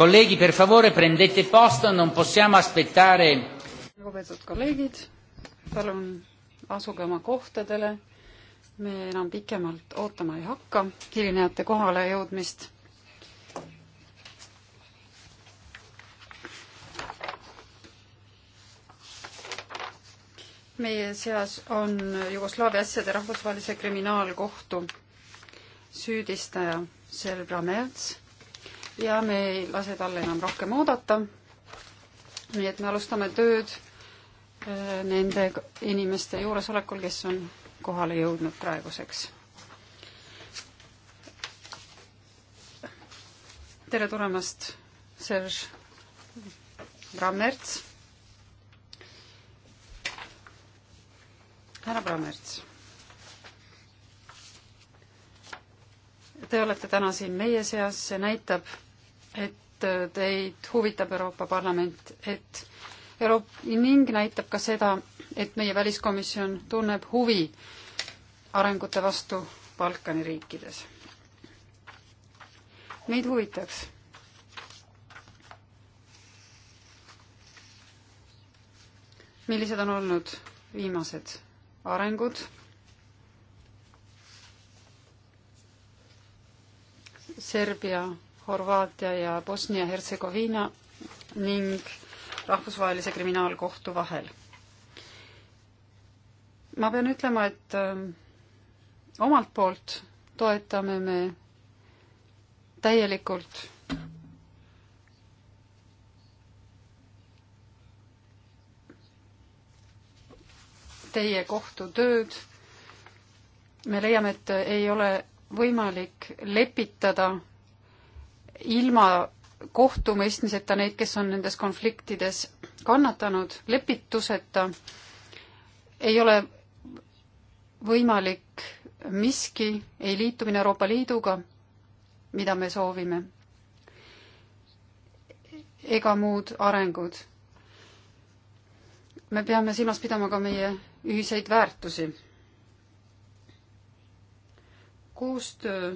Colleghi, per favore, prendete posto, non possiamo aspettare. lugupeetud kolleegid, palun asuge oma kohtadele. me enam pikemalt ootama ei hakka hilinejate kohale jõudmist. meie seas on Jugoslaavia asjade rahvusvahelise kriminaalkohtu süüdistaja Selbra Merts ja me ei lase tal enam rohkem oodata. nii et me alustame tööd äh, nende inimeste juuresolekul, kes on kohale jõudnud praeguseks. tere tulemast, Serge Brammerts. härra Brammerts. Te olete täna siin meie seas, see näitab, et äh, teid huvitab Euroopa Parlament, et Euroop- ning näitab ka seda, et meie väliskomisjon tunneb huvi arengute vastu Balkani riikides. meid huvitaks millised on olnud viimased arengud? Serbia Horvaatia ja Bosnia-Hertsegoviina ning Rahvusvahelise Kriminaalkohtu vahel. ma pean ütlema, et ähm, omalt poolt toetame me täielikult teie kohtutööd. me leiame, et ei ole võimalik lepitada ilma kohtumõistmiseta neid, kes on nendes konfliktides kannatanud, lepituseta ei ole võimalik miski, ei liitumine Euroopa Liiduga, mida me soovime, ega muud arengud. me peame silmas pidama ka meie ühiseid väärtusi. koostöö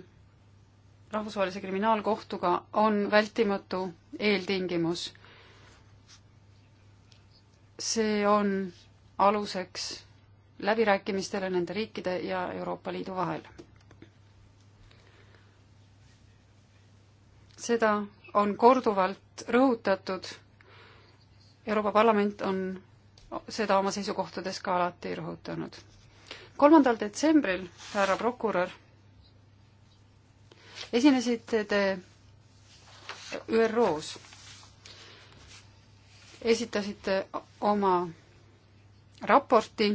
rahvusvahelise kriminaalkohtuga on vältimatu eeltingimus. see on aluseks läbirääkimistele nende riikide ja Euroopa Liidu vahel. seda on korduvalt rõhutatud, Euroopa Parlament on seda oma seisukohtades ka alati rõhutanud. kolmandal detsembril härra prokurör esinesite te ÜRO-s, esitasite oma raporti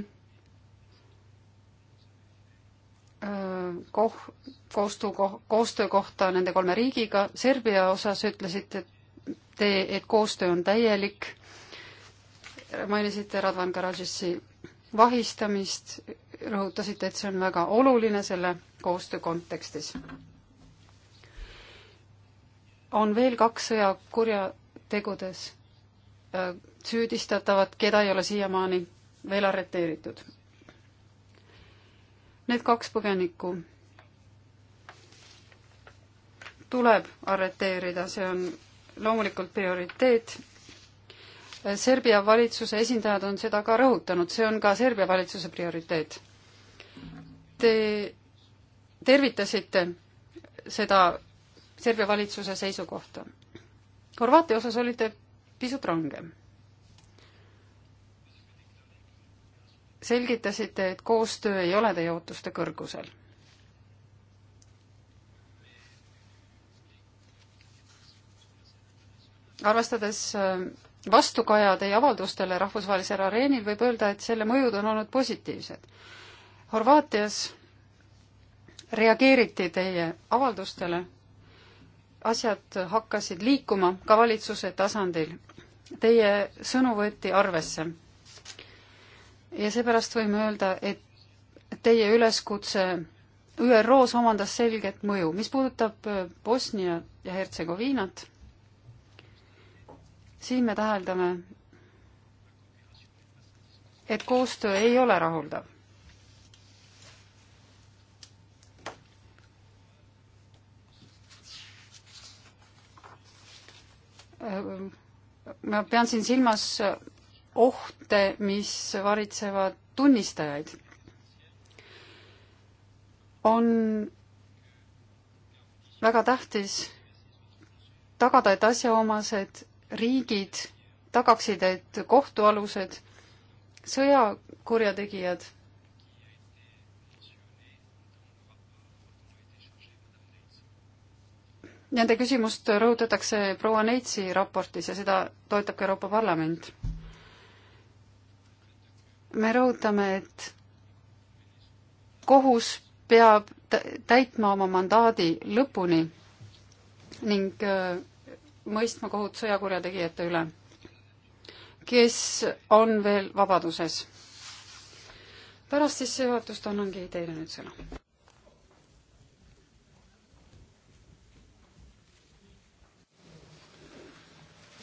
koh-, koostu-, koostöö kohta nende kolme riigiga, Serbia osas ütlesite te, et koostöö on täielik, mainisite Radvan Karadžissi vahistamist, rõhutasite, et see on väga oluline selle koostöö kontekstis on veel kaks sõjakurjategudes äh, süüdistatavat, keda ei ole siiamaani veel arreteeritud. Need kaks põgenikku tuleb arreteerida, see on loomulikult prioriteet. Äh, Serbia valitsuse esindajad on seda ka rõhutanud, see on ka Serbia valitsuse prioriteet. Te tervitasite seda Serbia valitsuse seisukohta. Horvaatia osas olite pisut rangem. selgitasite, et koostöö ei ole teie ootuste kõrgusel. arvestades äh, vastukaja teie avaldustele rahvusvahelisel areenil, võib öelda, et selle mõjud on olnud positiivsed. Horvaatias reageeriti teie avaldustele asjad hakkasid liikuma ka valitsuse tasandil. Teie sõnu võeti arvesse. ja seepärast võime öelda, et teie üleskutse ÜRO-s omandas selget mõju. mis puudutab äh, Bosnia ja Hertsegoviinat, siin me täheldame, et koostöö ei ole rahuldav ma pean siin silmas ohte, mis varitsevad tunnistajaid. on väga tähtis tagada, et asjaomased riigid tagaksid, et kohtualused sõjakurjategijad Nende küsimust rõhutatakse proua Neitsi raportis ja seda toetab ka Euroopa Parlament. me rõhutame, et kohus peab täitma oma mandaadi lõpuni ning äh, mõistma kohut sõjakurjategijate üle, kes on veel vabaduses. pärast sissejuhatust annangi teile nüüd sõna.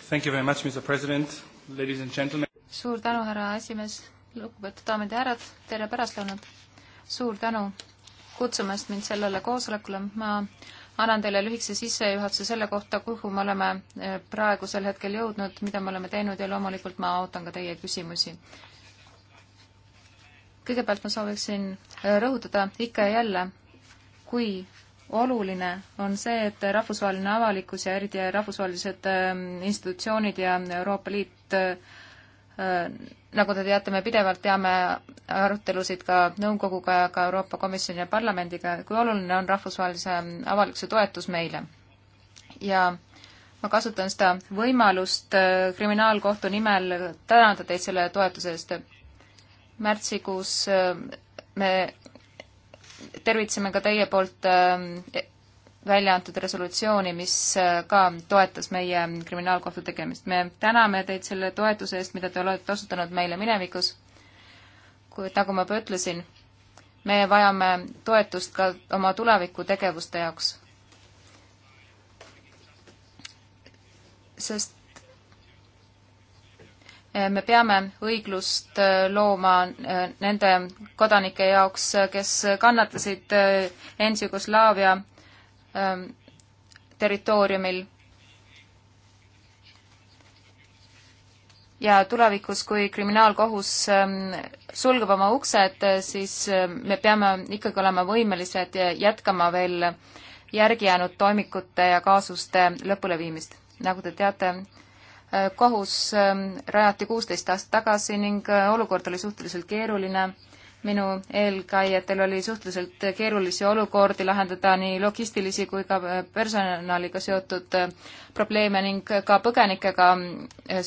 Thank you very much, Mr President, ladies and gentlemen. suur tänu, härra esimees, lugupeetud daamid ja härrad, tere pärastlõunat. suur tänu kutsumast mind sellele koosolekule, ma annan teile lühikese sissejuhatuse selle kohta, kuhu me oleme eh, praegusel hetkel jõudnud, mida me oleme teinud ja loomulikult ma ootan ka teie küsimusi. kõigepealt ma sooviksin eh, rõhutada ikka ja jälle, kui oluline on see, et rahvusvaheline avalikkus ja eriti rahvusvahelised ähm, institutsioonid ja Euroopa Liit äh, nagu te teate, me pidevalt teame arutelusid ka nõukoguga ja ka Euroopa Komisjoni ja parlamendiga, kui oluline on rahvusvahelise avalikkuse toetus meile. ja ma kasutan seda võimalust äh, kriminaalkohtu nimel tänada teid selle toetuse eest. märtsikuus äh, me tervitseme ka teie poolt ähm, e-, välja antud resolutsiooni, mis äh, ka toetas meie kriminaalkohtu tegemist. me täname teid selle toetuse eest, mida te olete osutanud meile minevikus, kuid nagu ma juba ütlesin, me vajame toetust ka oma tulevikutegevuste jaoks. sest me peame õiglust äh, looma äh, nende kodanike jaoks, äh, kes kannatasid Endis-Jugoslaavia ähm, territooriumil. ja tulevikus, kui kriminaalkohus ähm, sulgeb oma uksed, siis me peame ikkagi olema võimelised jätkama veel järgi jäänud toimikute ja kaasuste lõpuleviimist. nagu te teate, Äh, kohus ähm, rajati kuusteist aastat tagasi ning äh, olukord oli suhteliselt keeruline. minu eelkäijatel oli suhteliselt keerulisi olukordi lahendada nii logistilisi kui ka äh, personaliga seotud probleeme ning ka põgenikega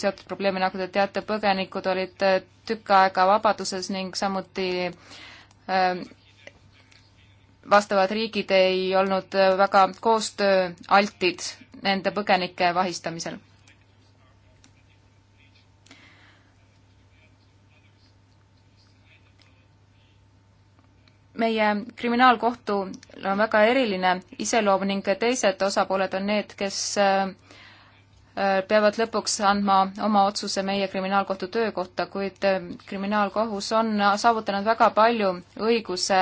seotud probleeme, nagu te teate, põgenikud olid tükk aega vabaduses ning samuti vastavad riigid ei olnud väga koostööaltid nende põgenike vahistamisel meie kriminaalkohtul on väga eriline iseloom ning teised osapooled on need, kes äh, äh, peavad lõpuks andma oma otsuse meie kriminaalkohtu töö kohta, kuid äh, kriminaalkohus on saavutanud väga palju õiguse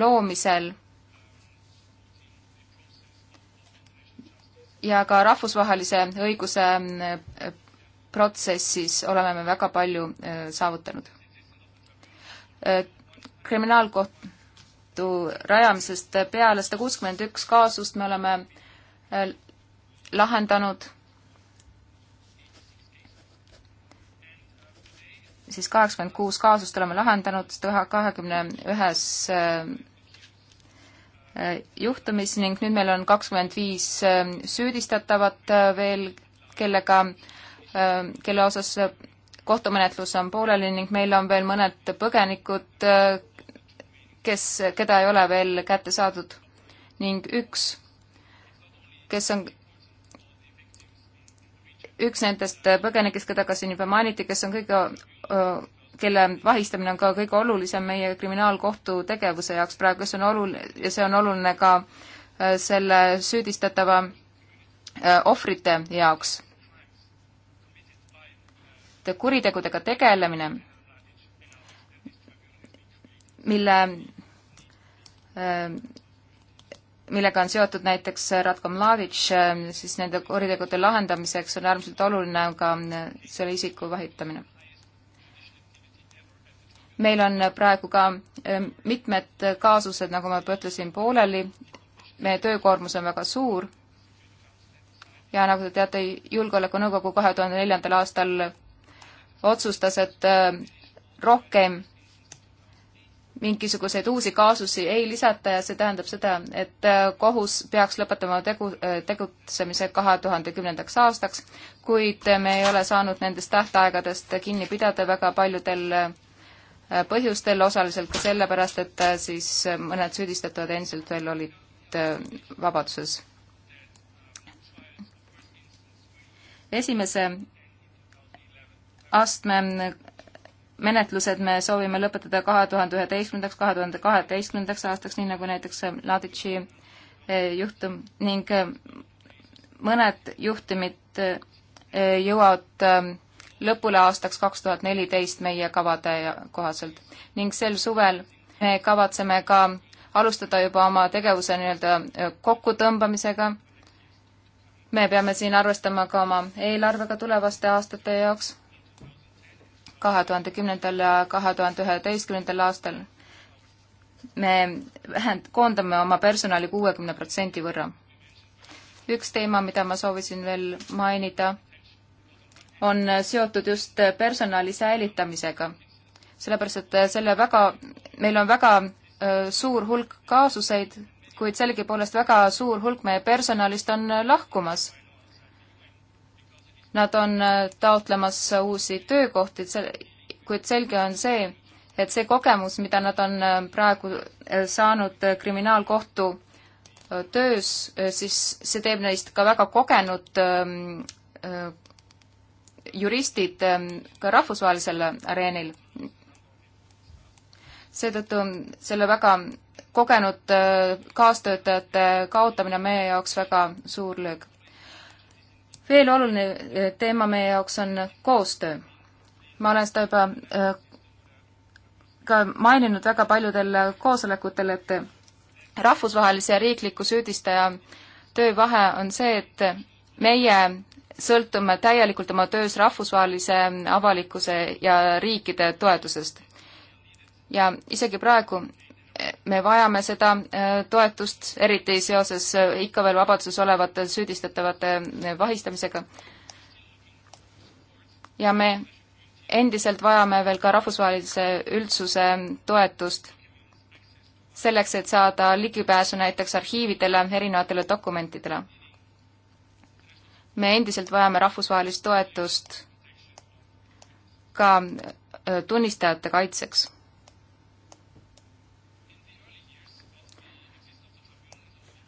loomisel ja ka rahvusvahelise õiguse protsessis oleme me väga palju saavutanud kriminaalkohtu rajamisest peale sada kuuskümmend üks kaasust me oleme äh, lahendanud siis kaheksakümmend kuus kaasust oleme lahendanud sada kahekümne ühes äh, äh, juhtumis ning nüüd meil on kakskümmend viis süüdistatavat veel, kellega, kelle osas kohtumenetlus on pooleli ning meil on veel mõned põgenikud, kes, keda ei ole veel kätte saadud ning üks, kes on üks nendest põgenikest, keda ka siin juba mainiti, kes on kõige, kelle vahistamine on ka kõige olulisem meie kriminaalkohtu tegevuse jaoks praegu, kes on olul- ja see on oluline ka selle süüdistatava ohvrite jaoks. kuritegudega tegelemine mille, millega on seotud näiteks Ratko Mladic, siis nende kuritegude lahendamiseks on äärmiselt oluline ka selle isiku vahitamine. meil on praegu ka eh, mitmed kaasused, nagu ma juba ütlesin, pooleli, meie töökoormus on väga suur ja nagu te teate, Julgeolekunõukogu kahe tuhande neljandal aastal otsustas, et eh, rohkem mingisuguseid uusi kaasusi ei lisata ja see tähendab seda, et äh, kohus peaks lõpetama tegu, äh, tegutsemise kahe tuhande kümnendaks aastaks, kuid me ei ole saanud nendest tähtaegadest kinni pidada väga paljudel äh, põhjustel, osaliselt ka sellepärast, et siis mõned süüdistatavad endiselt veel olid vabaduses. esimese astme menetlused me soovime lõpetada kahe tuhande üheteistkümnendaks, kahe tuhande kaheteistkümnendaks aastaks, nii nagu näiteks äh, Laditši äh, juhtum ning äh, mõned juhtumid jõuavad lõpule aastaks kaks tuhat neliteist meie kavade kohaselt ning sel suvel me kavatseme ka alustada juba oma tegevuse nii-öelda kokkutõmbamisega. me peame siin arvestama ka oma eelarvega tulevaste aastate jaoks kahe tuhande kümnendal ja kahe tuhande üheteistkümnendal aastal me vähend-, koondame oma personali kuuekümne protsendi võrra. üks teema, mida ma soovisin veel mainida, on seotud just personali säilitamisega. sellepärast, et selle väga, meil on väga suur hulk kaasuseid, kuid sellegipoolest väga suur hulk meie personalist on lahkumas Nad on äh, taotlemas uusi töökohti, kuid selge on see, et see kogemus, mida nad on äh, praegu äh, saanud kriminaalkohtu töös, siis see teeb neist ka väga kogenud ähm, juristid ähm, ka rahvusvahelisel areenil. seetõttu selle väga kogenud kaastöötajate kaotamine on meie jaoks väga suur löök veel oluline eh, teema meie jaoks on koostöö. ma olen seda juba eh, ka maininud väga paljudel koosolekutel, et rahvusvahelise ja riikliku süüdistaja töövahe on see, et meie sõltume täielikult oma töös rahvusvahelise avalikkuse ja riikide toetusest. ja isegi praegu me vajame seda äh, toetust, eriti seoses äh, ikka veel vabaduses olevate süüdistatavate äh, vahistamisega. ja me endiselt vajame veel ka rahvusvahelise üldsuse toetust selleks, et saada ligipääsu näiteks arhiividele, erinevatele dokumentidele. me endiselt vajame rahvusvahelist toetust ka tunnistajate kaitseks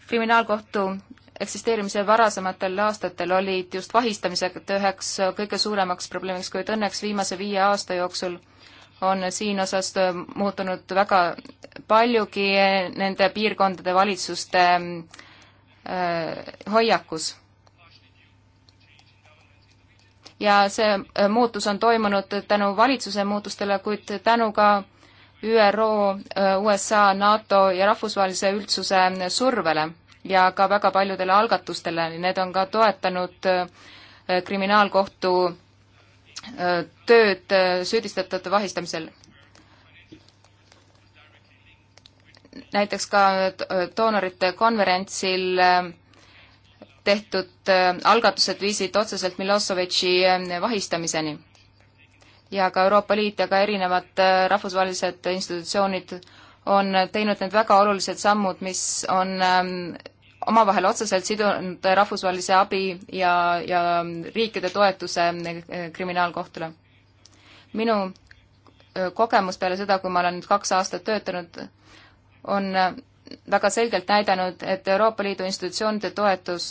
kriminaalkohtu eksisteerimise varasematel aastatel olid just vahistamised üheks kõige suuremaks probleemiks, kuid õnneks viimase viie aasta jooksul on siin osas muutunud väga paljugi nende piirkondade valitsuste äh, hoiakus. ja see äh, muutus on toimunud tänu valitsuse muutustele, kuid tänu ka ÜRO, äh, USA, NATO ja rahvusvahelise üldsuse survele ja ka väga paljudele algatustele, need on ka toetanud äh, kriminaalkohtu äh, tööd süüdistatute vahistamisel. näiteks ka doonorite konverentsil tehtud algatused viisid otseselt Milosevici vahistamiseni ja ka Euroopa Liit ja ka erinevad äh, rahvusvahelised institutsioonid on teinud need väga olulised sammud, mis on ähm, omavahel otseselt sidunud rahvusvahelise abi ja, ja riikide toetuse äh, kriminaalkohtule. minu äh, kogemus peale seda, kui ma olen nüüd kaks aastat töötanud, on väga selgelt näidanud, et Euroopa Liidu institutsioonide toetus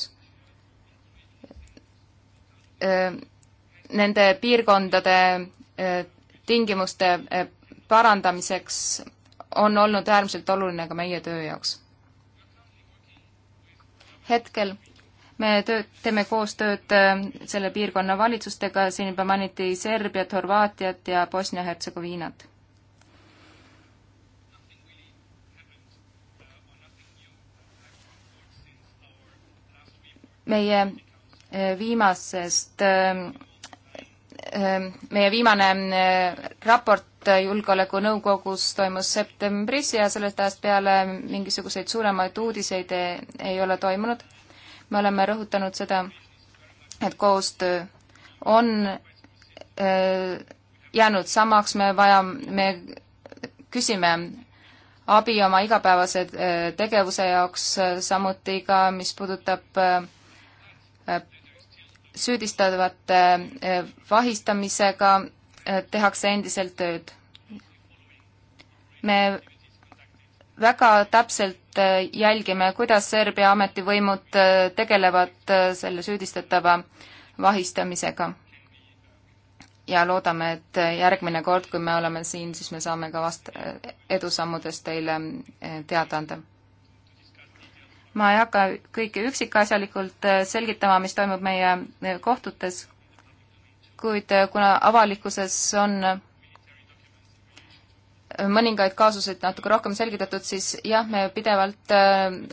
nende piirkondade Eh, tingimuste eh, parandamiseks on olnud äärmiselt oluline ka meie töö jaoks. hetkel me töö-, teeme koostööd eh, selle piirkonna valitsustega, siin juba mainiti Serbiat, Horvaatiat ja Bosnia-Hertsegoviinat. meie viimasest Ehm, meie viimane ehm, raport Julgeolekunõukogus toimus septembris ja sellest ajast peale mingisuguseid suuremaid uudiseid ei, ei ole toimunud. me oleme rõhutanud seda, et koostöö on ehm, jäänud samaks, me vajame, me küsime abi oma igapäevase tegevuse jaoks, samuti ka mis puudutab süüdistatavate eh, vahistamisega eh, tehakse endiselt tööd. me väga täpselt eh, jälgime, kuidas Serbia ametivõimud tegelevad selle süüdistatava vahistamisega. ja loodame, et järgmine kord, kui me oleme siin, siis me saame ka vast-, edusammudest teile teada anda ma ei hakka kõike üksikasjalikult äh, selgitama, mis toimub meie äh, kohtutes, kuid äh, kuna avalikkuses on mõningaid kaasuseid natuke rohkem selgitatud, siis jah, me pidevalt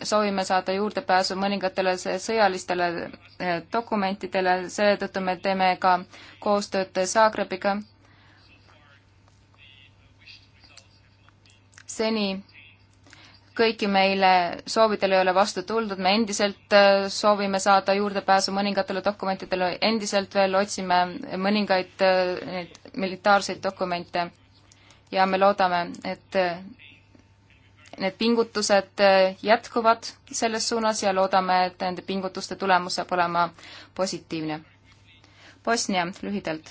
soovime saada juurdepääsu mõningatele sõjalistele dokumentidele, seetõttu me teeme ka koostööd Zagrebiga. seni kõiki meile soovidele ei ole vastu tuldud, me endiselt äh, soovime saada juurdepääsu mõningatele dokumentidele, endiselt veel otsime mõningaid äh, neid militaarseid dokumente ja me loodame, et äh, need pingutused jätkuvad selles suunas ja loodame, et nende pingutuste tulemus saab olema positiivne. Bosnia lühidalt.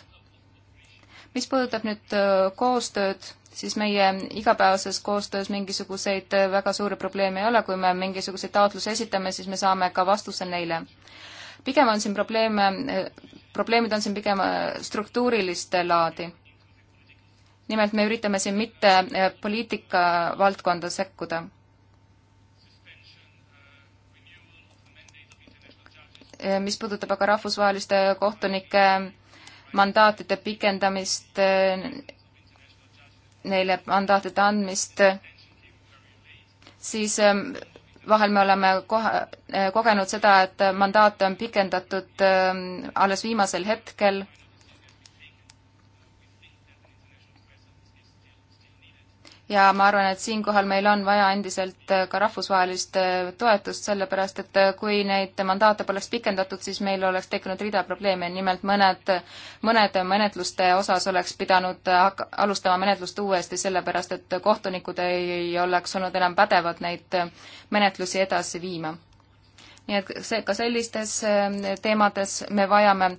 mis puudutab nüüd koostööd siis meie igapäevases koostöös mingisuguseid äh, väga suuri probleeme ei ole, kui me mingisuguseid taotlusi esitame, siis me saame ka vastuse neile. pigem on siin probleeme, äh, probleemid on siin pigem äh, struktuurilist laadi. nimelt me üritame siin mitte poliitika valdkonda sekkuda. mis puudutab aga rahvusvaheliste kohtunike mandaatide pikendamist neile mandaatide andmist, siis ähm, vahel me oleme kohe, äh, kogenud seda, et mandaate on pikendatud ähm, alles viimasel hetkel ja ma arvan, et siinkohal meil on vaja endiselt äh, ka rahvusvahelist äh, toetust, sellepärast et äh, kui neid mandaate poleks pikendatud, siis meil oleks tekkinud rida probleeme, nimelt mõned, mõned menetluste osas oleks pidanud alustama menetlust uuesti, sellepärast et kohtunikud ei, ei oleks olnud enam pädevad neid menetlusi edasi viima. nii et see, ka sellistes teemades me vajame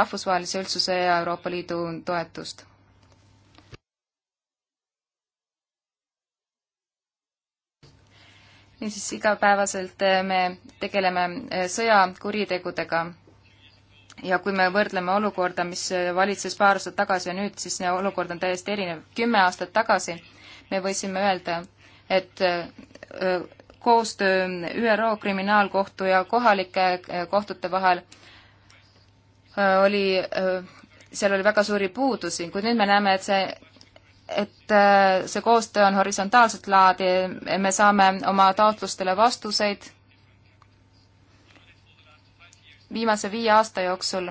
rahvusvahelise üldsuse ja Euroopa Liidu toetust niisiis igapäevaselt eh, me tegeleme eh, sõjakuritegudega ja kui me võrdleme olukorda, mis eh, valitses paar aastat tagasi ja nüüd, siis olukord on täiesti erinev. kümme aastat tagasi me võisime öelda, et koostöö ÜRO kriminaalkohtu ja kohalike kohtute vahel oli, seal oli väga suuri puudusi, kuid nüüd me näeme, et see et äh, see koostöö on horisontaalset laadi, me saame oma taotlustele vastuseid viimase viie aasta jooksul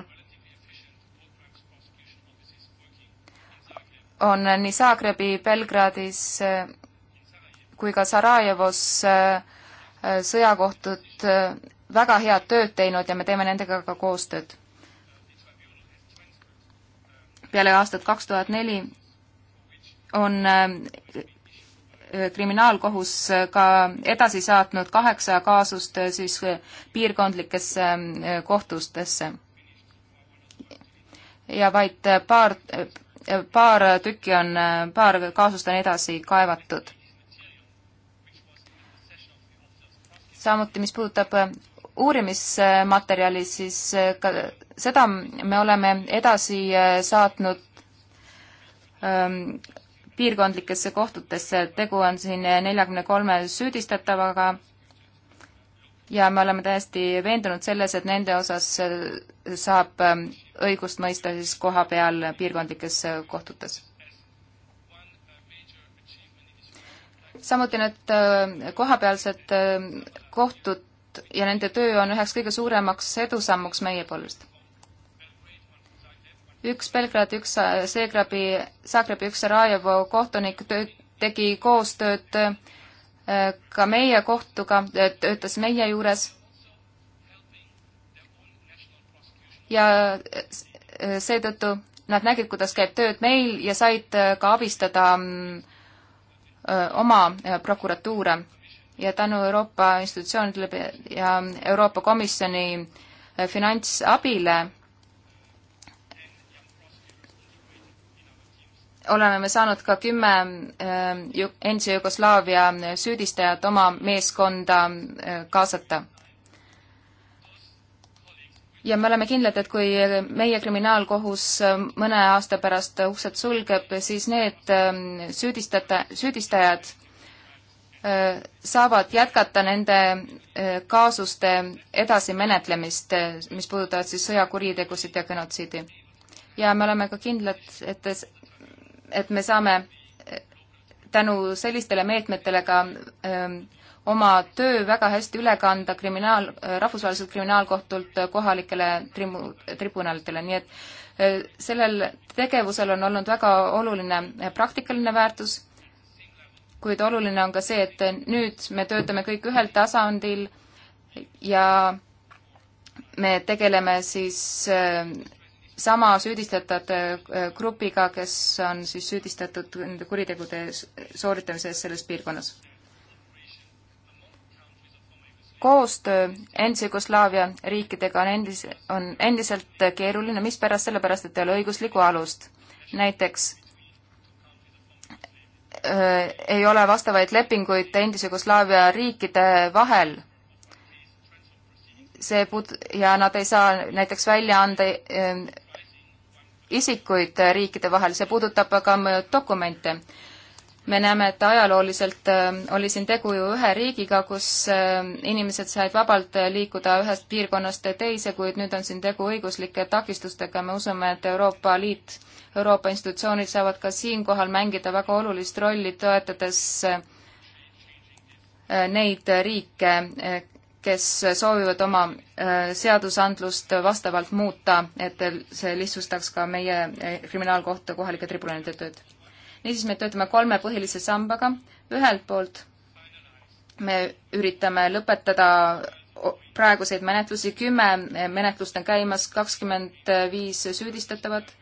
on nii Zagrebi, Belgradis äh, kui ka Sarajevos äh, sõjakohtud väga head tööd teinud ja me teeme nendega ka koostööd. peale aastat kaks tuhat neli on äh, äh, kriminaalkohus äh, ka edasi saatnud kaheksa kaasust siis piirkondlikesse kohtustesse. ja vaid paar, paar tükki on, paar kaasust on edasi kaevatud. samuti, mis puudutab uurimismaterjali, siis ka seda me oleme edasi saatnud ähm, piirkondlikesse kohtutesse, tegu on siin neljakümne kolme süüdistatavaga ja me oleme täiesti veendunud selles, et nende osas saab ähm, õigust mõista siis koha peal piirkondlikes äh, kohtutes. samuti need äh, kohapealsed äh, kohtud ja nende töö on üheks kõige suuremaks edusammuks meie poolest üks Belgradi, üks Seegrebi, Zagrebi, üks Sarajevo kohtunik töö-, tegi koostööd äh, ka meie kohtuga, äh, töötas meie juures ja äh, seetõttu nad nägid, kuidas käib tööd meil ja said ka abistada mm, oma prokuratuure ja tänu Euroopa institutsioonidele ja Euroopa Komisjoni finantsabile oleme me saanud ka kümme äh, endise Jugoslaavia süüdistajat oma meeskonda äh, kaasata. ja me oleme kindlad, et kui meie kriminaalkohus äh, mõne aasta pärast uksed sulgeb, siis need ähm, süüdistata, süüdistajad saavad jätkata nende kaasuste edasimenetlemist, mis puudutavad siis sõjakuritegusid ja genotsiidi. ja me oleme ka kindlad, et et me saame tänu sellistele meetmetele ka öö, ähm, oma töö väga hästi üle kanda kriminaal, äh, rahvusvaheliselt kriminaalkohtult äh, kohalikele trimu-, tribunalidele, nii et öö, äh, sellel tegevusel on olnud väga oluline praktikaline väärtus, kuid oluline on ka see, et nüüd me töötame kõik ühel tasandil ja me tegeleme siis öö, sama süüdistatajate äh, grupiga, kes on siis süüdistatud nende kuritegude sooritamise eest selles piirkonnas. koostöö endise Jugoslaavia riikidega on endis, on endiselt keeruline, mispärast, sellepärast et ei ole õiguslikku alust. näiteks äh, ei ole vastavaid lepinguid endise Jugoslaavia riikide vahel see put- ja nad ei saa näiteks välja anda äh, isikuid riikide vahel, see puudutab aga dokumente. me näeme, et ajalooliselt äh, oli siin tegu ju ühe riigiga, kus äh, inimesed said vabalt äh, liikuda ühest piirkonnast teise, kuid nüüd on siin tegu õiguslike takistustega, me usume, et Euroopa Liit, Euroopa institutsioonid saavad ka siinkohal mängida väga olulist rolli, toetades neid riike, kes soovivad oma äh, seadusandlust vastavalt muuta, et see lihtsustaks ka meie äh, kriminaalkohtu kohalike tribunalide tööd. niisiis, me töötame kolme põhilise sambaga, ühelt poolt me üritame lõpetada praeguseid menetlusi, kümme menetlust on käimas, kakskümmend viis süüdistatavat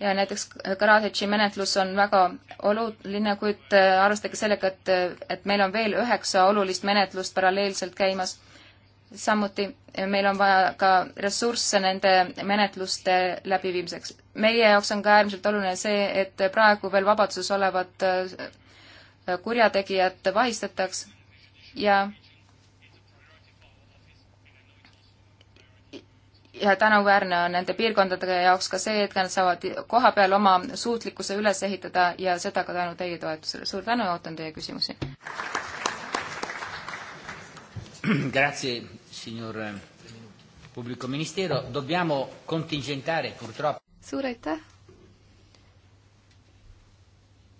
ja näiteks Karadžitši menetlus on väga oluline, kuid äh, arvestage sellega, et, äh, et meil on veel üheksa olulist menetlust paralleelselt käimas. samuti äh, meil on vaja ka ressursse nende menetluste läbiviimiseks. meie jaoks on ka äärmiselt oluline see, et praegu veel vabaduses olevad kurjategijad vahistataks ja ja tänuväärne on nende piirkondade jaoks ka see, et nad saavad kohapeal oma suutlikkuse üles ehitada ja seda ka tänu teie toetusele. suur tänu ja ootan teie küsimusi. Grazie, signor eh, pubblico ministero. Dobbiamo contingentare purtroppo. suur aitäh.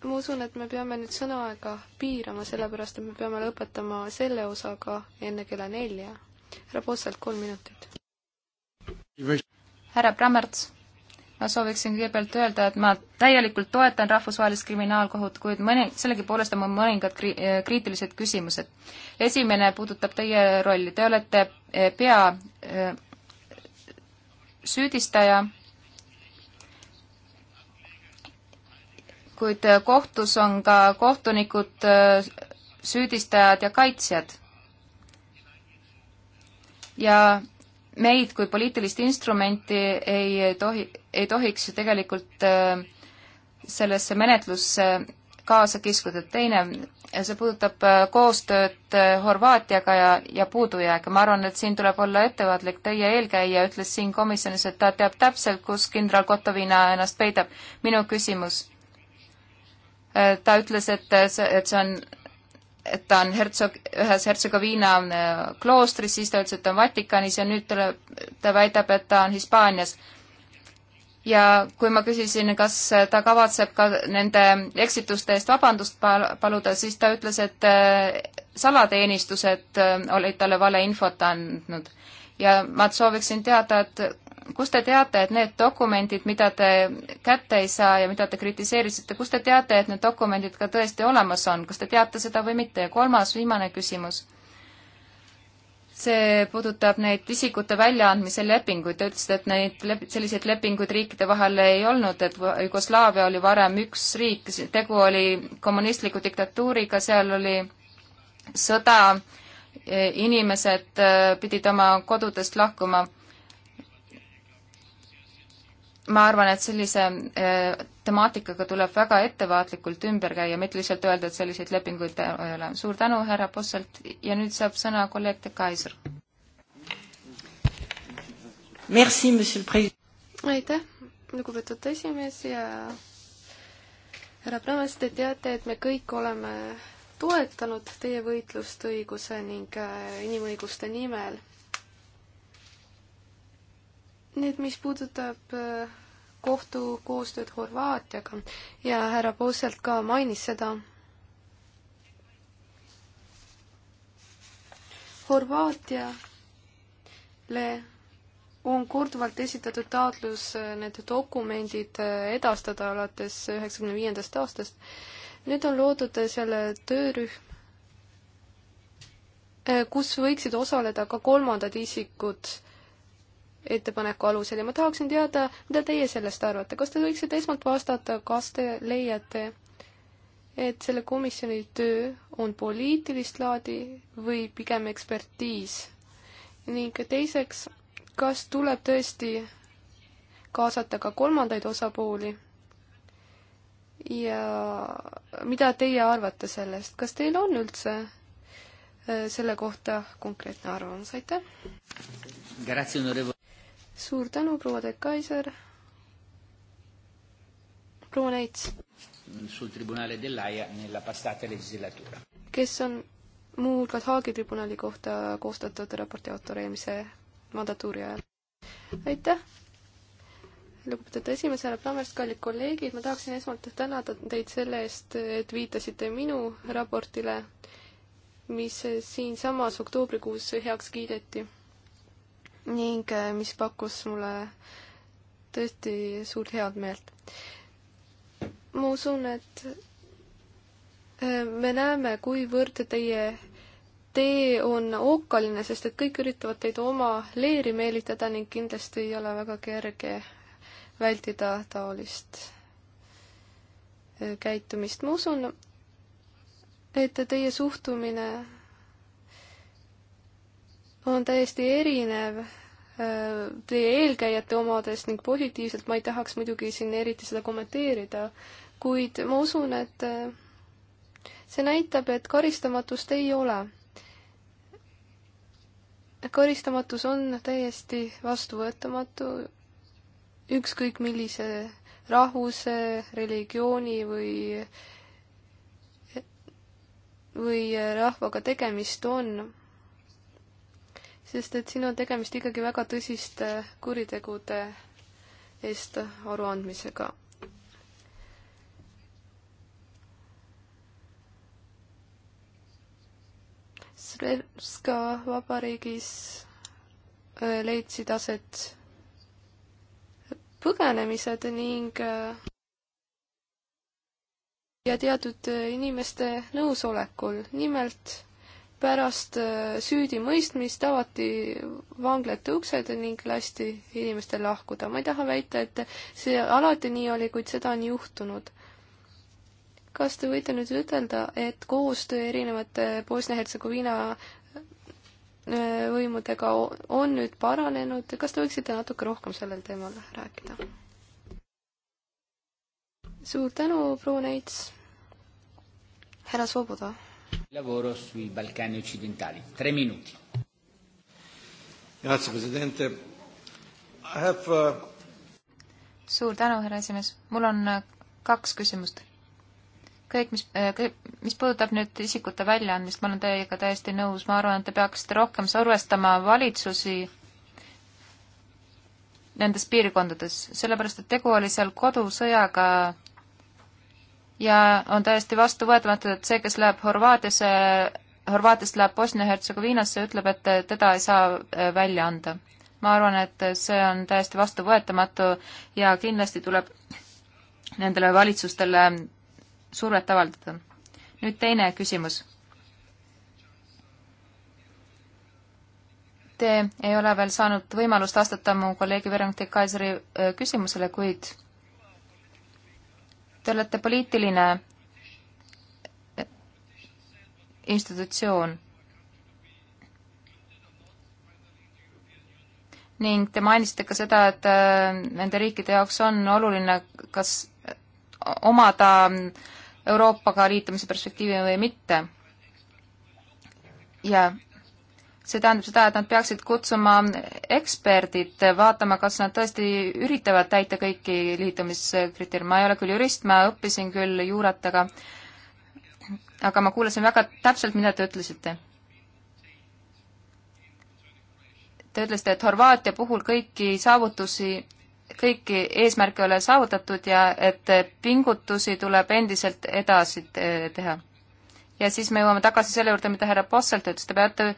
ma usun, et me peame nüüd sõnaaega piirama, sellepärast et me peame lõpetama selle osaga enne kella nelja. härra Postalt, kolm minutit härra Brammerts, ma sooviksin kõigepealt öelda, et ma täielikult toetan rahvusvahelist kriminaalkohut, kuid mõni, sellegipoolest on mul mõningad kri-, kriitilised küsimused. esimene puudutab teie rolli, te olete eh, pea eh, süüdistaja, kuid eh, kohtus on ka kohtunikud, süüdistajad ja kaitsjad. ja meid kui poliitilist instrumenti ei tohi, ei tohiks ju tegelikult äh, sellesse menetlusse kaasa kiskuda. teine, see puudutab äh, koostööd äh, Horvaatiaga ja, ja puudujääga. ma arvan, et siin tuleb olla ettevaatlik. Teie eelkäija ütles siin komisjonis, et ta teab täpselt, kus kindral Kotovina ennast peidab. minu küsimus. ta ütles, et see, et see on et ta on hertsog, ühes Hertsegoviina äh, kloostris, siis ta ütles, et ta on Vatikanis ja nüüd ta, ta väidab, et ta on Hispaanias. ja kui ma küsisin, kas ta kavatseb ka nende eksituste eest vabandust pal-, paluda, siis ta ütles, et äh, salateenistused äh, olid talle valeinfot andnud. ja ma sooviksin teada, et kust te teate, et need dokumendid, mida te kätte ei saa ja mida te kritiseerisite, kust te teate, et need dokumendid ka tõesti olemas on, kas te teate seda või mitte? ja kolmas, viimane küsimus. see puudutab neid isikute väljaandmise lepinguid, te ütlesite, et neid lep-, selliseid lepinguid riikide vahel ei olnud, et Jugoslaavia oli varem üks riik, tegu oli kommunistliku diktatuuriga, seal oli sõda, inimesed eh, pidid oma kodudest lahkuma ma arvan, et sellise äh, temaatikaga tuleb väga ettevaatlikult ümber käia, mitte lihtsalt öelda, et selliseid lepinguid ei ole. suur tänu, härra Posselt, ja nüüd saab sõna kolleeg De Kaiser. aitäh, lugupeetud esimees ja härra Prõmes, te teate, et me kõik oleme toetanud teie võitlust õiguse ning äh, inimõiguste nimel nüüd, mis puudutab äh, kohtu koostööd Horvaatiaga ja härra Posselt ka mainis seda. Horvaatiale on korduvalt esitatud taotlus äh, need dokumendid äh, edastada alates üheksakümne viiendast aastast. nüüd on loodud selle töörühm, kus võiksid osaleda ka kolmandad isikud ettepaneku alusel ja ma tahaksin teada, mida teie sellest arvate, kas te võiksite esmalt vastata, kas te leiate, et selle komisjoni töö on poliitilist laadi või pigem ekspertiis ning teiseks, kas tuleb tõesti kaasata ka kolmandaid osapooli ja mida teie arvate sellest, kas teil on üldse äh, selle kohta konkreetne arvamus, aitäh! suur tänu, proua de Kaiser. proua Neits. sul tribunale dell'Aia nella passata legislatura. kes on muuhulgas Haagi tribunali kohta koostatud raporti autor eelmise mandatuuri ajal. aitäh! lugupeetud esimees, härra Plammers, kallid kolleegid, ma tahaksin esmalt tänada teid selle eest, et viitasite minu raportile, mis siinsamas oktoobrikuus heaks kiideti ning äh, mis pakkus mulle tõesti suurt head meelt. ma usun, et äh, me näeme, kuivõrd teie tee on ookaline, sest et kõik üritavad teid oma leeri meelitada ning kindlasti ei ole väga kerge vältida taolist äh, käitumist. ma usun, et teie suhtumine on täiesti erinev äh, teie eelkäijate omadest ning positiivselt ma ei tahaks muidugi siin eriti seda kommenteerida, kuid ma usun, et äh, see näitab, et karistamatust ei ole. karistamatus on täiesti vastuvõetamatu, ükskõik millise rahvuse, religiooni või või rahvaga tegemist on sest et siin on tegemist ikkagi väga tõsiste kuritegude eest aruandmisega. Srebska vabariigis äh, leidsid aset põgenemised ning äh, ja teatud äh, inimeste nõusolekul, nimelt pärast äh, süüdimõistmist avati vanglate uksed ning lasti inimestel lahkuda. ma ei taha väita, et see alati nii oli, kuid seda on juhtunud. kas te võite nüüd ütelda, et koostöö erinevate Bosnia-Hertsegoviina äh, võimudega on nüüd paranenud, kas te võiksite natuke rohkem sellel teemal rääkida? suur tänu, proua Neits! härra Soboda lavoro sui Balcani occidentali. Tre minuti. Grazie, president. I have uh... suur tänu, härra esimees. mul on uh, kaks küsimust. kõik, mis, äh, mis puudutab nüüd isikute väljaandmist, ma olen teiega täiesti nõus, ma arvan, et te peaksite rohkem survestama valitsusi nendes piirkondades, sellepärast et tegu oli seal kodusõjaga ja on täiesti vastuvõetamatu, et see, kes läheb Horvaatiasse, Horvaatiast läheb Bosnia-Hertsegoviinasse, ütleb, et teda ei saa äh, välja anda. ma arvan, et see on täiesti vastuvõetamatu ja kindlasti tuleb nendele valitsustele survet avaldada. nüüd teine küsimus. Te ei ole veel saanud võimalust vastata mu kolleegi Veronika Kaiseri äh, küsimusele, kuid te olete poliitiline institutsioon ning te mainisite ka seda, et äh, nende riikide jaoks on oluline, kas omada Euroopaga liitumise perspektiivi või mitte. ja see tähendab seda, et nad peaksid kutsuma eksperdid, vaatama, kas nad tõesti üritavad täita kõiki liitumiskriteeriume. ma ei ole küll jurist, ma õppisin küll juurat, aga aga ma kuulasin väga täpselt, mida te ütlesite. Te ütlesite, et Horvaatia puhul kõiki saavutusi, kõiki eesmärke ei ole saavutatud ja et pingutusi tuleb endiselt edasi teha. ja siis me jõuame tagasi selle juurde, mida härra Posselt ütles, te peate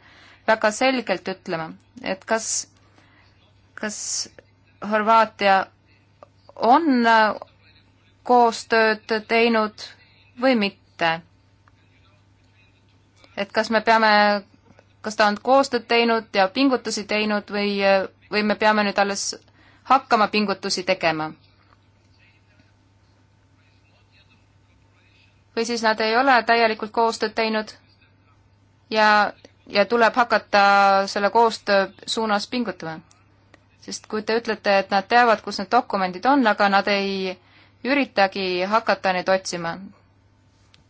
väga selgelt ütlema, et kas, kas Horvaatia on äh, koostööd teinud või mitte. et kas me peame, kas ta on koostööd teinud ja pingutusi teinud või, äh, või me peame nüüd alles hakkama pingutusi tegema. või siis nad ei ole täielikult koostööd teinud ja ja tuleb hakata selle koostöö suunas pingutama. sest kui te ütlete, et nad teavad, kus need dokumendid on, aga nad ei üritagi hakata neid otsima.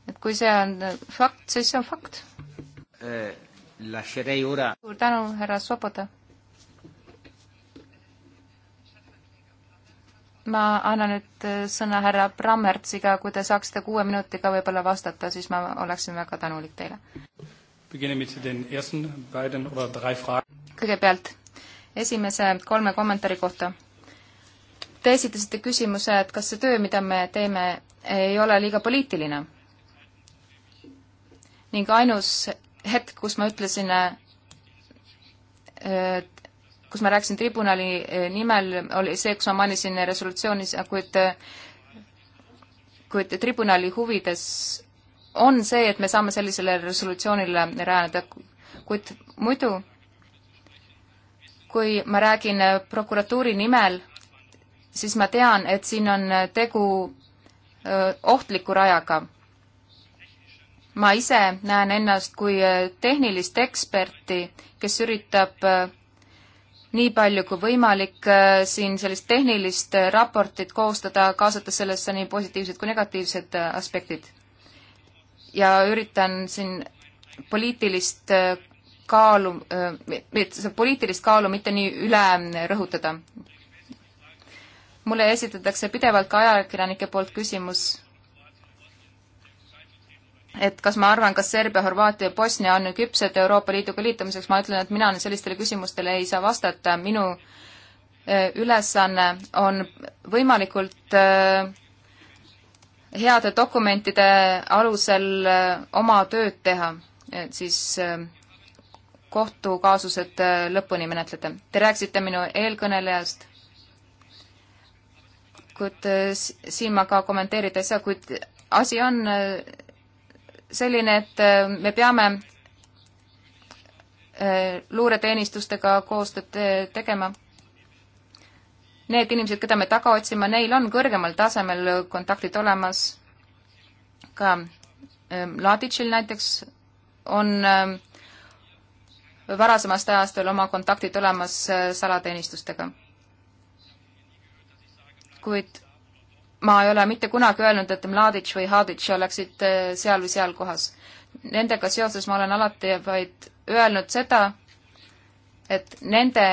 et kui see on fakt, siis see on fakt. Eh, suur tänu, härra Svoboda. ma annan nüüd eh, sõna härra Brammertsiga, kui te saaksite kuue minutiga võib-olla vastata, siis ma oleksin väga tänulik teile kõigepealt esimese kolme kommentaari kohta. Te esitasite küsimuse, et kas see töö, mida me teeme, ei ole liiga poliitiline. ning ainus hetk, kus ma ütlesin, äh, kus ma rääkisin tribunali äh, nimel, oli see, kus ma mainisin resolutsioonis, kuid, kuid tribunali huvides on see, et me saame sellisele resolutsioonile rääneda, kuid muidu, kui ma räägin prokuratuuri nimel, siis ma tean, et siin on tegu ohtliku rajaga. ma ise näen ennast kui tehnilist eksperti, kes üritab nii palju kui võimalik siin sellist tehnilist raportit koostada, kaasates sellesse nii positiivsed kui negatiivsed aspektid ja üritan siin poliitilist äh, kaalu, äh, poliitilist kaalu mitte nii üle äh, rõhutada. mulle esitatakse pidevalt ka ajakirjanike poolt küsimus, et kas ma arvan, kas Serbia, Horvaatia ja Bosnia on küpsed Euroopa Liiduga liitumiseks, ma ütlen, et mina sellistele küsimustele ei saa vastata, minu ülesanne on võimalikult äh, heade dokumentide alusel äh, oma tööd teha, siis äh, kohtukaasused äh, lõpuni menetleda. Te rääkisite minu eelkõnelejast, kuid siin ma ka kommenteerida ei saa, kuid asi on selline, et me peame luureteenistustega koostööd tegema need inimesed, keda me taga otsime, neil on kõrgemal tasemel kontaktid olemas. ka ähm, Laditšil näiteks on ähm, varasemast ajast veel oma kontaktid olemas äh, salateenistustega. kuid ma ei ole mitte kunagi öelnud, et Mladic või Hadic oleksid äh, seal või seal kohas. Nendega seoses ma olen alati vaid öelnud seda, et nende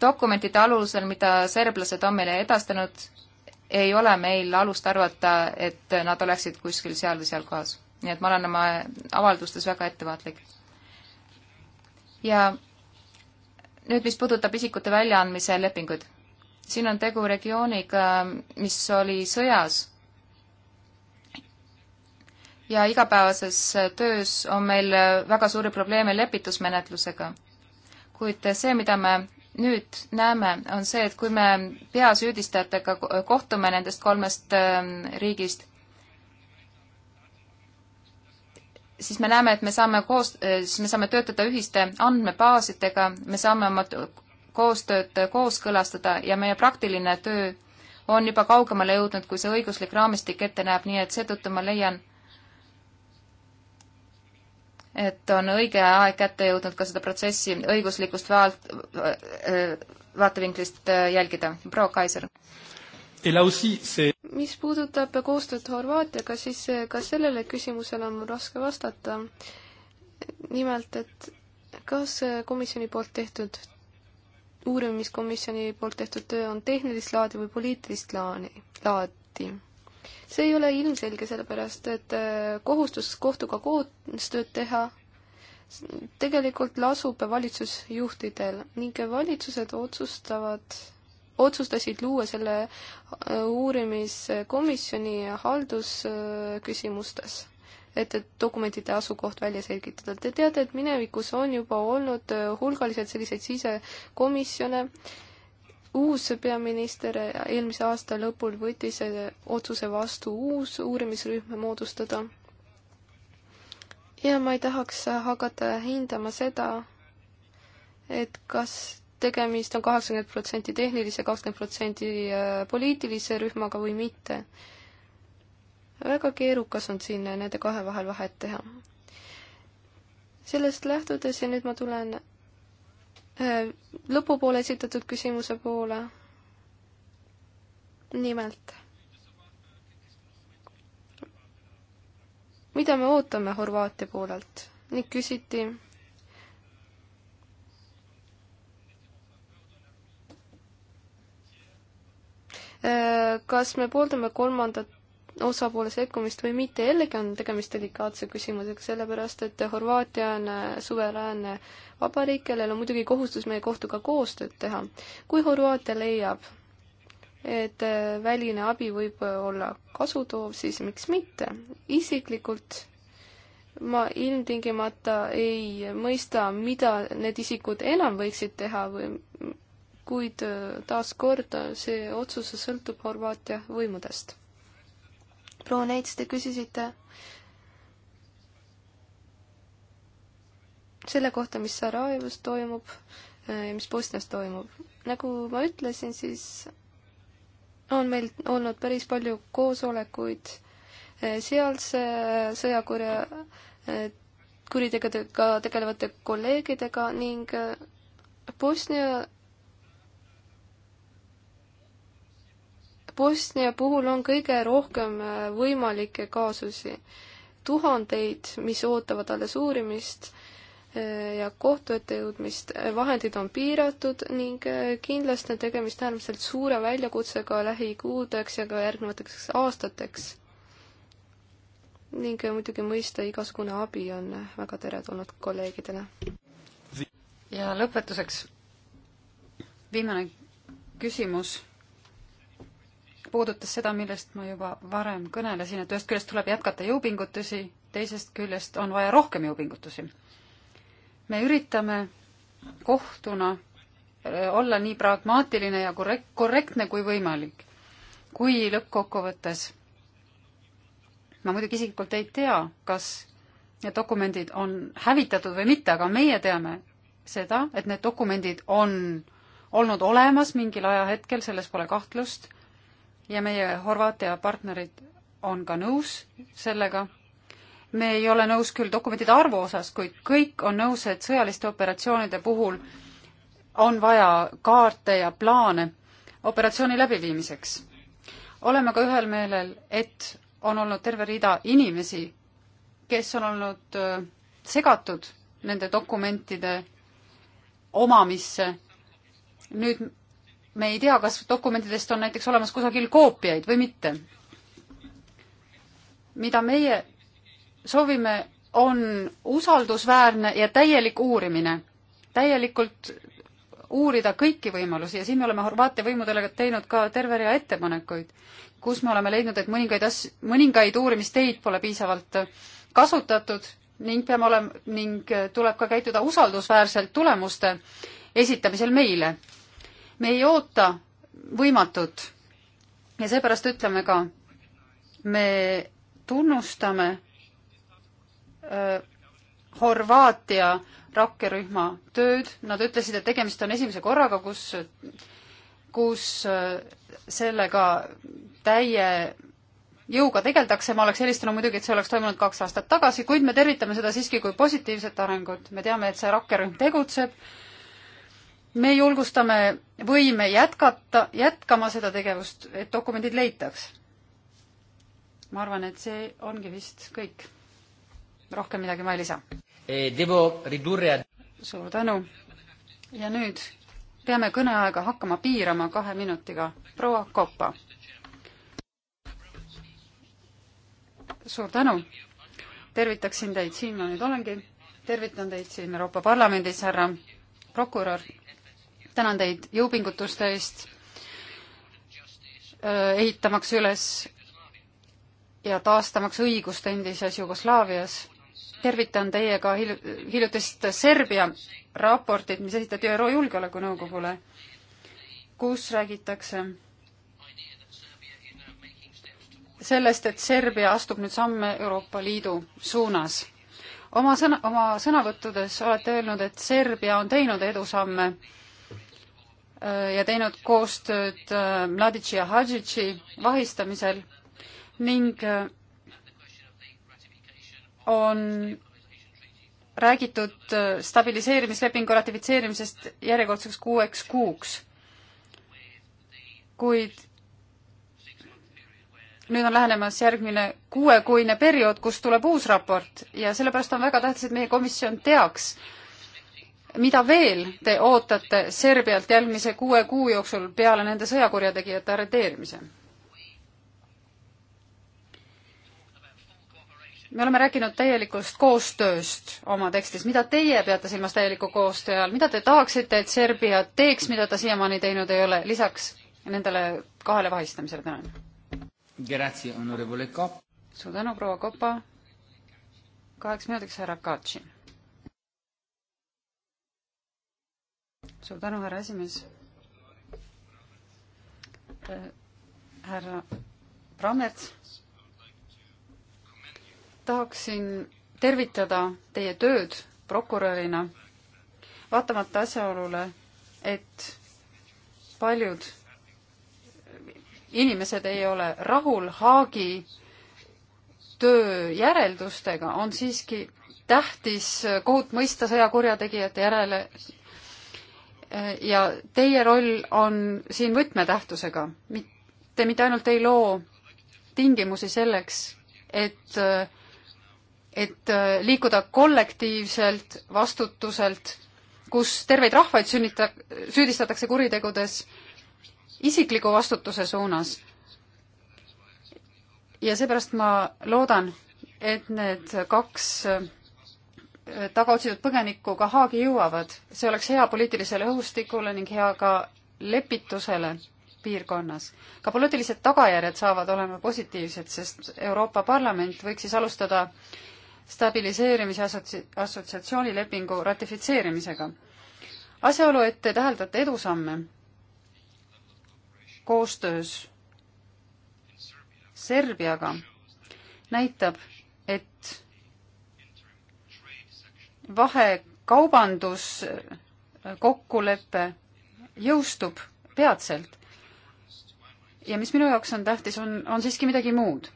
dokumentide alusel, mida serblased on meile edastanud, ei ole meil alust arvata, et nad oleksid kuskil seal või seal kohas. nii et ma olen oma avaldustes väga ettevaatlik. ja nüüd, mis puudutab isikute väljaandmise lepinguid. siin on tegu regiooniga, mis oli sõjas ja igapäevases töös on meil väga suuri probleeme lepitusmenetlusega. kuid see, mida me nüüd näeme, on see, et kui me peasüüdistajatega kohtume nendest kolmest ähm, riigist, siis me näeme, et me saame koos, äh, siis me saame töötada ühiste andmebaasidega, me saame oma koostööd äh, kooskõlastada ja meie praktiline töö on juba kaugemale jõudnud, kui see õiguslik raamistik ette näeb, nii et seetõttu ma leian, et on õige aeg kätte jõudnud ka seda protsessi õiguslikust vaalt-, äh, vaatevinklist äh, jälgida. proua Kaiser. mis puudutab koostööd Horvaatiaga, siis äh, ka sellele küsimusele on mul raske vastata. nimelt, et kas komisjoni poolt tehtud, uurimiskomisjoni poolt tehtud töö on tehnilist laadi või poliitilist laani, laadi see ei ole ilmselge, sellepärast et äh, kohustus kohtuga koostööd teha tegelikult lasub valitsusjuhtidel ning valitsused otsustavad, otsustasid luua selle äh, uurimiskomisjoni haldusküsimustes äh, et dokumentide asukoht välja selgitada. Te teate, et minevikus on juba olnud hulgaliselt selliseid sisekomisjone, uus peaminister eelmise aasta lõpul võttis otsuse vastu uus uurimisrühm moodustada. ja ma ei tahaks hakata hindama seda, et kas tegemist on kaheksakümmend protsenti tehnilise, kakskümmend protsenti äh, poliitilise rühmaga või mitte. väga keerukas on siin nende kahe vahel vahet teha. sellest lähtudes ja nüüd ma tulen Äh, lõpupoole esitatud küsimuse poole. nimelt. mida me ootame Horvaatia poolelt ning küsiti, äh, kas me pooldame kolmandat osapoole sekkumist või mitte, jällegi on tegemist delikaatse küsimusega, sellepärast et Horvaatia on äh, suveräänne vabariik, kellel on muidugi kohustus meie kohtuga koostööd teha. kui Horvaatia leiab, et äh, väline abi võib äh, olla kasutoov, siis miks mitte. isiklikult ma ilmtingimata ei mõista, mida need isikud enam võiksid teha või kuid taaskord see otsus sõltub Horvaatia võimudest proua Neits, te küsisite selle kohta, mis Sarajevos toimub äh, ja mis Bosnias toimub. nagu ma ütlesin, siis on meil olnud päris palju koosolekuid äh, sealse äh, sõjakurja kuritegudega tegelevate kolleegidega ning Bosnia Bosnia puhul on kõige rohkem äh, võimalikke kaasusi. tuhandeid, mis ootavad alles uurimist äh, ja kohtu ette jõudmist, äh, vahendid on piiratud ning kindlasti on tegemist äärmiselt suure väljakutsega lähikuudeks ja ka järgnevateks aastateks. ning muidugi mõista igasugune abi on väga teretulnud kolleegidele. ja lõpetuseks viimane küsimus puudutas seda, millest ma juba varem kõnelesin, et ühest küljest tuleb jätkata jõupingutusi, teisest küljest on vaja rohkem jõupingutusi. me üritame kohtuna äh, olla nii pragmaatiline ja korrekt-, korrektne kui võimalik. kui lõppkokkuvõttes ma muidugi isiklikult ei tea, kas need dokumendid on hävitatud või mitte, aga meie teame seda, et need dokumendid on olnud olemas mingil ajahetkel, selles pole kahtlust, ja meie Horvaatia partnerid on ka nõus sellega. me ei ole nõus küll dokumentide arvu osas, kuid kõik on nõus, et sõjaliste operatsioonide puhul on vaja kaarte ja plaane operatsiooni läbiviimiseks. oleme ka ühel meelel, et on olnud terve rida inimesi, kes on olnud segatud nende dokumentide omamisse. nüüd me ei tea, kas dokumentidest on näiteks olemas kusagil koopiaid või mitte. mida meie soovime, on usaldusväärne ja täielik uurimine, täielikult uurida kõiki võimalusi ja siin me oleme Horvaatia võimudele teinud ka terve rea ettepanekuid, kus me oleme leidnud, et mõningaid as-, mõningaid uurimisteid pole piisavalt kasutatud ning peame olema, ning tuleb ka käituda usaldusväärselt tulemuste esitamisel meile me ei oota võimatut. ja seepärast ütleme ka, me tunnustame äh, Horvaatia rakkerühma tööd, nad ütlesid, et tegemist on esimese korraga, kus, kus äh, sellega täie jõuga tegeldakse, ma oleks helistanud muidugi, et see oleks toimunud kaks aastat tagasi, kuid me tervitame seda siiski kui positiivset arengut, me teame, et see rakkerühm tegutseb äh, me julgustame võime jätkata, jätkama seda tegevust, et dokumendid leitaks. ma arvan, et see ongi vist kõik. rohkem midagi ma ei lisa. Eh, suur tänu. ja nüüd peame kõneaega hakkama piirama kahe minutiga. proua Koppa. suur tänu. tervitaksin teid, siin ma nüüd olengi. tervitan teid siin Euroopa Parlamendis, härra prokurör tänan teid jõupingutuste eest, äh, ehitamaks üles ja taastamaks õigust endises Jugoslaavias. tervitan teiega hil-, hiljutist Serbia raportit, mis esitati ÜRO Julgeolekunõukogule, kus räägitakse sellest, et Serbia astub nüüd samme Euroopa Liidu suunas. oma sõna, oma sõnavõttudes olete öelnud, et Serbia on teinud edusamme Äh, ja teinud koostööd äh, Mladici ja Hadžiči vahistamisel ning äh, on räägitud stabiliseerimislepingu ratifitseerimisest järjekordseks kuueks kuuks. kuid nüüd on lähenemas järgmine kuuekuine periood, kus tuleb uus raport ja sellepärast on väga tähtis, et meie komisjon teaks, mida veel te ootate Serbialt järgmise kuue kuu jooksul peale nende sõjakurjategijate arreteerimise? me oleme rääkinud täielikust koostööst oma tekstis, mida teie peate silmas täieliku koostöö all, mida te tahaksite, et Serbia teeks, mida ta siiamaani teinud ei ole, lisaks nendele kahele vahistamisele, tänan. suur tänu, proua Kopa. kaheks minutiks härra Katšin suur tänu, härra esimees. Äh, härra Brammert, tahaksin tervitada teie tööd prokurörina, vaatamata asjaolule, et paljud inimesed ei ole rahul Haagi töö järeldustega, on siiski tähtis kohut mõista sõjakurjategijate järele ja teie roll on siin võtmetähtsusega. Te mitte ainult ei loo tingimusi selleks, et, et liikuda kollektiivselt, vastutuselt, kus terveid rahvaid sünnita-, süüdistatakse kuritegudes isikliku vastutuse suunas. ja seepärast ma loodan, et need kaks tagaotsitud põgenikuga Haagi jõuavad. see oleks hea poliitilisele õhustikule ning hea ka lepitusele piirkonnas. ka poliitilised tagajärjed saavad olema positiivsed, sest Euroopa Parlament võiks siis alustada stabiliseerimise assotsi-, assotsiatsioonilepingu ratifitseerimisega. asjaolu, et te täheldate edusamme koostöös Serbiaga, näitab, et vahekaubanduskokkulepe jõustub peatselt. ja mis minu jaoks on tähtis, on, on siiski midagi muud.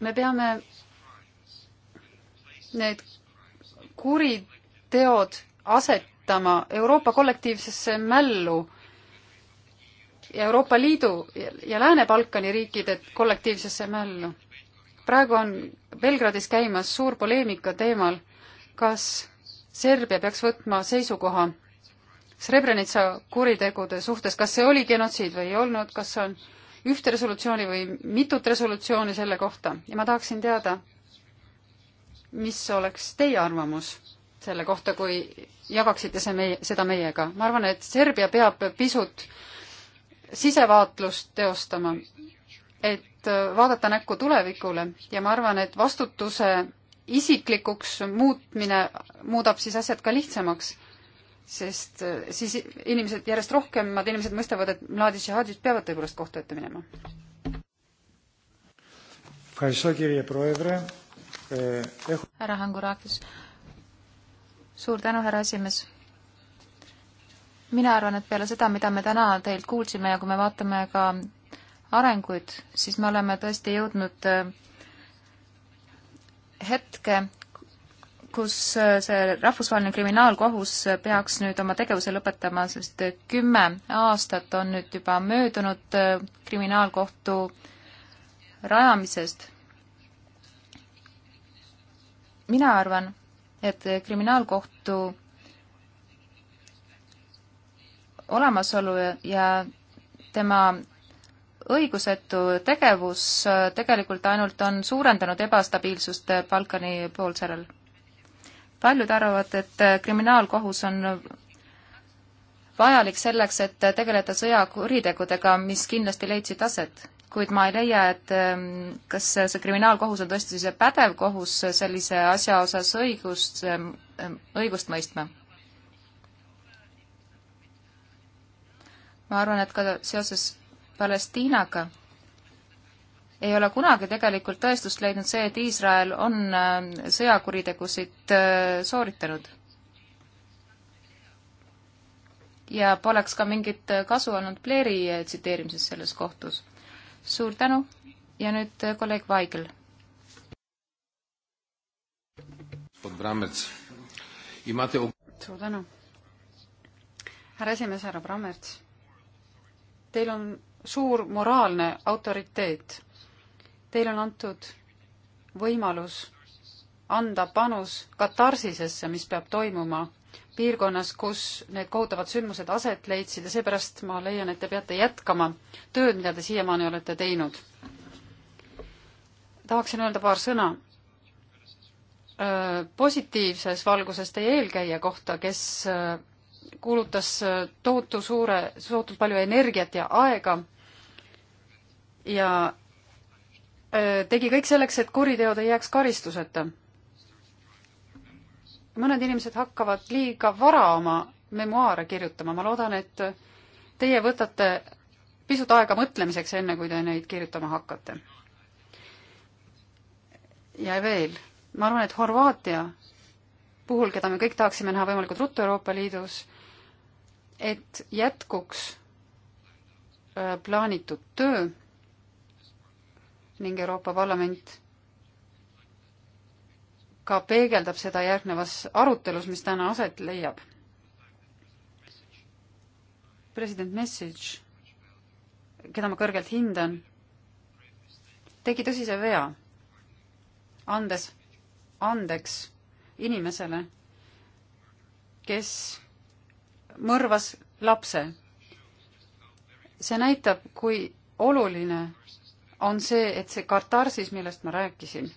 me peame need kuriteod asetama Euroopa kollektiivsesse mällu ja Euroopa Liidu ja Lääne-Balkani riikide kollektiivsesse mällu praegu on Belgradis käimas suur poleemika teemal, kas Serbia peaks võtma seisukoha Srebrenica kuritegude suhtes, kas see oli genotsiid või ei olnud, kas on ühte resolutsiooni või mitut resolutsiooni selle kohta ja ma tahaksin teada, mis oleks teie arvamus selle kohta, kui jagaksite see meie, seda meiega. ma arvan, et Serbia peab pisut sisevaatlust teostama et äh, vaadata näkku tulevikule ja ma arvan, et vastutuse isiklikuks muutmine muudab siis asjad ka lihtsamaks, sest äh, siis inimesed, järjest rohkemad inimesed mõistavad, et mlaadid džihaadid peavad tõepoolest kohtu ette minema. härra Hangurakis, suur tänu, härra esimees mina arvan, et peale seda, mida me täna teilt kuulsime ja kui me vaatame ka arenguid, siis me oleme tõesti jõudnud äh, hetke, kus äh, see rahvusvaheline kriminaalkohus äh, peaks nüüd oma tegevuse lõpetama, sest kümme aastat on nüüd juba möödunud kriminaalkohtu rajamisest. mina arvan, et kriminaalkohtu olemasolu ja tema õigusetu tegevus äh, tegelikult ainult on suurendanud ebastabiilsust äh, Balkani poolsaarel. paljud arvavad, et äh, kriminaalkohus on vajalik selleks, et tegeleda sõjakuritegudega, mis kindlasti leidsid aset. kuid ma ei leia, et ähm, kas see kriminaalkohus on tõesti see pädev kohus sellise asja osas õigust, ähm, ähm, õigust mõistma. ma arvan, et ka seoses Palestiinaga, ei ole kunagi tegelikult tõestust leidnud see, et Iisrael on äh, sõjakuritegusid äh, sooritanud. ja poleks ka mingit kasu olnud Blairi äh, tsiteerimisest selles kohtus. suur tänu ja nüüd kolleeg Vaigel. suur tänu. härra esimees, härra Brammerts, teil on suur moraalne autoriteet. Teile on antud võimalus anda panus katarsisesse, mis peab toimuma piirkonnas, kus need kohutavad sündmused aset leidsid ja seepärast ma leian, et te peate jätkama tööd, mida te siiamaani olete teinud. tahaksin öelda paar sõna positiivses valguses teie eelkäija kohta, kes kulutas tohutu suure, tohutult palju energiat ja aega ja tegi kõik selleks, et kuriteod ei jääks karistuseta. mõned inimesed hakkavad liiga vara oma memuaare kirjutama, ma loodan, et teie võtate pisut aega mõtlemiseks, enne kui te neid kirjutama hakkate. ja veel, ma arvan, et Horvaatia puhul, keda me kõik tahaksime näha võimalikult ruttu Euroopa Liidus, et jätkuks plaanitud töö ning Euroopa Parlament ka peegeldab seda järgnevas arutelus, mis täna aset leiab. president Message, keda ma kõrgelt hindan, tegi tõsise vea, andes andeks inimesele, kes mõrvas lapse. see näitab, kui oluline on see, et see katarsis, millest ma rääkisin,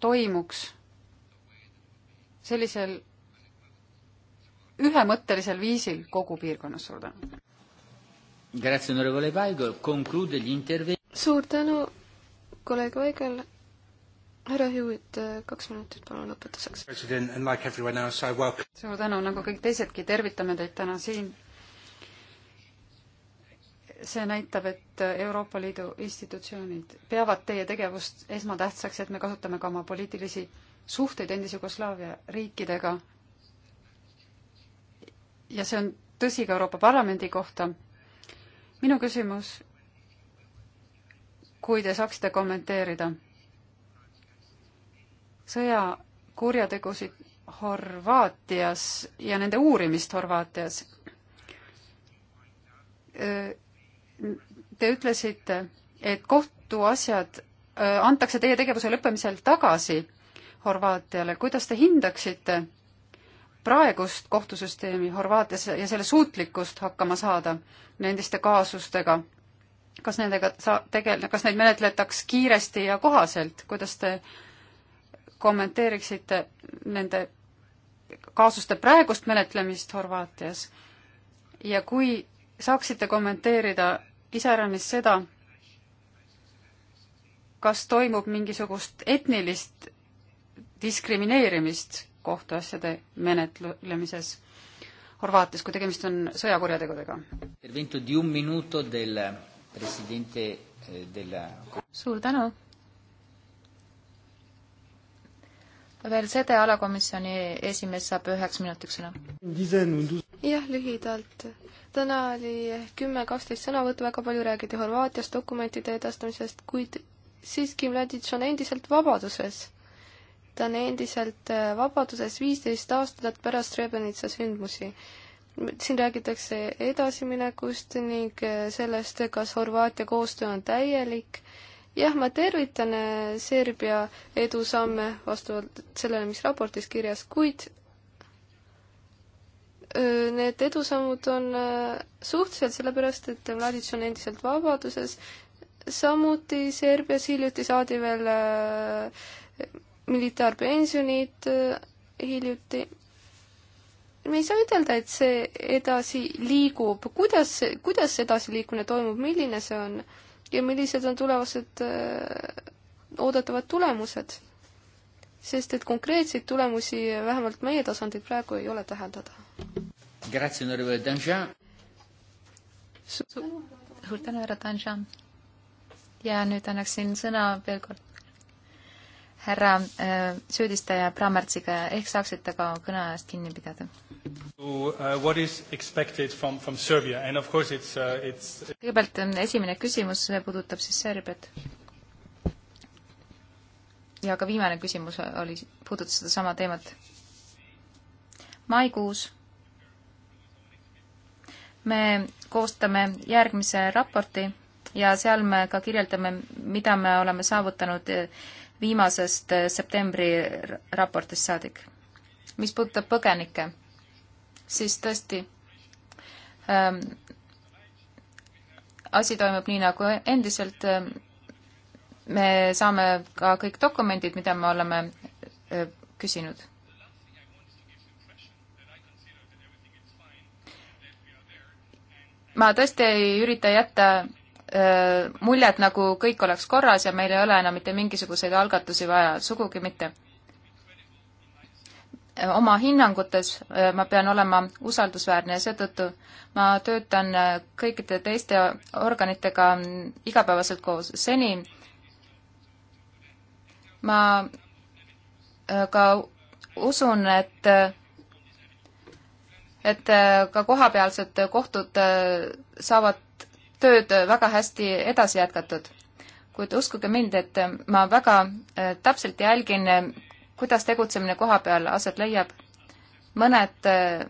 toimuks sellisel ühemõttelisel viisil kogu piirkonnas. suur tänu! suur tänu, kolleeg Vaigel. härra Hewitt, kaks minutit palun lõpetuseks. suur tänu, nagu kõik teisedki, tervitame teid täna siin see näitab, et Euroopa Liidu institutsioonid peavad teie tegevust esmatähtsaks, et me kasutame ka oma poliitilisi suhteid endise Jugoslaavia riikidega. ja see on tõsi ka Euroopa Parlamendi kohta. minu küsimus, kui te saaksite kommenteerida sõjakurjategusid Horvaatias ja nende uurimist Horvaatias äh, te ütlesite, et kohtuasjad äh, antakse teie tegevuse lõppemisel tagasi Horvaatiale, kuidas te hindaksite praegust kohtusüsteemi Horvaatias ja selle suutlikkust hakkama saada nendiste kaasustega? kas nendega sa-, tegele-, kas neid menetletaks kiiresti ja kohaselt, kuidas te kommenteeriksite nende kaasuste praegust menetlemist Horvaatias ja kui saaksite kommenteerida iseäranis seda, kas toimub mingisugust etnilist diskrimineerimist kohtuasjade menetlemises Horvaatias, kui tegemist on sõjakurjategudega. Eh, suur tänu. veel sede alakomisjoni esimees saab üheks minutiks sõna. jah, lühidalt. täna oli kümme-kaksteist sõnavõttu, väga palju räägiti Horvaatiast, dokumentide edastamisest, kuid siiski Mladic on endiselt vabaduses. ta on endiselt äh, vabaduses viisteist aastat pärast Srebrenica sündmusi. siin räägitakse edasiminekust ning äh, sellest, kas Horvaatia koostöö on täielik jah, ma tervitan äh, Serbia edusamme vastavalt sellele, mis raportis kirjas, kuid äh, need edusammud on äh, suhteliselt, sellepärast et Mladic on endiselt vabaduses, samuti Serbias hiljuti saadi veel militaarpensionid hiljuti. me ei saa ütelda, et see edasi liigub, kuidas, kuidas edasiliikumine toimub, milline see on? ja millised on tulevased äh, oodatavad tulemused. sest et konkreetseid tulemusi vähemalt meie tasandil praegu ei ole täheldada. suur tänu, härra Danjan. ja nüüd annaksin sõna veel kord härra äh, süüdistaja Brammertsiga, ehk saaksite ka kõne ajast kinni pidada? Äh, uh, kõigepealt ähm, esimene küsimus puudutab siis Serbiat. ja ka viimane küsimus oli, puudutas sedasama teemat. maikuus me koostame järgmise raporti ja seal me ka kirjeldame, mida me oleme saavutanud äh, viimasest eh, septembri raportist saadik. mis puudutab põgenikke, siis tõesti ähm, asi toimub nii, nagu endiselt ähm, me saame ka kõik dokumendid, mida me oleme äh, küsinud. ma tõesti ei ürita jätta Äh, muljet, nagu kõik oleks korras ja meil ei ole enam mitte mingisuguseid algatusi vaja, sugugi mitte. oma hinnangutes äh, ma pean olema usaldusväärne ja seetõttu ma töötan äh, kõikide teiste organitega igapäevaselt koos. seni ma ka usun, et et ka kohapealsed kohtud saavad tööd väga hästi edasi jätkatud. kuid uskuge mind, et ma väga äh, täpselt jälgin, kuidas tegutsemine koha peal aset leiab. mõned äh,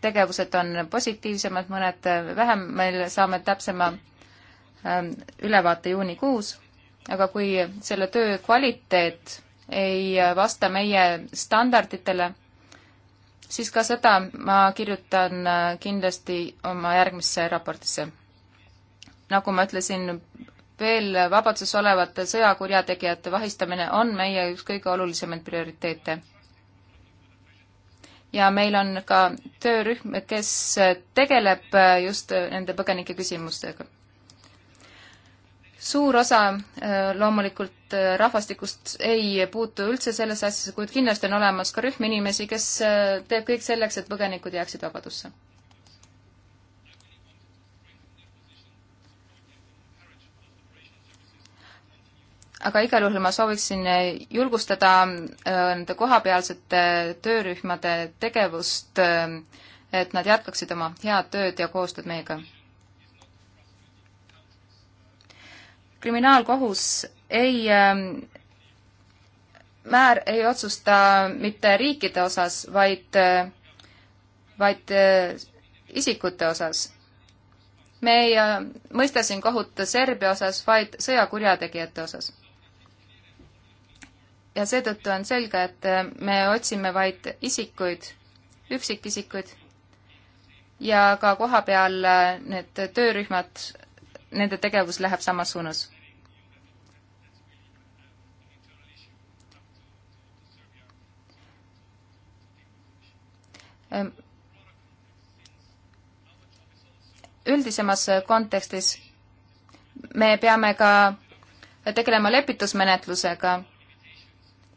tegevused on positiivsemad, mõned äh, vähem, meil saame täpsema ähm, ülevaate juunikuus, aga kui selle töö kvaliteet ei vasta meie standarditele, siis ka seda ma kirjutan kindlasti oma järgmisse raportisse nagu ma ütlesin, veel vabaduses olevate sõjakurjategijate vahistamine on meie üks kõige olulisemaid prioriteete. ja meil on ka töörühm, kes tegeleb just nende põgenike küsimustega. suur osa äh, loomulikult äh, rahvastikust ei puutu üldse sellesse asjasse, kuid kindlasti on olemas ka rühm inimesi, kes äh, teeb kõik selleks, et põgenikud jääksid vabadusse aga igal juhul ma sooviksin julgustada äh, nende kohapealsete töörühmade tegevust, äh, et nad jätkaksid oma head tööd ja koostööd meiega. kriminaalkohus ei ähm, määr ei otsusta mitte riikide osas, vaid, äh, vaid isikute osas. me ei mõista siin kohut Serbia osas, vaid sõjakurjategijate osas ja seetõttu on selge, et äh, me otsime vaid isikuid, üksikisikuid ja ka kohapeal äh, need töörühmad, nende tegevus läheb samas suunas. Ähm, üldisemas kontekstis me peame ka tegelema lepitusmenetlusega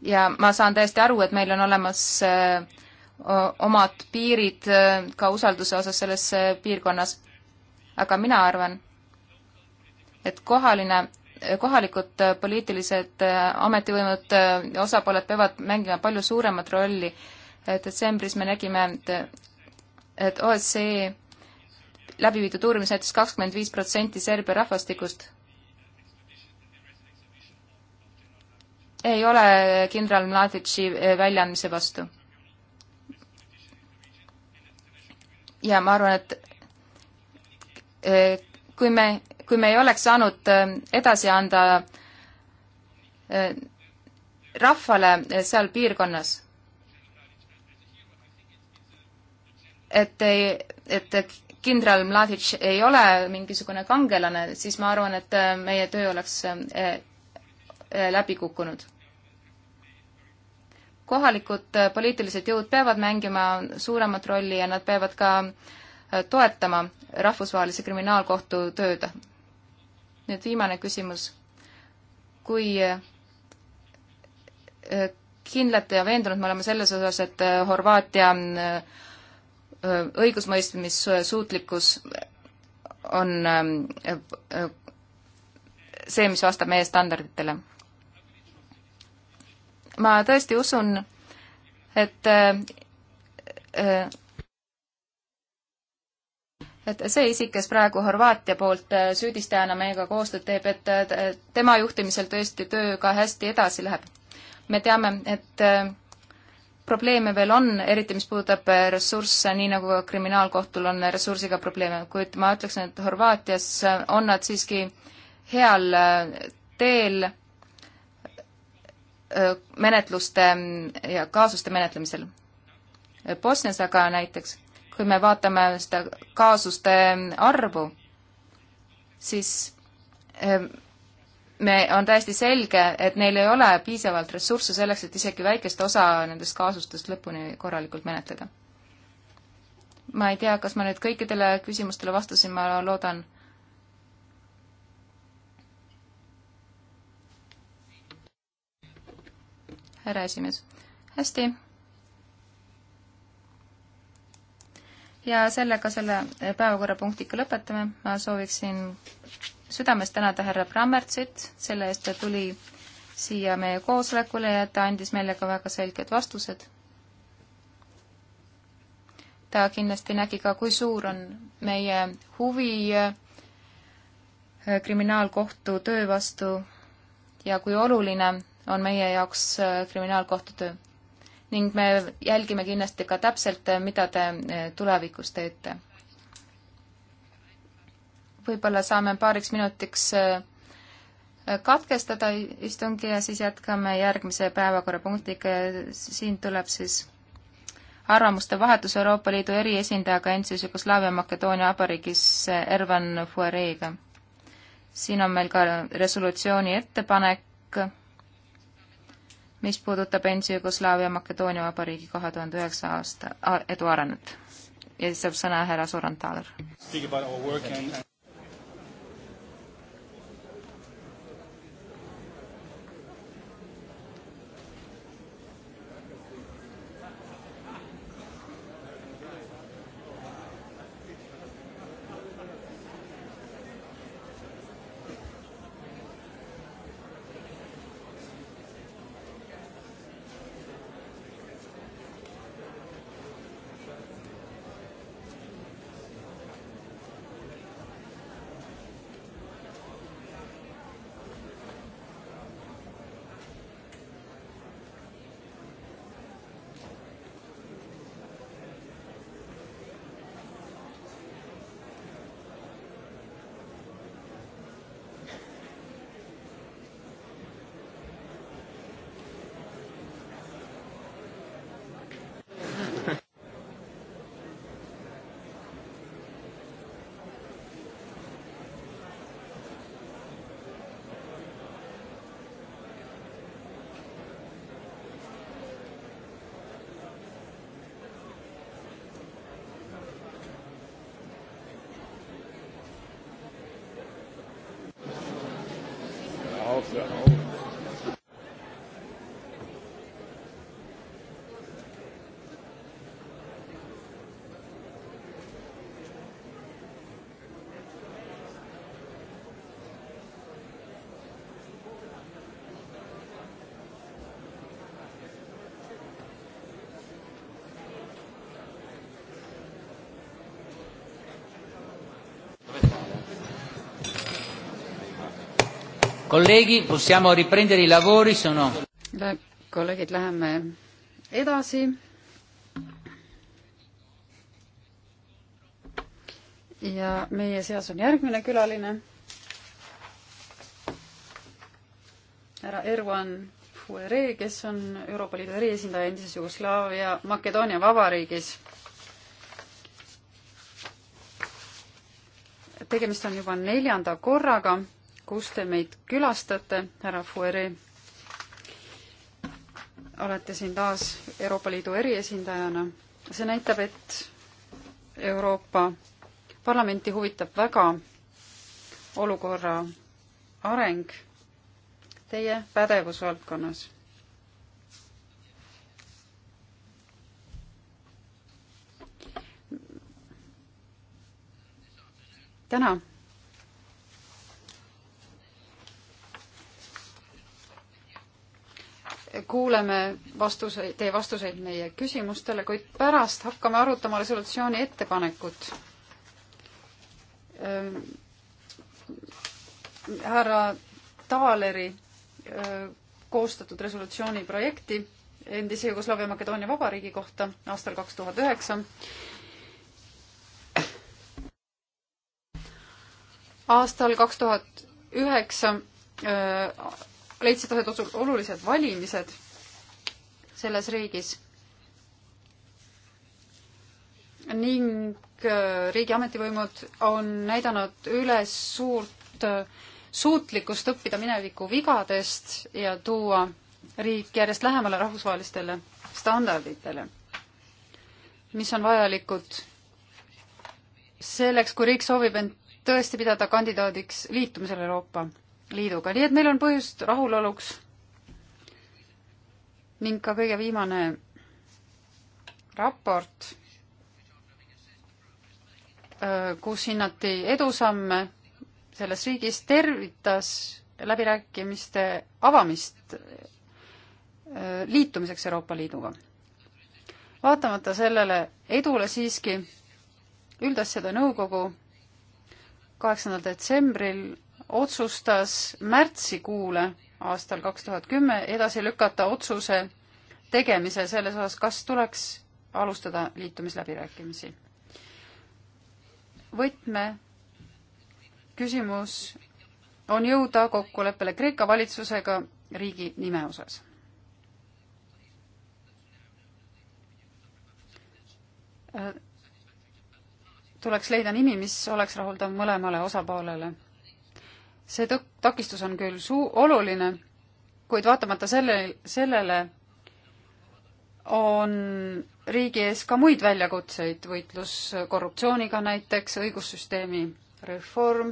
ja ma saan täiesti aru, et meil on olemas äh, omad piirid äh, ka usalduse osas selles äh, piirkonnas. aga mina arvan, et kohaline, kohalikud poliitilised ametivõimud ja osapooled peavad mängima palju suuremat rolli. detsembris me nägime, et, et OSCE läbi viidud uurimus näitas kakskümmend viis protsenti Serbia rahvastikust ei ole kindral Mladici eh, väljaandmise vastu. ja ma arvan, et eh, kui me, kui me ei oleks saanud eh, edasi anda rahvale seal piirkonnas, et ei, et kindral Mladic ei ole mingisugune kangelane, siis ma arvan, et meie töö oleks Äh, läbi kukkunud. kohalikud äh, poliitilised jõud peavad mängima suuremat rolli ja nad peavad ka äh, toetama Rahvusvahelise Kriminaalkohtu tööd. nüüd viimane küsimus. kui kindlad ja veendunud me oleme selles osas, et Horvaatia õigusmõistmissuutlikkus on see, mis vastab meie standarditele ma tõesti usun, et et see isik, kes praegu Horvaatia poolt süüdistajana meiega koostööd teeb, et tema juhtimisel tõesti töö ka hästi edasi läheb. me teame, et probleeme veel on, eriti mis puudutab ressursse, nii nagu kriminaalkohtul on ressursiga probleeme, kuid ma ütleksin, et Horvaatias on nad siiski heal teel menetluste ja kaasuste menetlemisel. Bosnias aga näiteks, kui me vaatame seda kaasuste arvu, siis me, on täiesti selge, et neil ei ole piisavalt ressursse selleks, et isegi väikest osa nendest kaasustest lõpuni korralikult menetleda. ma ei tea, kas ma nüüd kõikidele küsimustele vastasin, ma loodan härra esimees. hästi. ja sellega selle päevakorrapunktiga lõpetame. ma sooviksin südamest tänada härra Brammertsit selle eest, et tuli siia meie koosolekule ja ta andis meile ka väga selged vastused. ta kindlasti nägi ka, kui suur on meie huvi äh, kriminaalkohtu töö vastu ja kui oluline on meie jaoks äh, kriminaalkohtu töö. ning me jälgime kindlasti ka täpselt, äh, mida te äh, tulevikus teete. võib-olla saame paariks minutiks katkestada istungi ja siis jätkame järgmise päevakorrapunktiga ja siin tuleb siis arvamuste vahetus Euroopa Liidu eriesindajaga endise Jugoslaavia Makedoonia vabariigis Ervan Fuereega. siin on meil ka resolutsiooni ettepanek mis puudutab endise Jugoslaavia Makedoonia Vabariigi kahe tuhande üheksa aasta edu arengut. ja siis saab sõna härra Soran Taaler. Colleghi, possiamo riprendere i lavori, se no? kolleegid, läheme edasi. ja meie seas on järgmine külaline. härra Erwan Fuere, kes on Euroopa Liidu eriesindaja endises Jugoslaavia Makedoonia Vabariigis. tegemist on juba neljanda korraga kus te meid külastate, härra Fueri. olete siin taas Euroopa Liidu eriesindajana. see näitab, et Euroopa Parlamenti huvitab väga olukorra areng teie pädevusvaldkonnas. täna kuuleme vastuseid, teie vastuseid meie küsimustele, kuid pärast hakkame arutama resolutsiooni ettepanekut. Ehm, härra Tavaleri ehm, koostatud resolutsiooni projekti endise Jugoslaavia Makedoonia Vabariigi kohta aastal kaks tuhat üheksa. aastal kaks tuhat üheksa ehm, leidsid aset olulised valimised selles riigis ning äh, riigi ametivõimud on näidanud üles suurt äh, suutlikkust õppida mineviku vigadest ja tuua riik järjest lähemale rahvusvahelistele standarditele, mis on vajalikud selleks, kui riik soovib end tõesti pidada kandidaadiks liitumisel Euroopa Liiduga, nii et meil on põhjust rahuloluks. ning ka kõige viimane raport, äh, kus hinnati edusamme selles riigis, tervitas läbirääkimiste avamist äh, liitumiseks Euroopa Liiduga. vaatamata sellele edule siiski üldasjade nõukogu kaheksandal detsembril otsustas märtsikuule aastal kaks tuhat kümme edasi lükata otsuse tegemise selles osas, kas tuleks alustada liitumisläbirääkimisi. võtme küsimus on jõuda kokkuleppele Kreeka valitsusega riigi nime osas. Äh, tuleks leida nimi, mis oleks rahuldav mõlemale osapoolele see tõk-, takistus on küll suu-, oluline, kuid vaatamata selle, sellele on riigi ees ka muid väljakutseid, võitlus korruptsiooniga näiteks, õigussüsteemi reform,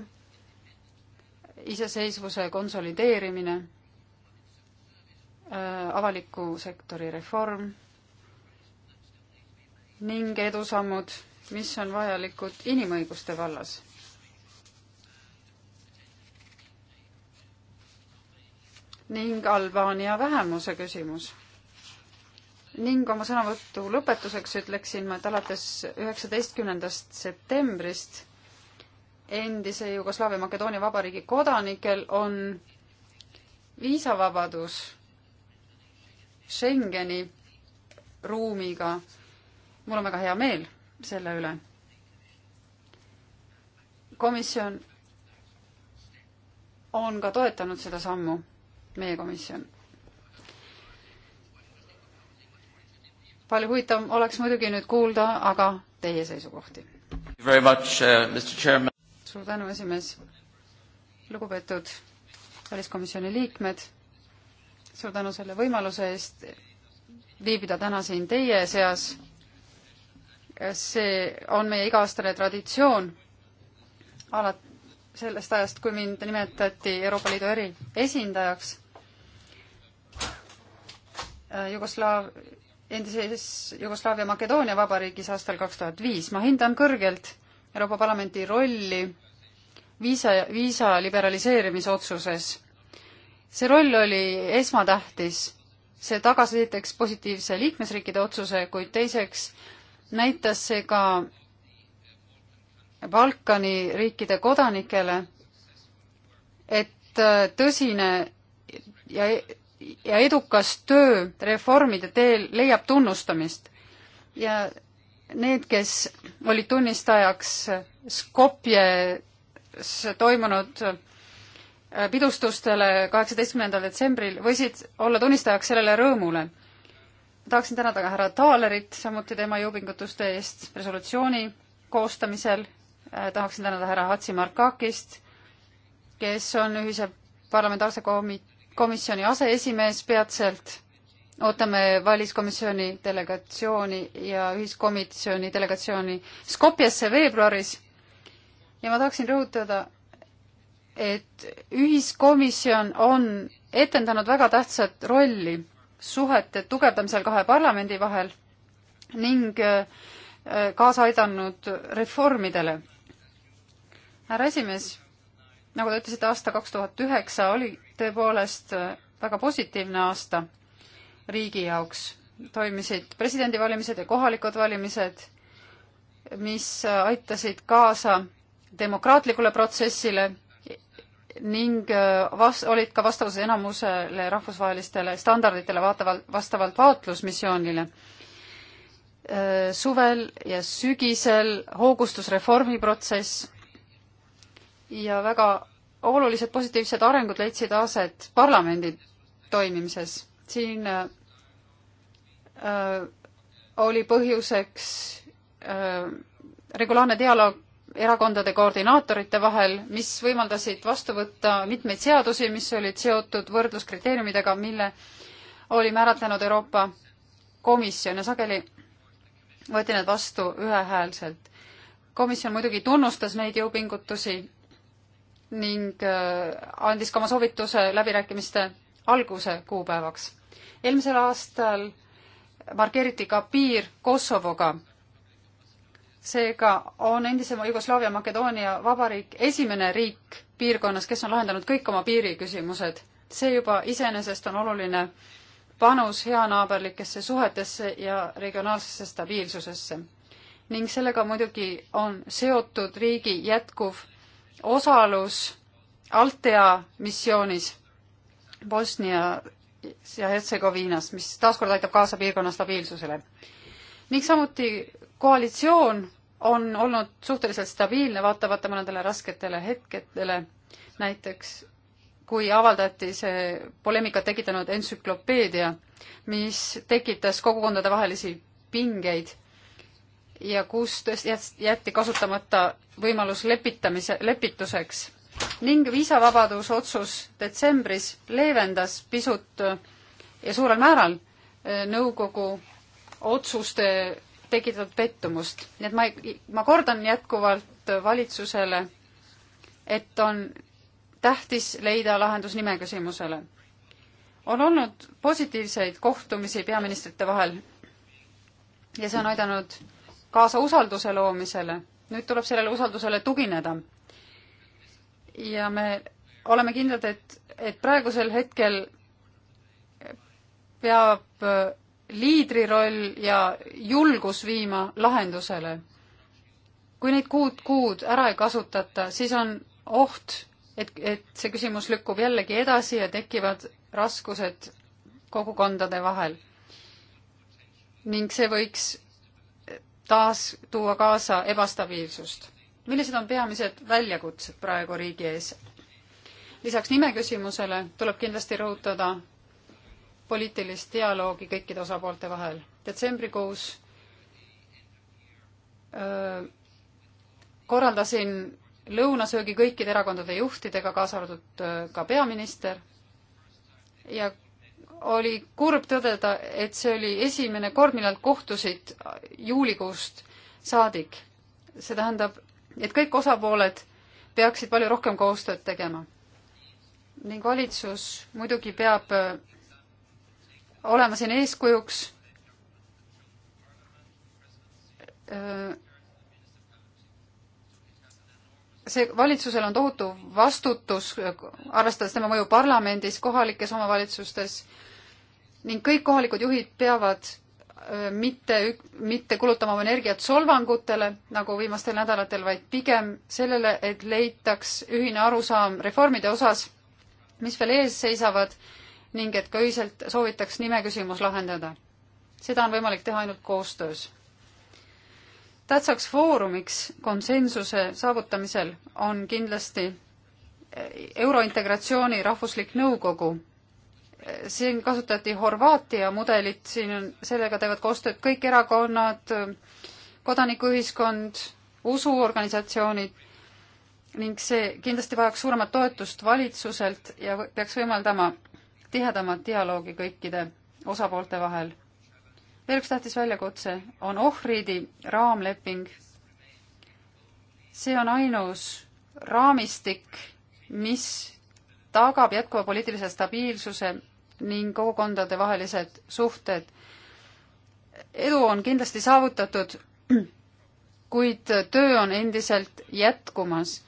iseseisvuse konsolideerimine, äh, avaliku sektori reform ning edusammud, mis on vajalikud inimõiguste vallas ning Albaania vähemuse küsimus. ning oma sõnavõtu lõpetuseks ütleksin ma, et alates üheksateistkümnendast septembrist endise Jugoslaavia Makedoonia Vabariigi kodanikel on viisavabadus Schengeni ruumiga. mul on väga hea meel selle üle. komisjon on ka toetanud seda sammu meie komisjon. palju huvitavam oleks muidugi nüüd kuulda aga teie seisukohti. Uh, suur tänu, esimees. lugupeetud väliskomisjoni liikmed, suur tänu selle võimaluse eest viibida täna siin teie seas. see on meie iga-aastane traditsioon alati sellest ajast, kui mind nimetati Euroopa Liidu eriesindajaks Äh, Jugoslaav, endises Jugoslaavia Makedoonia vabariigis aastal kaks tuhat viis. ma hindan kõrgelt Euroopa Parlamendi rolli viisa, viisa liberaliseerimise otsuses. see roll oli esmatähtis. see tagas esiteks positiivse liikmesriikide otsuse, kuid teiseks näitas see ka Balkani riikide kodanikele, et äh, tõsine ja ja edukas töö reformide teel leiab tunnustamist ja need, kes olid tunnistajaks Skopjes toimunud äh, pidustustele kaheksateistkümnendal detsembril, võisid olla tunnistajaks sellele rõõmule. tahaksin tänada ka härra Taalerit samuti tema jõupingutuste eest resolutsiooni koostamisel, äh, tahaksin tänada härra Hatzi Markakist, kes on ühise parlamentaarse komitee komisjoni aseesimees peatselt. ootame väliskomisjoni delegatsiooni ja ühiskomisjoni delegatsiooni Skopjesse veebruaris. ja ma tahaksin rõhutada, et ühiskomisjon on etendanud väga tähtsat rolli suhete tugevdamisel kahe parlamendi vahel ning äh, kaasa aidanud reformidele. härra esimees, nagu te ütlesite, aasta kaks tuhat üheksa oli tõepoolest väga positiivne aasta riigi jaoks. toimisid presidendivalimised ja kohalikud valimised, mis aitasid kaasa demokraatlikule protsessile ning äh, vas-, olid ka vastavuses enamusele rahvusvahelistele standarditele vaatavalt, vastavalt vaatlusmissioonile. Äh, suvel ja sügisel hoogustus reformiprotsess ja väga olulised positiivsed arengud leidsid aset parlamendi toimimises. siin äh, oli põhjuseks äh, regulaarne dialoog erakondade koordinaatorite vahel, mis võimaldasid vastu võtta mitmeid seadusi, mis olid seotud võrdluskriteeriumidega, mille oli määratlenud Euroopa Komisjon ja sageli võeti need vastu ühehäälselt. komisjon muidugi tunnustas neid jõupingutusi ning äh, andis ka oma soovituse läbirääkimiste alguse kuupäevaks. eelmisel aastal markeeriti ka piir Kosovoga. seega on endise Jugoslaavia Makedoonia Vabariik esimene riik piirkonnas, kes on lahendanud kõik oma piiriküsimused. see juba iseenesest on oluline panus heanaaberlikesse suhetesse ja regionaalsesse stabiilsusesse. ning sellega muidugi on seotud riigi jätkuv osalus Altea missioonis Bosnias ja Hertsegoviinas, mis taaskord aitab kaasa piirkonna stabiilsusele. ning samuti koalitsioon on olnud suhteliselt stabiilne, vaatamata mõnedele rasketele hetkedele, näiteks kui avaldati see poleemikat tekitanud entsüklopeedia, mis tekitas kogukondadevahelisi pingeid ja kus jäeti kasutamata võimalus lepitamise, lepituseks ning viisavabaduse otsus detsembris leevendas pisut ja suurel määral eh, nõukogu otsuste tekitatud pettumust. nii et ma, ma kordan jätkuvalt valitsusele, et on tähtis leida lahendus nime küsimusele. on olnud positiivseid kohtumisi peaministrite vahel ja see on aidanud kaasa usalduse loomisele. nüüd tuleb sellele usaldusele tugineda. ja me oleme kindlad, et, et praegusel hetkel peab äh, liidri roll ja julgus viima lahendusele. kui neid kuud, kuud ära ei kasutata, siis on oht, et, et see küsimus lükkub jällegi edasi ja tekivad raskused kogukondade vahel. ning see võiks taas tuua kaasa ebastabiilsust. millised on peamised väljakutsed praegu riigi ees? lisaks nime küsimusele tuleb kindlasti rõhutada poliitilist dialoogi kõikide osapoolte vahel. detsembrikuus öö, korraldasin lõunasöögi kõikide erakondade juhtidega, kaasa arvatud ka peaminister, ja oli kurb tõdeda, et see oli esimene kord, millal kohtusid juulikuust saadik. see tähendab, et kõik osapooled peaksid palju rohkem koostööd tegema. ning valitsus muidugi peab äh, olema siin eeskujuks äh, see, valitsusel on tohutu vastutus, arvestades tema mõju parlamendis, kohalikes omavalitsustes, ning kõik kohalikud juhid peavad mitte, mitte kulutama oma energiat solvangutele, nagu viimastel nädalatel, vaid pigem sellele, et leitaks ühine arusaam reformide osas, mis veel ees seisavad ning et ka ühiselt soovitaks nimeküsimus lahendada. seda on võimalik teha ainult koostöös tähtsaks foorumiks konsensuse saavutamisel on kindlasti e-, Eurointegratsiooni rahvuslik nõukogu, siin kasutati Horvaatia mudelit, siin on, sellega teevad koostööd kõik erakonnad, kodanikuühiskond, usuorganisatsioonid ning see kindlasti vajaks suuremat toetust valitsuselt ja peaks võimaldama tihedamat dialoogi kõikide osapoolte vahel. veel üks tähtis väljakutse on ohvriidi raamleping. see on ainus raamistik, mis tagab jätkuva poliitilise stabiilsuse ning kogukondade vahelised suhted. edu on kindlasti saavutatud, kuid töö on endiselt jätkumas.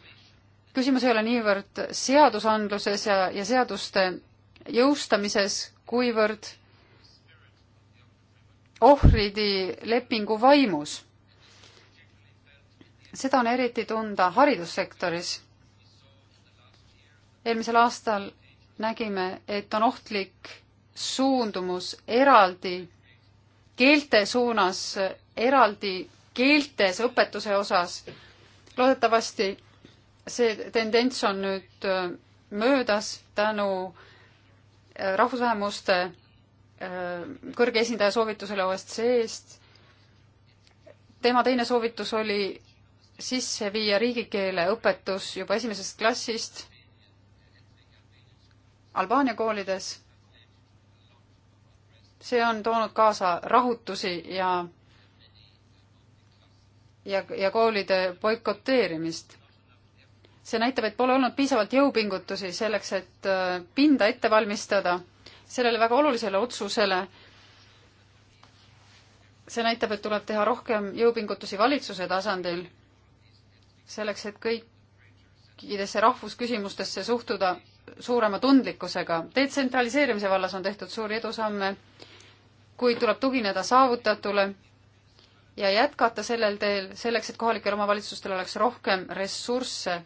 küsimus ei ole niivõrd seadusandluses ja, ja seaduste jõustamises, kuivõrd ohvridi lepingu vaimus. seda on eriti tunda haridussektoris. eelmisel aastal nägime, et on ohtlik suundumus eraldi keelte suunas, eraldi keeltes õpetuse osas. loodetavasti see tendents on nüüd äh, möödas tänu äh, rahvusvähemuste äh, kõrge esindaja soovitusele OSCE-st. tema teine soovitus oli sisse viia riigikeele õpetus juba esimesest klassist Albaania koolides. see on toonud kaasa rahutusi ja ja, ja koolide boikoteerimist. see näitab, et pole olnud piisavalt jõupingutusi selleks, et äh, pinda ette valmistada sellele väga olulisele otsusele. see näitab, et tuleb teha rohkem jõupingutusi valitsuse tasandil selleks, et kõikidesse rahvusküsimustesse suhtuda suurema tundlikkusega. detsentraliseerimise vallas on tehtud suuri edusamme, kuid tuleb tugineda saavutatule ja jätkata sellel teel selleks, et kohalikel omavalitsustel oleks rohkem ressursse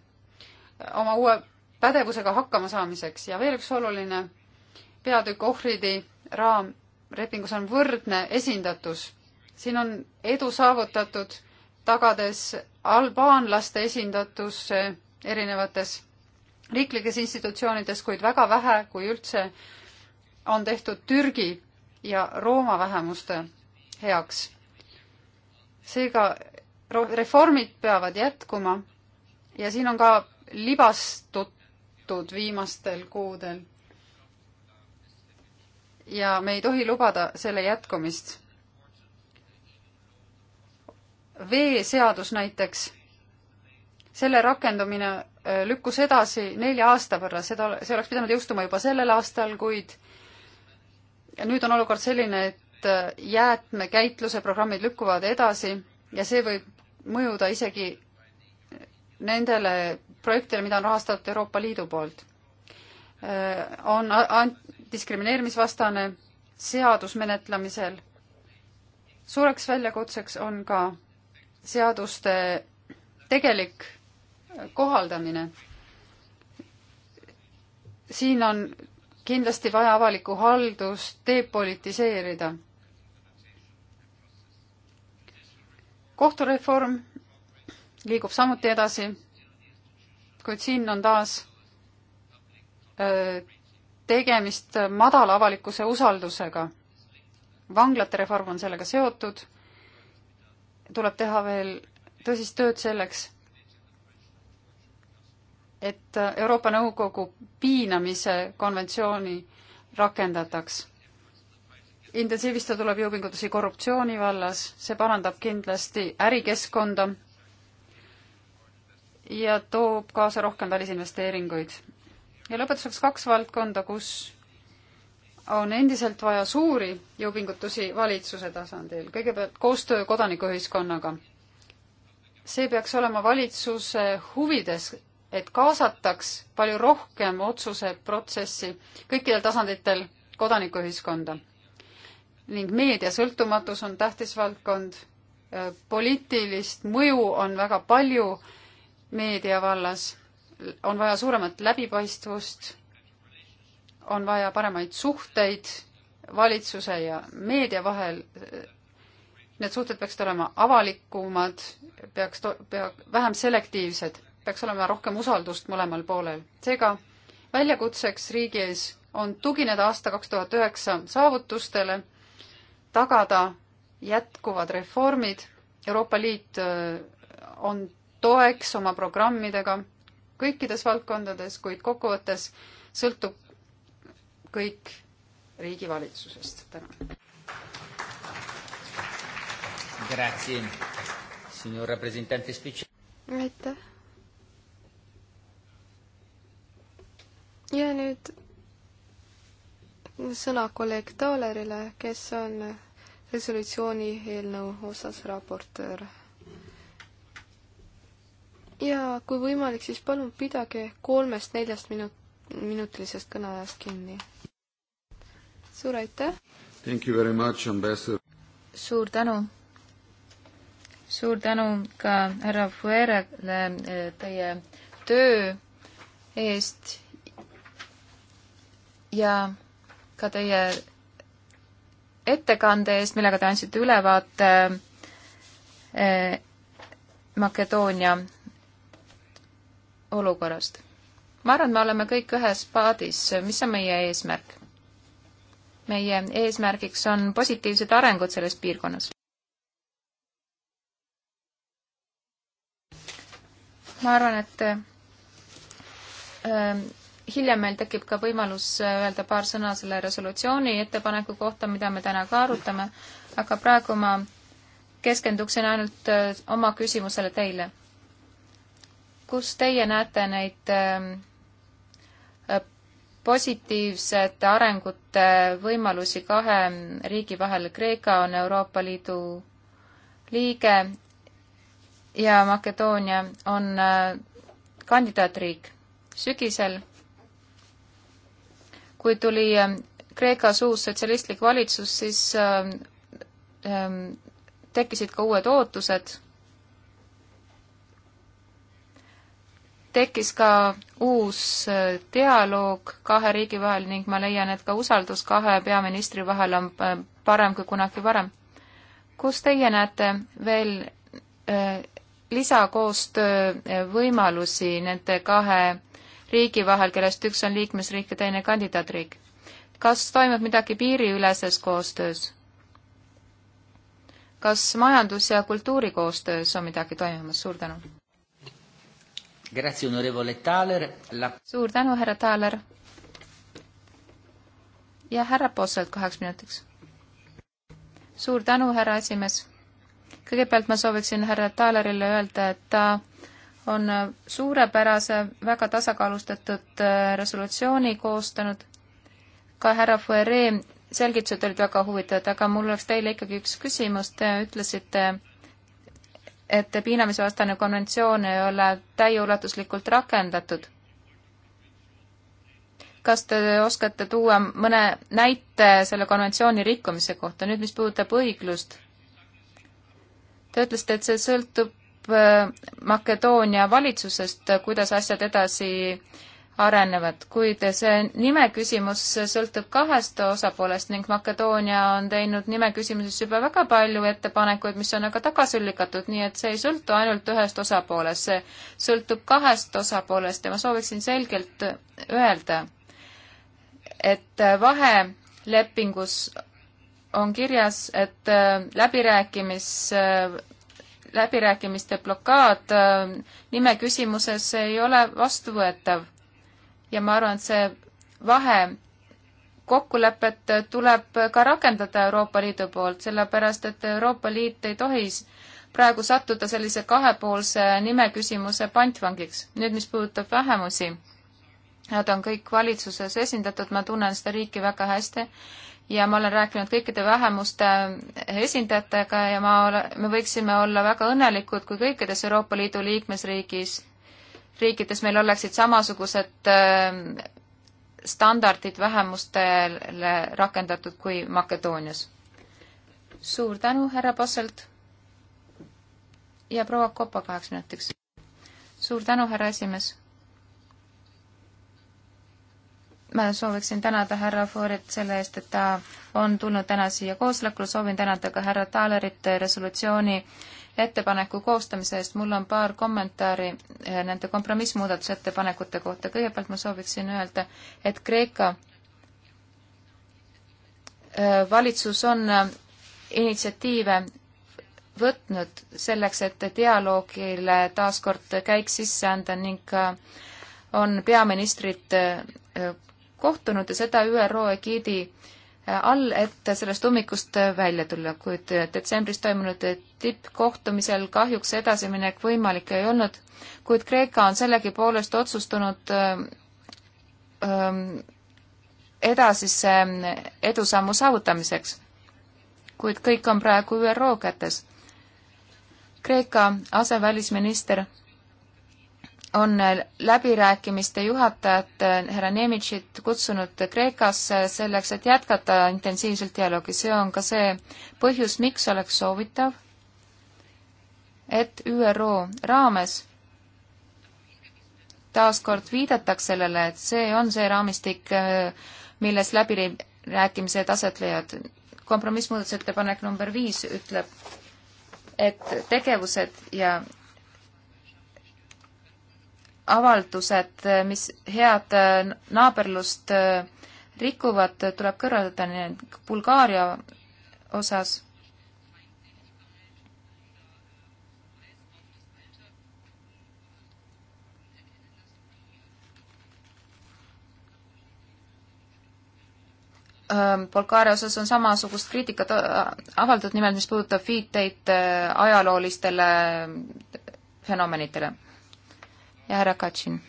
oma uue pädevusega hakkama saamiseks ja veel üks oluline peatükk ohvridi raamlepingus on võrdne esindatus. siin on edu saavutatud, tagades albaanlaste esindatuse erinevates riiklikes institutsioonides, kuid väga vähe, kui üldse, on tehtud Türgi ja Rooma vähemuste heaks. seega reformid peavad jätkuma ja siin on ka libastutud viimastel kuudel. ja me ei tohi lubada selle jätkumist. veeseadus näiteks, selle rakendumine Äh, lükkus edasi nelja aasta võrra, seda, see oleks pidanud jõustuma juba sellel aastal, kuid nüüd on olukord selline, et äh, jäätmekäitluse programmid lükkuvad edasi ja see võib mõjuda isegi nendele projektidele, mida on rahastatud Euroopa Liidu poolt. Äh, on diskrimineerimisvastane seadus menetlemisel. suureks väljakutseks on ka seaduste tegelik kohaldamine. siin on kindlasti vaja avalikku haldust depolitiseerida. kohtureform liigub samuti edasi, kuid siin on taas tegemist madala avalikkuse usaldusega. vanglate reform on sellega seotud, tuleb teha veel tõsist tööd selleks et Euroopa Nõukogu piinamise konventsiooni rakendataks. intensiivistada tuleb jõupingutusi korruptsiooni vallas, see parandab kindlasti ärikeskkonda ja toob kaasa rohkem välisinvesteeringuid. ja lõpetuseks kaks valdkonda, kus on endiselt vaja suuri jõupingutusi valitsuse tasandil, kõigepealt koostöö kodanikuühiskonnaga. see peaks olema valitsuse huvides et kaasataks palju rohkem otsuseprotsessi kõikidel tasanditel kodanikuühiskonda. ning meedia sõltumatus on tähtis valdkond, äh, poliitilist mõju on väga palju meedia vallas, on vaja suuremat läbipaistvust, on vaja paremaid suhteid valitsuse ja meedia vahel, äh, need suhted peaksid olema avalikumad, peaks, pea-, vähem selektiivsed peaks olema rohkem usaldust mõlemal poolel. seega väljakutseks riigi ees on tugineda aasta kaks tuhat üheksa saavutustele, tagada jätkuvad reformid, Euroopa Liit äh, on toeks oma programmidega kõikides valdkondades, kuid kokkuvõttes sõltub kõik riigi valitsusest. tänan. aitäh ja nüüd sõna kolleeg Taalerile, kes on resolutsiooni eelnõu osas raportöör. ja kui võimalik, siis palun pidage kolmest-neljast minut-, minutilisest kõneajast kinni. suur aitäh! Thank you very much, ambassador! suur tänu! suur tänu ka härra Fuerele eh, teie töö eest ja ka teie ettekande eest, millega te andsite ülevaate eh, Makedoonia olukorrast. ma arvan, et me oleme kõik ühes paadis, mis on meie eesmärk? meie eesmärgiks on positiivsed arengud selles piirkonnas. ma arvan, et eh, hiljem meil tekib ka võimalus äh, öelda paar sõna selle resolutsiooni ettepaneku kohta, mida me täna ka arutame, aga praegu ma keskenduksin ainult äh, oma küsimusele teile. kus teie näete neid äh, positiivsete arengute võimalusi kahe riigi vahel, Kreeka on Euroopa Liidu liige ja Makedoonia on kandidaatriik. sügisel kui tuli ähm, Kreekas uus sotsialistlik valitsus, siis ähm, ähm, tekkisid ka uued ootused. tekkis ka uus äh, dialoog kahe riigi vahel ning ma leian, et ka usaldus kahe peaministri vahel on äh, parem kui kunagi varem. kus teie näete veel äh, lisakoostöö äh, võimalusi nende kahe riigi vahel, kellest üks on liikmesriik ja teine kandidaatriik. kas toimub midagi piiriüleses koostöös? kas majandus- ja kultuurikoostöös on midagi toimumas, suur tänu! La... suur tänu, härra Thaler! ja härra Posselt kaheks minutiks. suur tänu, härra esimees! kõigepealt ma sooviksin härra Thalerile öelda, et ta on suurepärase, väga tasakaalustatud äh, resolutsiooni koostanud. ka härra Fuere selgitused olid väga huvitavad, aga mul oleks teile ikkagi üks küsimus. Te ütlesite, et piinamisvastane konventsioon ei ole täieulatuslikult rakendatud. kas te oskate tuua mõne näite selle konventsiooni rikkumise kohta? nüüd, mis puudutab õiglust. Te ütlesite, et see sõltub Äh, Makedoonia valitsusest, kuidas asjad edasi arenevad, kuid see nime küsimus sõltub kahest osapoolest ning Makedoonia on teinud nime küsimuses juba väga palju ettepanekuid, mis on aga tagasi lükatud, nii et see ei sõltu ainult ühest osapoolest, see sõltub kahest osapoolest ja ma sooviksin selgelt öelda, et vahelepingus on kirjas, et äh, läbirääkimis äh, läbirääkimiste blokaad äh, nime küsimuses ei ole vastuvõetav. ja ma arvan, et see vahe kokkulepet tuleb ka rakendada Euroopa Liidu poolt, sellepärast et Euroopa Liit ei tohi praegu sattuda sellise kahepoolse nimeküsimuse pantvangiks. nüüd, mis puudutab vähemusi, nad on kõik valitsuses esindatud, ma tunnen seda riiki väga hästi ja ma olen rääkinud kõikide vähemuste esindajatega ja ma ole, me võiksime olla väga õnnelikud, kui kõikides Euroopa Liidu liikmesriigis, riikides meil oleksid samasugused äh, standardid vähemustele rakendatud kui Makedoonias. suur tänu, härra Posselt ja proua Kopa kaheks minutiks. suur tänu, härra esimees ma sooviksin tänada härra Fooret selle eest, et ta on tulnud täna siia koosolekule, soovin tänada ka härra Taalerit resolutsiooni ettepaneku koostamise eest. mul on paar kommentaari eh, nende kompromissmuudatusettepanekute kohta. kõigepealt ma sooviksin öelda, et Kreeka eh, valitsus on eh, initsiatiive võtnud selleks, et dialoogile taaskord käik sisse anda ning on peaministrid kohtunud ja seda ÜRO egiidi äh, all, et sellest ummikust äh, välja tulla, kuid äh, detsembris toimunud tippkohtumisel kahjuks edasiminek võimalik ei olnud, kuid Kreeka on sellegipoolest otsustanud ähm, edasise edusammu saavutamiseks. kuid kõik on praegu ÜRO kätes. Kreeka asevälisminister on läbirääkimiste juhatajat eh, härra Nemitšit kutsunud Kreekasse selleks, et jätkata intensiivselt dialoogi. see on ka see põhjus, miks oleks soovitav, et ÜRO raames taaskord viidataks sellele, et see on see raamistik, eh, milles läbirääkimised aset leiavad. kompromissmuudatusettepanek number viis ütleb, et tegevused ja avaldused, mis head äh, naaberlust äh, rikuvad, tuleb kõrvaldada nii Bulgaaria osas. Äh, Bulgaaria osas on samasugust kriitikat avaldatud, nimelt mis puudutab viiteid ajaloolistele fenomenitele ja härra Katšin.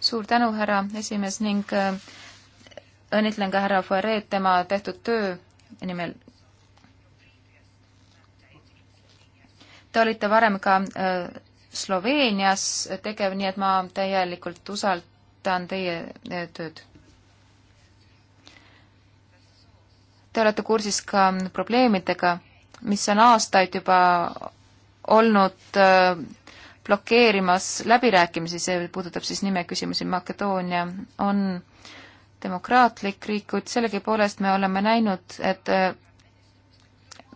suur tänu, härra esimees ning äh, õnnitlen ka härra Foiret tema tehtud töö nimel. Te olite varem ka äh, Sloveenias tegev, nii et ma täielikult usaldan teie äh, tööd. Te olete kursis ka probleemidega, mis on aastaid juba olnud äh, blokeerimas läbirääkimisi, see puudutab siis nimeküsimusi, Makedoonia on demokraatlik riik, kuid sellegipoolest me oleme näinud, et äh,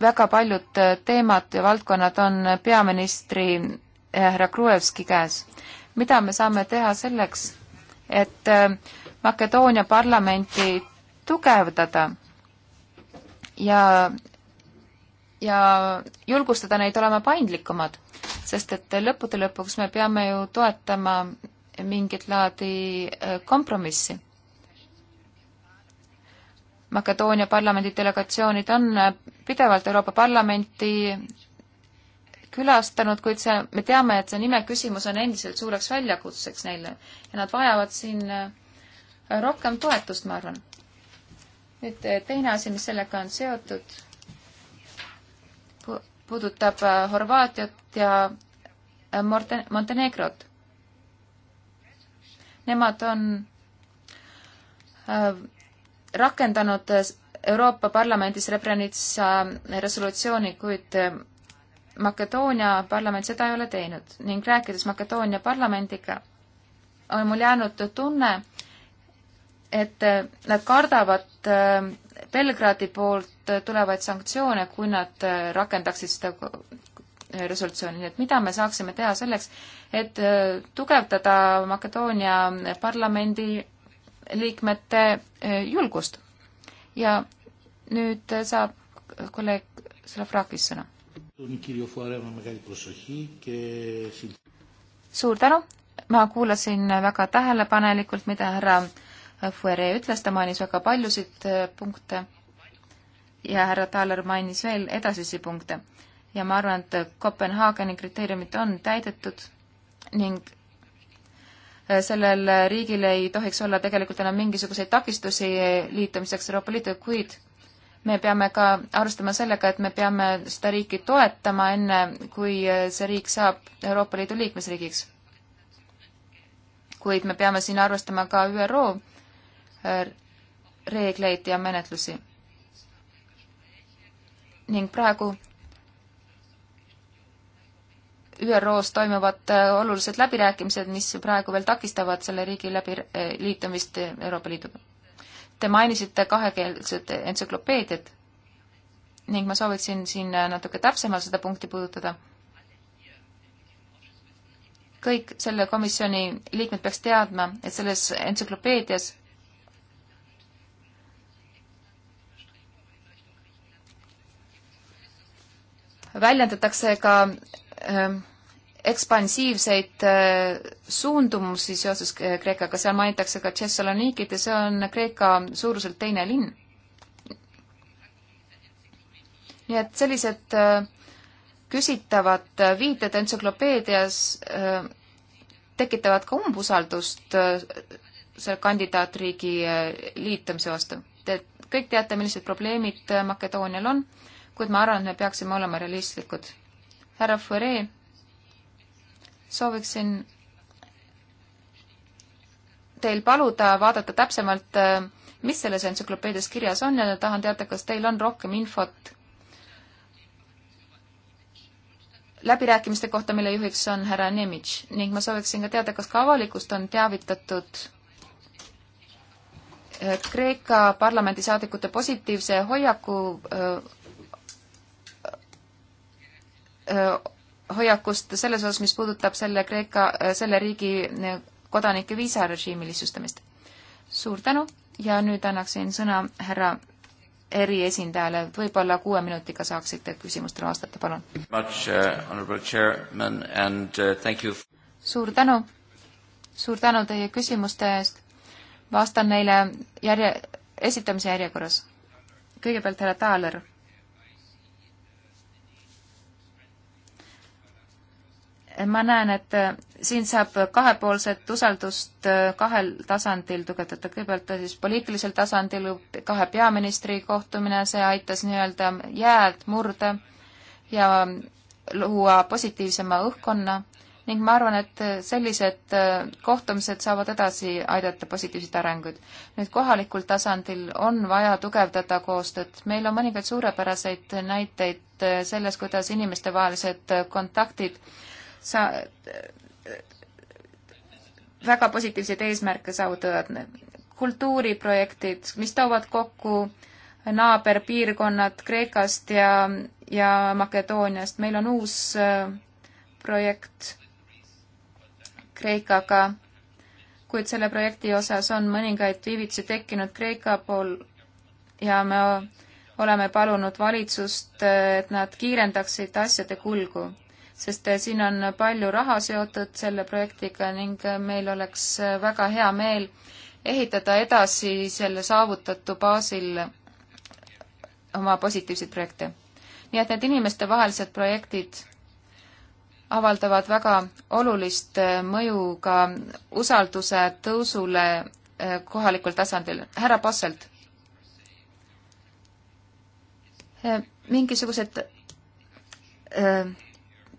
väga paljud äh, teemad ja valdkonnad on peaministri härra Gruevski käes. mida me saame teha selleks, et Makedoonia parlamenti tugevdada ja ja julgustada neid olema paindlikumad, sest et lõppude lõpuks me peame ju toetama mingit laadi äh, kompromissi. Makedoonia parlamendi delegatsioonid on äh, pidevalt Euroopa Parlamenti külastanud, kuid see, me teame, et see nime küsimus on endiselt suureks väljakutseks neile ja nad vajavad siin äh, rohkem toetust, ma arvan. nüüd teine asi, mis sellega on seotud puudutab äh, Horvaatiat ja äh, Morte-, Montenegrot. Nemad on äh, rakendanud Euroopa Parlamendis Srebrenica resolutsiooni, kuid Makedoonia parlament seda ei ole teinud ning rääkides Makedoonia parlamendiga, on mul jäänud tunne, et nad kardavad Belgradi poolt tulevaid sanktsioone, kui nad rakendaksid seda resolutsiooni, nii et mida me saaksime teha selleks, et tugevdada Makedoonia parlamendi liikmete julgust. ja nüüd saab kolleeg Slafrakis sõna. suur tänu, ma kuulasin väga tähelepanelikult, mida härra Fuere ütles, ta mainis väga paljusid äh, punkte ja härra Taaler mainis veel edasisi punkte. ja ma arvan, et Kopenhaageni kriteeriumid on täidetud ning äh, sellel riigil ei tohiks olla tegelikult enam mingisuguseid takistusi liitumiseks Euroopa Liiduga, kuid me peame ka arvestama sellega, et me peame seda riiki toetama enne, kui äh, see riik saab Euroopa Liidu liikmesriigiks. kuid me peame siin arvestama ka ÜRO reegleid ja menetlusi. ning praegu ÜRO-s toimuvad äh, olulised läbirääkimised, mis praegu veel takistavad selle riigi läbi äh, liitumist Euroopa Liiduga. Te mainisite kahekeelset entsüklopeediat ning ma sooviksin siin äh, natuke täpsemalt seda punkti puudutada. kõik selle komisjoni liikmed peaks teadma, et selles entsüklopeedias väljendatakse ka ähm, ekspansiivseid äh, suundumusi seoses Kreekaga, seal mainitakse ka Thessalonikit ja see on Kreeka suuruselt teine linn. nii et sellised äh, küsitavad äh, viited entsüklopeedias tekitavad ka umbusaldust selle kandidaatriigi liitumise vastu. Te kõik teate, millised probleemid Makedoonial on kuid ma arvan, et me peaksime olema realistlikud. härra Furee, sooviksin teil paluda vaadata täpsemalt, äh, mis selles entsüklopeedias kirjas on ja tahan teada, kas teil on rohkem infot läbirääkimiste kohta, mille juhiks on härra Nemitš ning ma sooviksin ka teada, kas ka avalikkust on teavitatud äh, Kreeka parlamendisaadikute positiivse hoiaku äh, Äh, hoiakust selles osas, mis puudutab selle Kreeka, äh, selle riigi äh, kodanike viisarežiimi lihtsustamist. suur tänu ja nüüd annaksin sõna härra eriesindajale, et võib-olla kuue minutiga saaksite küsimustele vastata, palun. Uh, uh, suur tänu, suur tänu teie küsimuste eest. vastan neile järje, esitamise järjekorras. kõigepealt härra Taaler ma näen, et äh, siin saab kahepoolset usaldust äh, kahel tasandil tugevdada. kõigepealt siis poliitilisel tasandil kahe peaministri kohtumine, see aitas nii-öelda jääd murda ja luua positiivsema õhkkonna ning ma arvan, et äh, sellised kohtumised saavad edasi aidata positiivseid arenguid. nüüd kohalikul tasandil on vaja tugevdada koostööd. meil on mõningaid suurepäraseid näiteid selles, kuidas inimestevahelised kontaktid äh, sa väga positiivseid eesmärke saavutavad kultuuriprojektid, mis toovad kokku naaberpiirkonnad Kreekast ja, ja Makedooniast. meil on uus äh, projekt Kreekaga, kuid selle projekti osas on mõningaid viivitusi tekkinud Kreeka pool ja me oleme palunud valitsust, äh, et nad kiirendaksid asjade kulgu sest äh, siin on palju raha seotud selle projektiga ning äh, meil oleks äh, väga hea meel ehitada edasi selle saavutatu baasil oma positiivseid projekte. nii et need inimestevahelised projektid avaldavad väga olulist mõju ka usalduse tõusule kohalikul tasandil. härra Posselt, mingisugused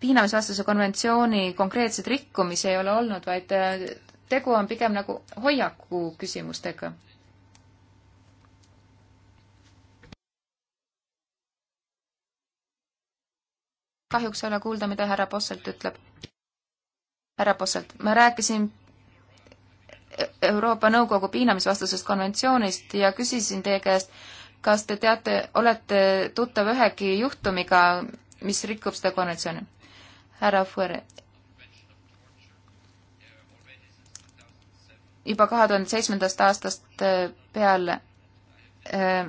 piinamisvastase konventsiooni konkreetseid rikkumisi ei ole olnud, vaid äh, tegu on pigem nagu hoiaku küsimustega. kahjuks ei ole kuulda, mida härra Posselt ütleb. härra Posselt, ma rääkisin Euroopa Nõukogu piinamisvastasest konventsioonist ja küsisin teie käest, kas te teate, olete tuttav ühegi juhtumiga, mis rikub seda konventsiooni? härra Fuere. juba kahe tuhande seitsmendast aastast äh, peale äh,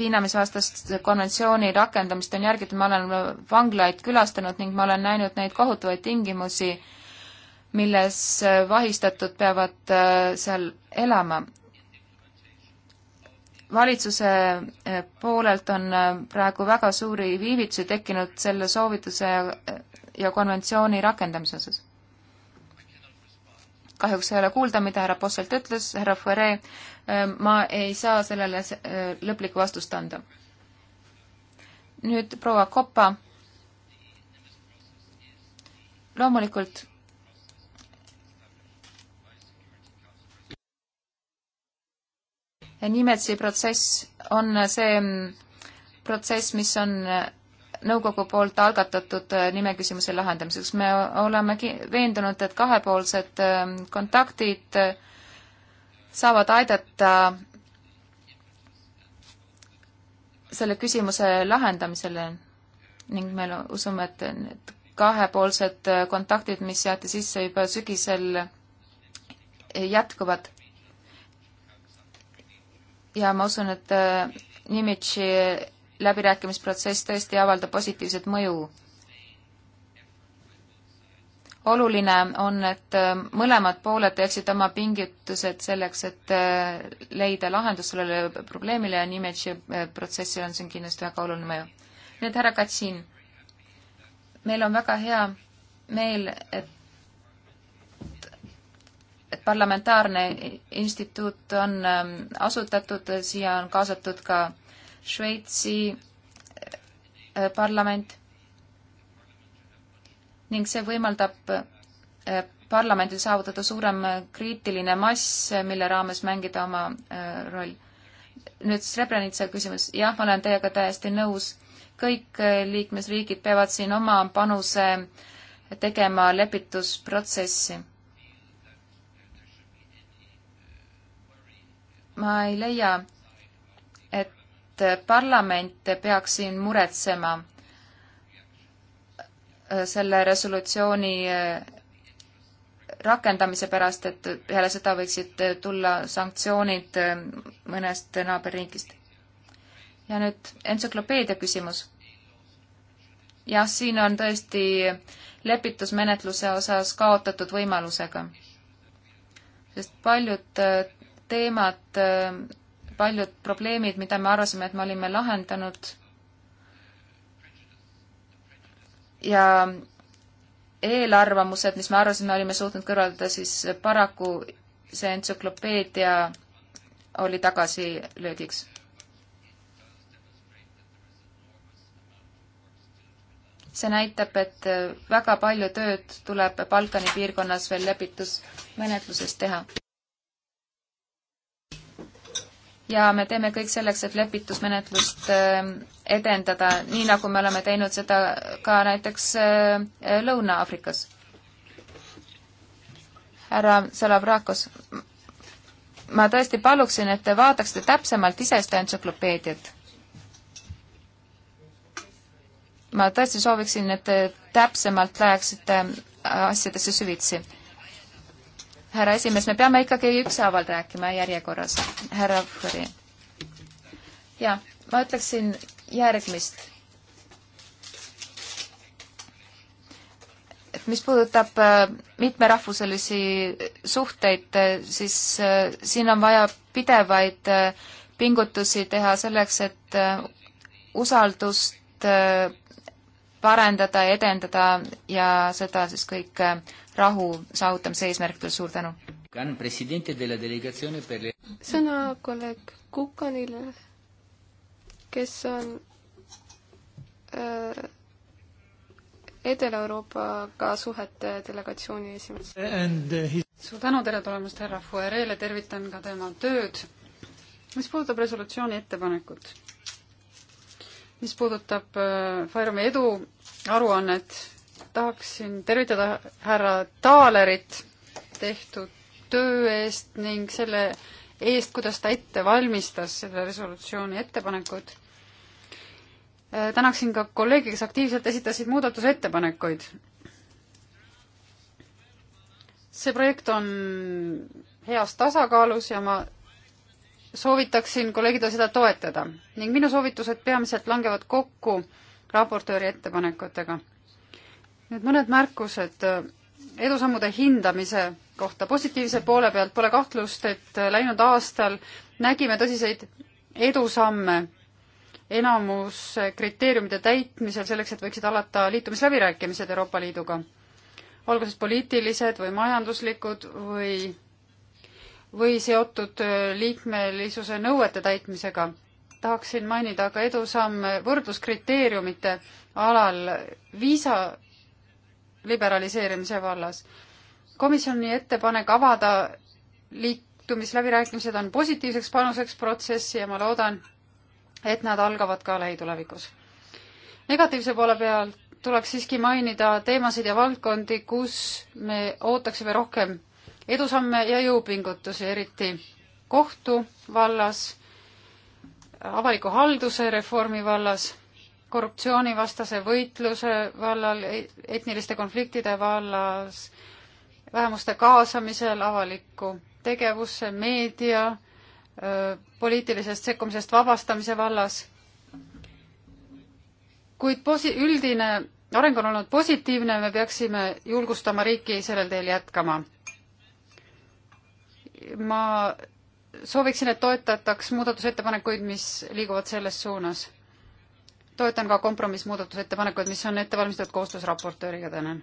piinamisvastast konventsiooni rakendamist on järgitud, ma olen vanglaid külastanud ning ma olen näinud neid kohutavaid tingimusi, milles äh, vahistatud peavad seal elama valitsuse eh, poolelt on eh, praegu väga suuri viivitusi tekkinud selle soovituse ja konventsiooni rakendamise osas. kahjuks ei ole kuulda, mida härra Posselt ütles, härra Fuere, eh, ma ei saa sellele lõplikku vastust anda. nüüd proua Koppa. loomulikult Nimetsi protsess on see protsess, mis on nõukogu poolt algatatud äh, nimeküsimuse lahendamiseks. me oleme veendunud, et kahepoolsed ähm, kontaktid äh, saavad aidata selle küsimuse lahendamisele ning me usume, et need kahepoolsed äh, kontaktid, mis seati sisse juba sügisel, jätkuvad ja ma usun, et äh, Nimitši läbirääkimisprotsess tõesti avaldab positiivset mõju. oluline on, et äh, mõlemad pooled teeksid oma pingutused selleks, et äh, leida lahendus sellele probleemile ja Nimitši protsessil on siin kindlasti väga oluline mõju. nüüd härra Katsin, meil on väga hea meel, et et parlamentaarne instituut on ähm, asutatud, siia on kaasatud ka Šveitsi äh, parlament ning see võimaldab äh, parlamendil saavutada suurem äh, kriitiline mass, mille raames mängida oma roll. nüüd Srebrenica küsimus, jah, ma olen teiega täiesti nõus, kõik liikmesriigid peavad siin oma panuse tegema lepitusprotsessi ma ei leia, et parlament peaks siin muretsema äh, selle resolutsiooni äh, rakendamise pärast, et peale seda võiksid äh, tulla sanktsioonid mõnest naaberriigist. ja nüüd entsüklopeedia küsimus. jah, siin on tõesti lepitusmenetluse osas kaotatud võimalusega, sest paljud teemad, äh, paljud probleemid, mida me arvasime, et me olime lahendanud ja eelarvamused, mis me arvasime, olime suutnud kõrvaldada, siis paraku see entsüklopeedia oli tagasilöögiks. see näitab, et väga palju tööd tuleb Balkani piirkonnas veel lepitusmenetluses teha ja me teeme kõik selleks, et lepitusmenetlust ähm, edendada, nii nagu me oleme teinud seda ka näiteks äh, Lõuna-Aafrikas. härra Salavrakos, ma tõesti paluksin, et te vaataksite täpsemalt ise seda entsüklopeediat. ma tõesti sooviksin, et te täpsemalt läheksite asjadesse süvitsi härra esimees, me peame ikkagi ükshaaval rääkima järjekorras, härra Fõri. ja ma ütleksin järgmist. et mis puudutab äh, mitmerahvuselisi suhteid, äh, siis äh, siin on vaja pidevaid pingutusi teha selleks, et usaldust parendada, edendada ja seda siis kõik äh, rahu saavutamise eesmärkidel, suur tänu! sõna kolleeg Kukanile, kes on äh, Edela-Euroopaga suhete delegatsiooni esimees. Uh, suur tänu, tere tulemast härra Fuerele, tervitan ka tema tööd. mis puudutab resolutsiooni ettepanekut mis puudutab äh, Firemi edu aruannet, tahaksin tervitada härra Taalerit tehtud töö eest ning selle eest, kuidas ta ette valmistas selle resolutsiooni ettepanekud. Äh, tänaksin ka kolleege, kes aktiivselt esitasid muudatusettepanekuid. see projekt on heas tasakaalus ja ma soovitaksin kolleegidel seda toetada ning minu soovitused peamiselt langevad kokku raportööri ettepanekutega. nüüd mõned märkused edusammude hindamise kohta. positiivse poole pealt pole kahtlust, et läinud aastal nägime tõsiseid edusamme enamus kriteeriumide täitmisel selleks, et võiksid alata liitumisläbirääkimised Euroopa Liiduga. olgu siis poliitilised või majanduslikud või või seotud äh, liikmelisuse nõuete täitmisega. tahaksin mainida ka edusamme võrdluskriteeriumite alal viisa liberaliseerimise vallas. komisjoni ettepanek avada liitumisläbirääkimised on positiivseks panuseks protsessi ja ma loodan, et nad algavad ka lähitulevikus. negatiivse poole pealt tuleks siiski mainida teemasid ja valdkondi, kus me ootaksime rohkem edusamme ja jõupingutusi, eriti kohtu vallas, avaliku halduse reformi vallas, korruptsioonivastase võitluse vallal, etniliste konfliktide vallas, vähemuste kaasamisel avalikku tegevusse, meedia, poliitilisest sekkumisest vabastamise vallas. kuid posi-, üldine areng on olnud positiivne, me peaksime julgustama riiki sellel teel jätkama ma sooviksin, et toetataks muudatusettepanekuid, mis liiguvad selles suunas. toetan ka kompromissmuudatusettepanekuid, mis on ette valmistatud koostöös raportööriga, tänan.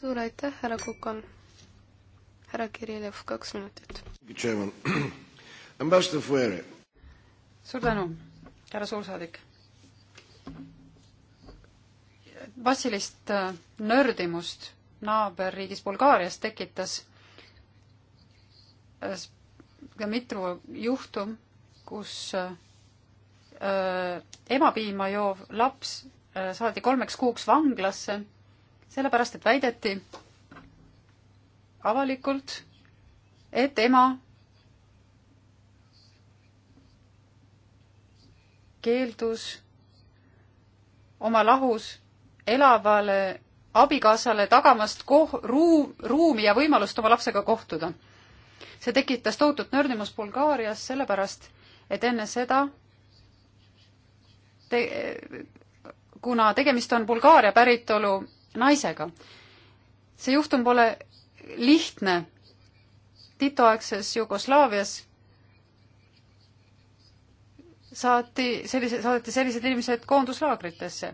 suur aitäh, härra Kukan. härra Kiriljev, kaks minutit. suur tänu, härra suursaadik. massilist äh, nördimust naaberriigis Bulgaarias tekitas Dmitru juhtum, kus äh, emapiima joov laps äh, saadi kolmeks kuuks vanglasse, sellepärast et väideti avalikult, et ema keeldus oma lahus elavale abikaasale tagamast koh-, ruum, ruumi ja võimalust oma lapsega kohtuda. see tekitas tohutut nördimust Bulgaarias sellepärast, et enne seda te-, kuna tegemist on Bulgaaria päritolu naisega, see juhtum pole lihtne. Tito-aegses Jugoslaavias saati sellise, saadeti sellised inimesed koonduslaagritesse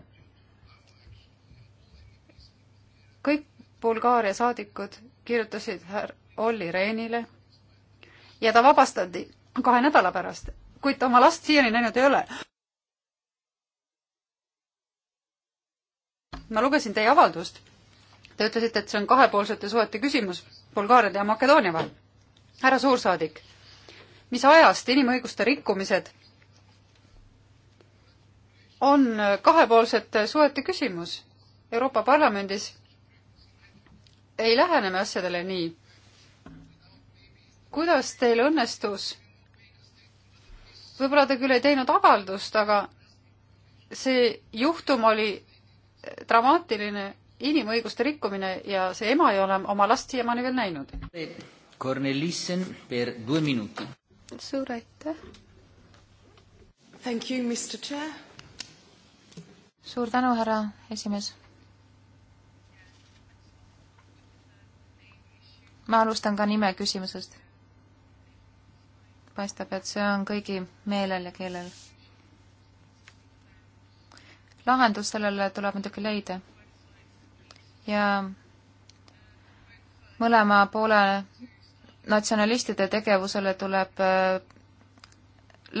kõik Bulgaaria saadikud kirjutasid Olli Rehnile ja ta vabastati kahe nädala pärast, kuid oma last siiani näinud ei ole. ma lugesin teie avaldust. Te ütlesite, et see on kahepoolsete suhete küsimus Bulgaaria ja Makedoonia vahel. härra suursaadik, mis ajast inimõiguste rikkumised on kahepoolsete suhete küsimus Euroopa Parlamendis ei lähene me asjadele nii. kuidas teil õnnestus? võib-olla te küll ei teinud avaldust, aga see juhtum oli dramaatiline inimõiguste rikkumine ja see ema ei ole oma last siiamaani veel näinud. Cornelissen per due minuti. suur aitäh. Thank you, Mr Chair. suur tänu, härra esimees ma alustan ka nime küsimusest. paistab, et see on kõigi meelel ja keelel. lahendus sellele tuleb muidugi leida. ja mõlema poole natsionalistide tegevusele tuleb äh,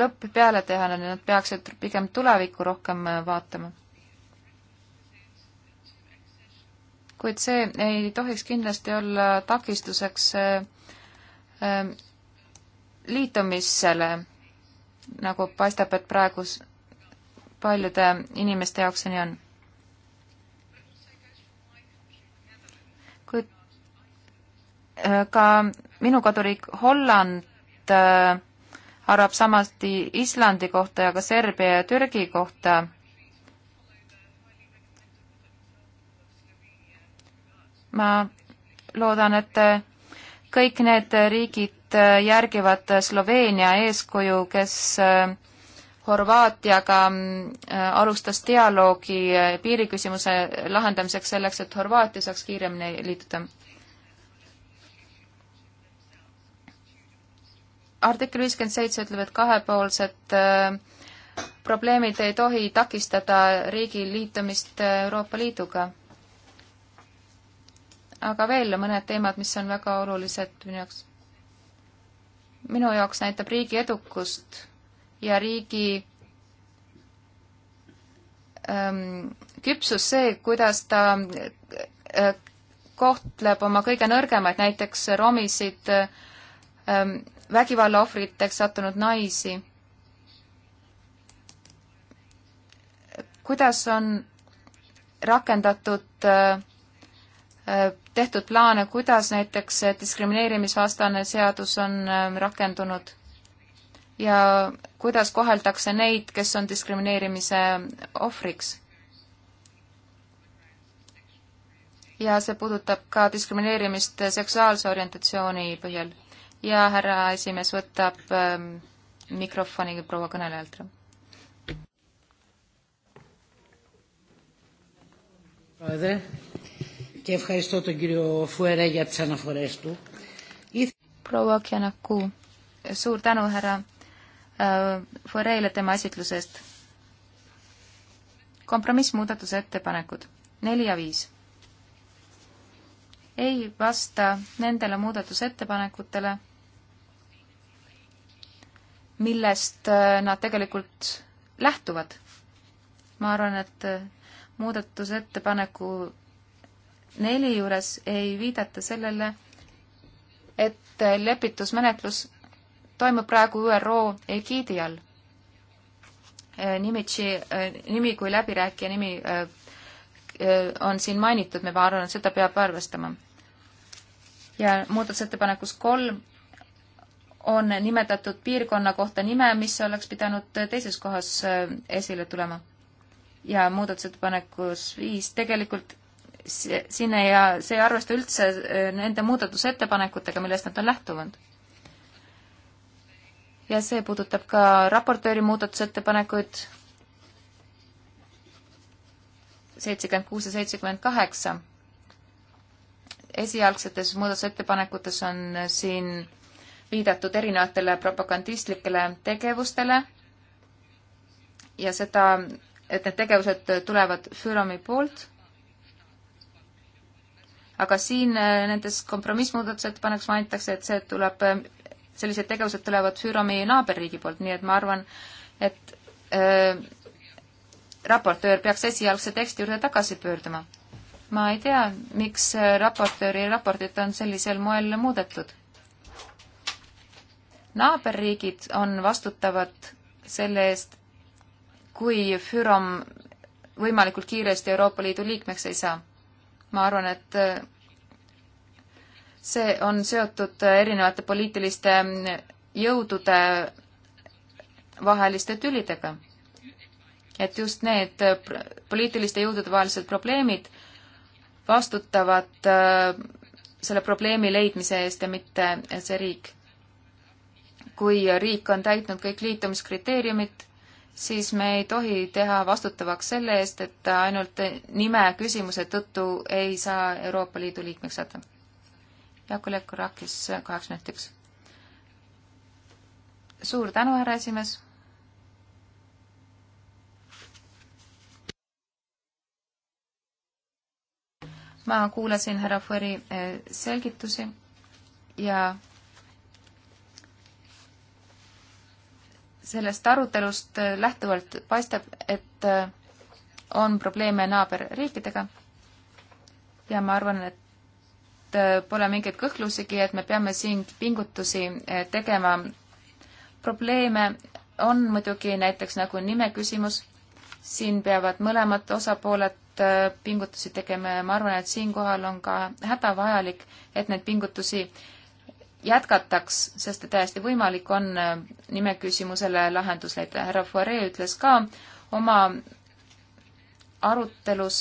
lõpp peale teha, nad peaksid pigem tulevikku rohkem äh, vaatama kuid see ei tohiks kindlasti olla takistuseks äh, äh, liitumisele, nagu paistab, et praegu paljude inimeste jaoks see nii on. kuid äh, ka minu koduriik Holland arvab samuti Islandi kohta ja ka Serbia ja Türgi kohta ma loodan, et kõik need riigid järgivad Sloveenia eeskuju, kes äh, Horvaatiaga äh, alustas dialoogi äh, piiriküsimuse lahendamiseks selleks, et Horvaatia saaks kiiremini liituda. artikkel viiskümmend seitse ütleb, et kahepoolsed probleemid ei tohi takistada riigi liitumist Euroopa Liiduga aga veel mõned teemad, mis on väga olulised minu jaoks. minu jaoks näitab riigi edukust ja riigi ähm, küpsus see, kuidas ta äh, kohtleb oma kõige nõrgemaid, näiteks romisid ähm,, vägivalla ohvriteks sattunud naisi. kuidas on rakendatud äh, tehtud plaane, kuidas näiteks diskrimineerimisvastane seadus on ähm, rakendunud ja kuidas koheldakse neid, kes on diskrimineerimise ohvriks? ja see puudutab ka diskrimineerimist seksuaalse orientatsiooni põhjal. ja härra esimees võtab ähm, mikrofoni proua kõnelejalt ära Πρόεδρε, και ευχαριστώ τον κύριο Φουερέ για τις αναφορές του. Proua Kianaku, suur tänu, härra äh, Fuereile tema esitluse eest. kompromissmuudatuse ettepanekud neli ja viis ei vasta nendele muudatusettepanekutele, millest äh, nad tegelikult lähtuvad. ma arvan, et äh, muudatusettepaneku neli juures ei viidata sellele, et lepitusmenetlus toimub praegu ÜRO egiidi all. Äh, Nimitši, äh, nimi kui läbirääkija nimi äh, on siin mainitud, me ma arvan, et seda peab arvestama. ja muudatusettepanekus kolm on nimetatud piirkonna kohta nime, mis oleks pidanud teises kohas esile tulema. ja muudatusettepanekus viis tegelikult siin ei, see ei arvesta üldse äh, nende muudatusettepanekutega, millest nad on lähtunud. ja see puudutab ka raportööri muudatusettepanekuid seitsekümmend kuus ja seitsekümmend kaheksa. esialgsetes muudatusettepanekutes on siin viidatud erinevatele propagandistlikele tegevustele ja seda, et need tegevused tulevad Füürami poolt aga siin äh, nendes kompromissmuudatusettepaneks mainitakse, et see tuleb, äh, sellised tegevused tulevad Füürami naaberriigi poolt, nii et ma arvan, et äh, raportöör peaks esialgse teksti juurde tagasi pöörduma. ma ei tea, miks äh, raportööri raportit on sellisel moel muudetud. naaberriigid on vastutavad selle eest, kui Fürom võimalikult kiiresti Euroopa Liidu liikmeks ei saa ma arvan, et äh, see on seotud äh, erinevate poliitiliste mm, jõudude vaheliste tülidega. et just need äh, poliitiliste jõudude vahelised probleemid vastutavad selle probleemi leidmise eest ja mitte see riik. kui riik on täitnud kõik liitumiskriteeriumid siis me ei tohi teha vastutavaks selle eest, et ainult nime küsimuse tõttu ei saa Euroopa Liidu liikmeks saada. Jaak-Ülle Kurakis, kaheksakümmend üks. suur tänu, härra esimees ma kuulasin härra Fueri eh, selgitusi ja sellest arutelust äh, lähtuvalt paistab, et äh, on probleeme naaberriikidega ja ma arvan, et äh, pole mingeid kõhklusigi, et me peame siin pingutusi tegema. probleeme on muidugi näiteks nagu nime küsimus, siin peavad mõlemad osapooled pingutusi tegema ja ma arvan, et siinkohal on ka hädavajalik, et neid pingutusi äh, jätkataks, sest täiesti võimalik on äh, nimeküsimusele lahendus leida. härra Fouree ütles ka oma arutelus,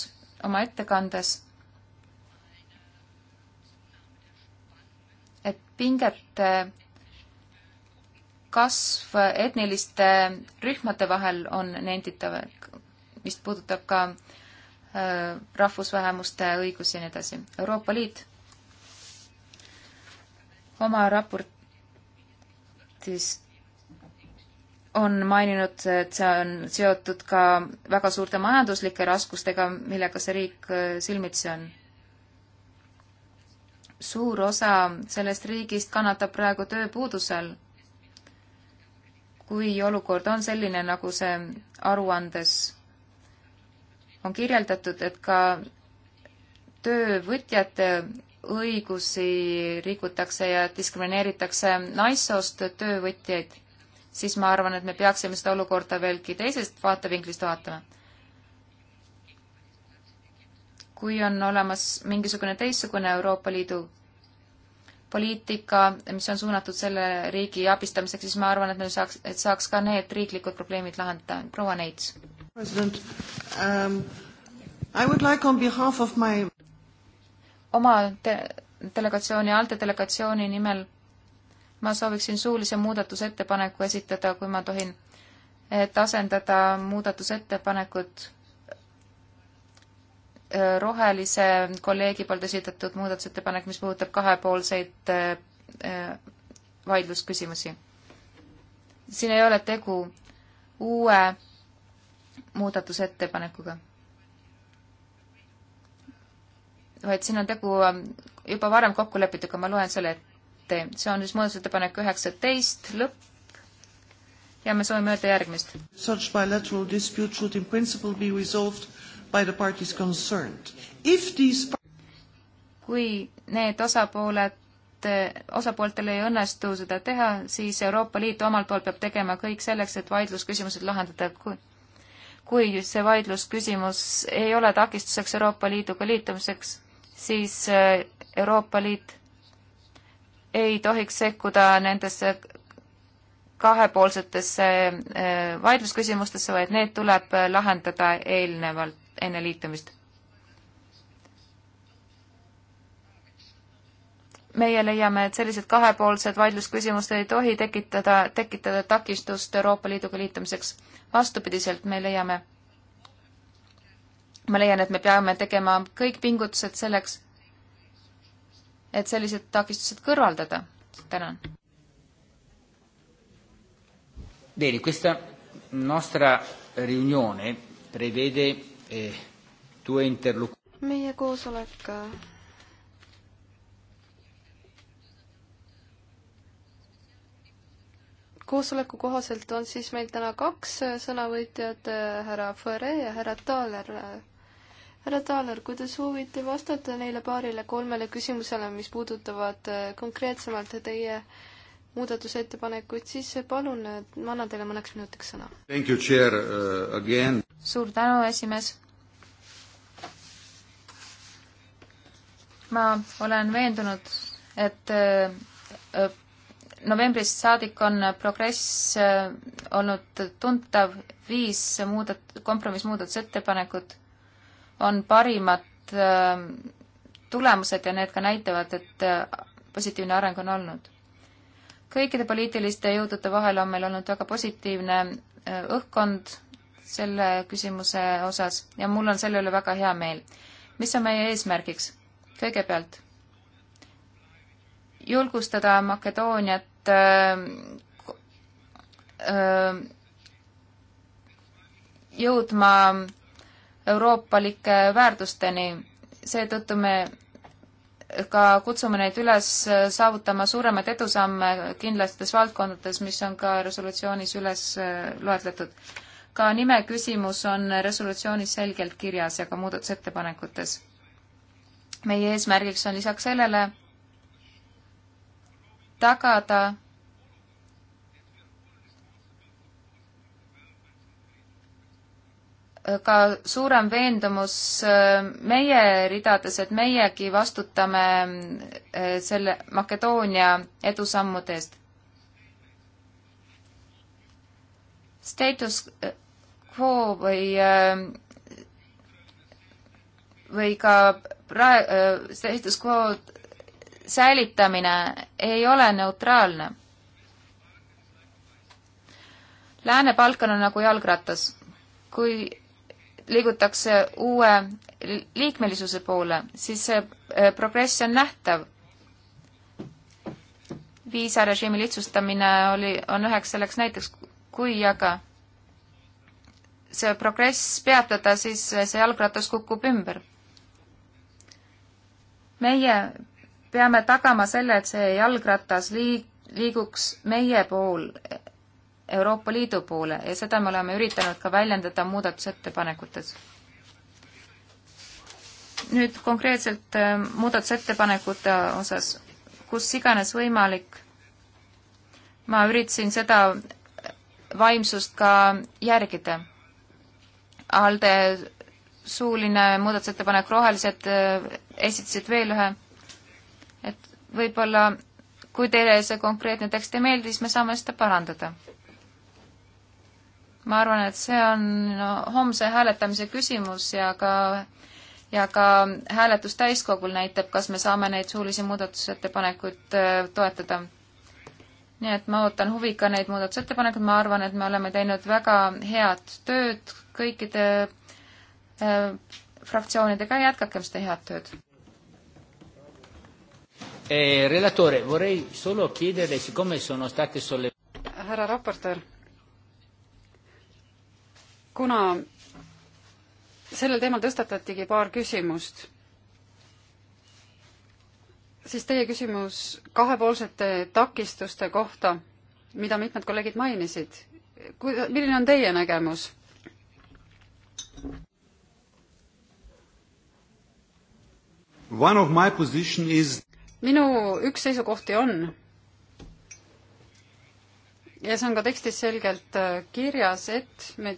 oma ettekandes, et pingete kasv etniliste rühmade vahel on nenditav, mis puudutab ka äh, rahvusvähemuste õigusi ja nii edasi. Euroopa Liit oma raportis on maininud, et see on seotud ka väga suurte majanduslike raskustega, millega see riik äh, silmitsi on. suur osa sellest riigist kannatab praegu tööpuudusel. kui olukord on selline, nagu see aruandes on kirjeldatud, et ka töövõtjate õigusi rikutakse ja diskrimineeritakse naissoost töövõtjaid, siis ma arvan, et me peaksime seda olukorda veelgi teisest vaatevinklist vaatama. kui on olemas mingisugune teistsugune Euroopa Liidu poliitika, mis on suunatud selle riigi abistamiseks, siis ma arvan, et me saaks, et saaks ka need riiklikud probleemid lahendada. proua Neits. president um,, I would like on behalf of my oma te delegatsiooni, ALDE delegatsiooni nimel ma sooviksin suulise muudatusettepaneku esitada, kui ma tohin, et asendada muudatusettepanekud äh, rohelise kolleegi poolt esitatud muudatusettepanek, mis puudutab kahepoolseid äh, äh, vaidlusküsimusi. siin ei ole tegu uue muudatusettepanekuga vaid siin on tegu juba varem kokku lepitud, ma loen selle ette. see on siis muudatusettepanek üheksateist, lõpp ja me soovime öelda järgmist. Such bilateral dispute should in principle be resolved by the parties concerned. If these kui need osapooled, osapooltel ei õnnestu seda teha, siis Euroopa Liit omalt poolt peab tegema kõik selleks, et vaidlusküsimused lahendada. kui, kui see vaidlusküsimus ei ole takistuseks Euroopa Liiduga liitumiseks, siis äh, Euroopa Liit ei tohiks sekkuda nendesse kahepoolsetesse äh, vaidlusküsimustesse, vaid need tuleb äh, lahendada eelnevalt, enne liitumist. meie leiame, et sellised kahepoolsed vaidlusküsimused ei tohi tekitada, tekitada takistust Euroopa Liiduga liitumiseks. vastupidiselt me leiame ma leian, et me peame tegema kõik pingutused selleks, et sellised takistused kõrvaldada. tänan. Bene, questa nostra riunione prevede eh, due interlocutori. meie koosolek eh, koosoleku kohaselt on siis meil täna kaks eh, sõnavõtjat, eh, härra Fõre ja härra Taaler härra Taaler, kui te soovite vastata neile paarile-kolmele küsimusele, mis puudutavad äh, konkreetsemalt teie muudatusettepanekuid, siis äh, palun, äh, ma annan teile mõneks minutiks sõna. Uh, suur tänu, esimees. ma olen veendunud, et novembrist saadik on progress olnud tuntav, viis muudat-, kompromissmuudatusettepanekut on parimad äh, tulemused ja need ka näitavad, et äh, positiivne areng on olnud. kõikide poliitiliste jõudude vahel on meil olnud väga positiivne äh, õhkkond selle küsimuse osas ja mul on selle üle väga hea meel. mis on meie eesmärgiks? kõigepealt julgustada Makedooniat äh, äh, jõudma euroopalike väärtusteni. seetõttu me ka kutsume neid üles äh, saavutama suuremaid edusamme kindlates valdkondades, mis on ka resolutsioonis üles äh, loetletud. ka nime küsimus on resolutsioonis selgelt kirjas ja ka muudatusettepanekutes. meie eesmärgiks on lisaks sellele tagada ka suurem veendumus äh, meie ridades, et meiegi vastutame äh, selle Makedoonia edusammude eest. Status äh, quo või, või ka praegu, status quo säilitamine ei ole neutraalne Lääne-Balkan on nagu jalgratas. kui liigutakse uue liikmelisuse poole, siis see äh, progress on nähtav. viisarežiimi lihtsustamine oli, on üheks selleks näiteks, kui aga see progress peatada, siis see jalgratas kukub ümber. meie peame tagama selle, et see jalgratas liig-, liiguks meie pool, Euroopa Liidu poole ja seda me oleme üritanud ka väljendada muudatusettepanekutes. nüüd konkreetselt äh, muudatusettepanekute osas, kus iganes võimalik, ma üritasin seda vaimsust ka järgida. ALDE suuline muudatusettepanek, rohelised äh, esitasid veel ühe, et võib-olla kui teile see konkreetne tekst ei meeldi, siis me saame seda parandada ma arvan, et see on no, homse hääletamise küsimus ja ka ja ka hääletus täiskogul näitab, kas me saame neid suulisi muudatusettepanekuid äh, toetada. nii et ma ootan huviga neid muudatusettepanekuid, ma arvan, et me oleme teinud väga head tööd kõikide äh, fraktsioonidega, jätkakem seda head tööd. Eh, relatore, vorrei solo chiedere, siccome sono state solle-. härra raportöör kuna sellel teemal tõstatatigi paar küsimust, siis teie küsimus kahepoolsete takistuste kohta, mida mitmed kolleegid mainisid, kuida-, milline on teie nägemus? One of my position is minu üks seisukohti on ja see on ka tekstis selgelt äh, kirjas, et me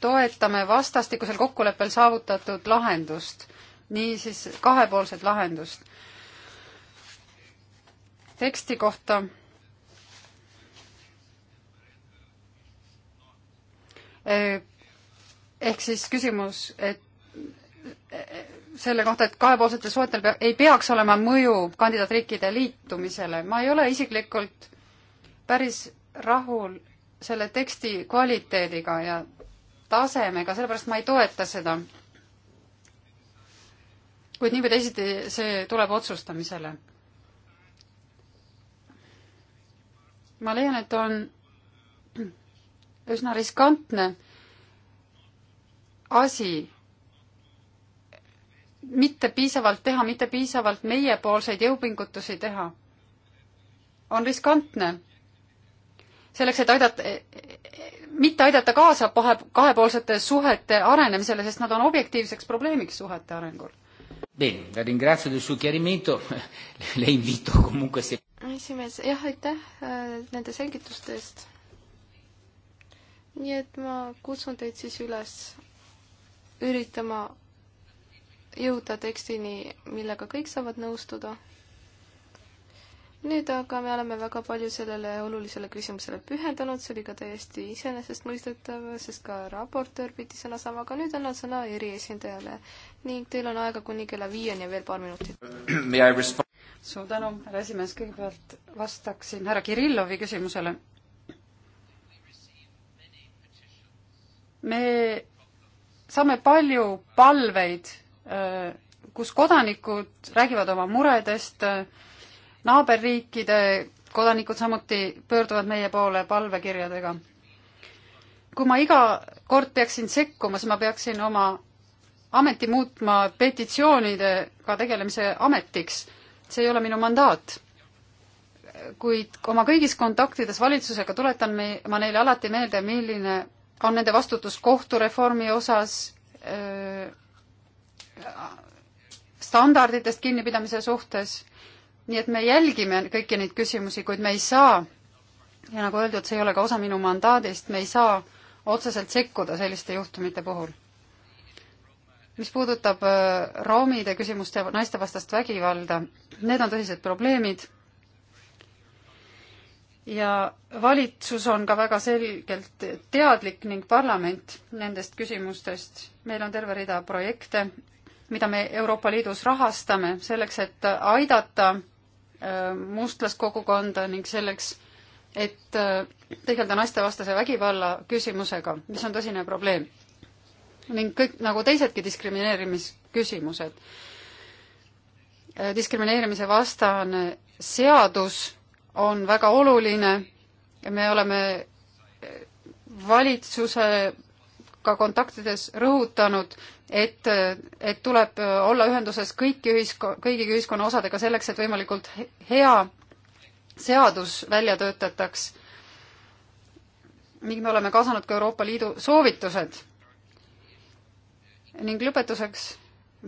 toetame vastastikusel kokkuleppel saavutatud lahendust, niisiis kahepoolset lahendust. teksti kohta ehk siis küsimus, et selle kohta, et kahepoolsetel suhetel pea, ei peaks olema mõju kandidaatriikide liitumisele. ma ei ole isiklikult päris rahul selle teksti kvaliteediga ja tasemega, sellepärast ma ei toeta seda. kuid nii või teisiti, see tuleb otsustamisele. ma leian, et on üsna riskantne asi mitte piisavalt teha, mitte piisavalt meiepoolseid jõupingutusi teha, on riskantne. selleks, et aidata, mitte aidata kaasa pahe, kahepoolsete suhete arenemisele, sest nad on objektiivseks probleemiks suhete arengul. Bene, la ringrazio del suo chiarimento, le invito comunque se esimees, jah, aitäh äh, nende selgituste eest. nii et ma kutsun teid siis üles üritama jõuda tekstini, millega kõik saavad nõustuda nüüd aga me oleme väga palju sellele olulisele küsimusele pühendanud, see oli ka täiesti iseenesestmõistetav, sest ka raportöör pidi sõna saama, aga nüüd annan sõna eriesindajale ning teil on aega kuni kella viieni ja veel paar minutit. suur tänu, härra esimees, kõigepealt vastaksin härra Kirillovi küsimusele. me saame palju palveid, äh, kus kodanikud räägivad oma muredest, äh, naaberriikide kodanikud samuti pöörduvad meie poole palvekirjadega. kui ma iga kord peaksin sekkuma, siis ma peaksin oma ameti muutma petitsioonidega tegelemise ametiks. see ei ole minu mandaat. kuid oma kõigis kontaktides valitsusega tuletan me, ma neile alati meelde, milline on nende vastutus kohtureformi osas äh,, standarditest kinnipidamise suhtes nii et me jälgime kõiki neid küsimusi, kuid me ei saa, ja nagu öeldud, see ei ole ka osa minu mandaadist, me ei saa otseselt sekkuda selliste juhtumite puhul. mis puudutab äh, roomide küsimust ja naistevastast vägivalda, need on tõsised probleemid ja valitsus on ka väga selgelt teadlik ning parlament nendest küsimustest. meil on terve rida projekte, mida me Euroopa Liidus rahastame selleks, et aidata mustlaskogukonda ning selleks, et äh, tegeleda naistevastase vägivalla küsimusega, mis on tõsine probleem. ning kõik, nagu teisedki diskrimineerimisküsimused. Äh, diskrimineerimise vastane seadus on väga oluline ja me oleme äh, valitsusega kontaktides rõhutanud et, et tuleb olla ühenduses kõiki ühisko-, kõigi ühiskonna osadega selleks, et võimalikult hea seadus välja töötataks ning me oleme kaasanud ka Euroopa Liidu soovitused. ning lõpetuseks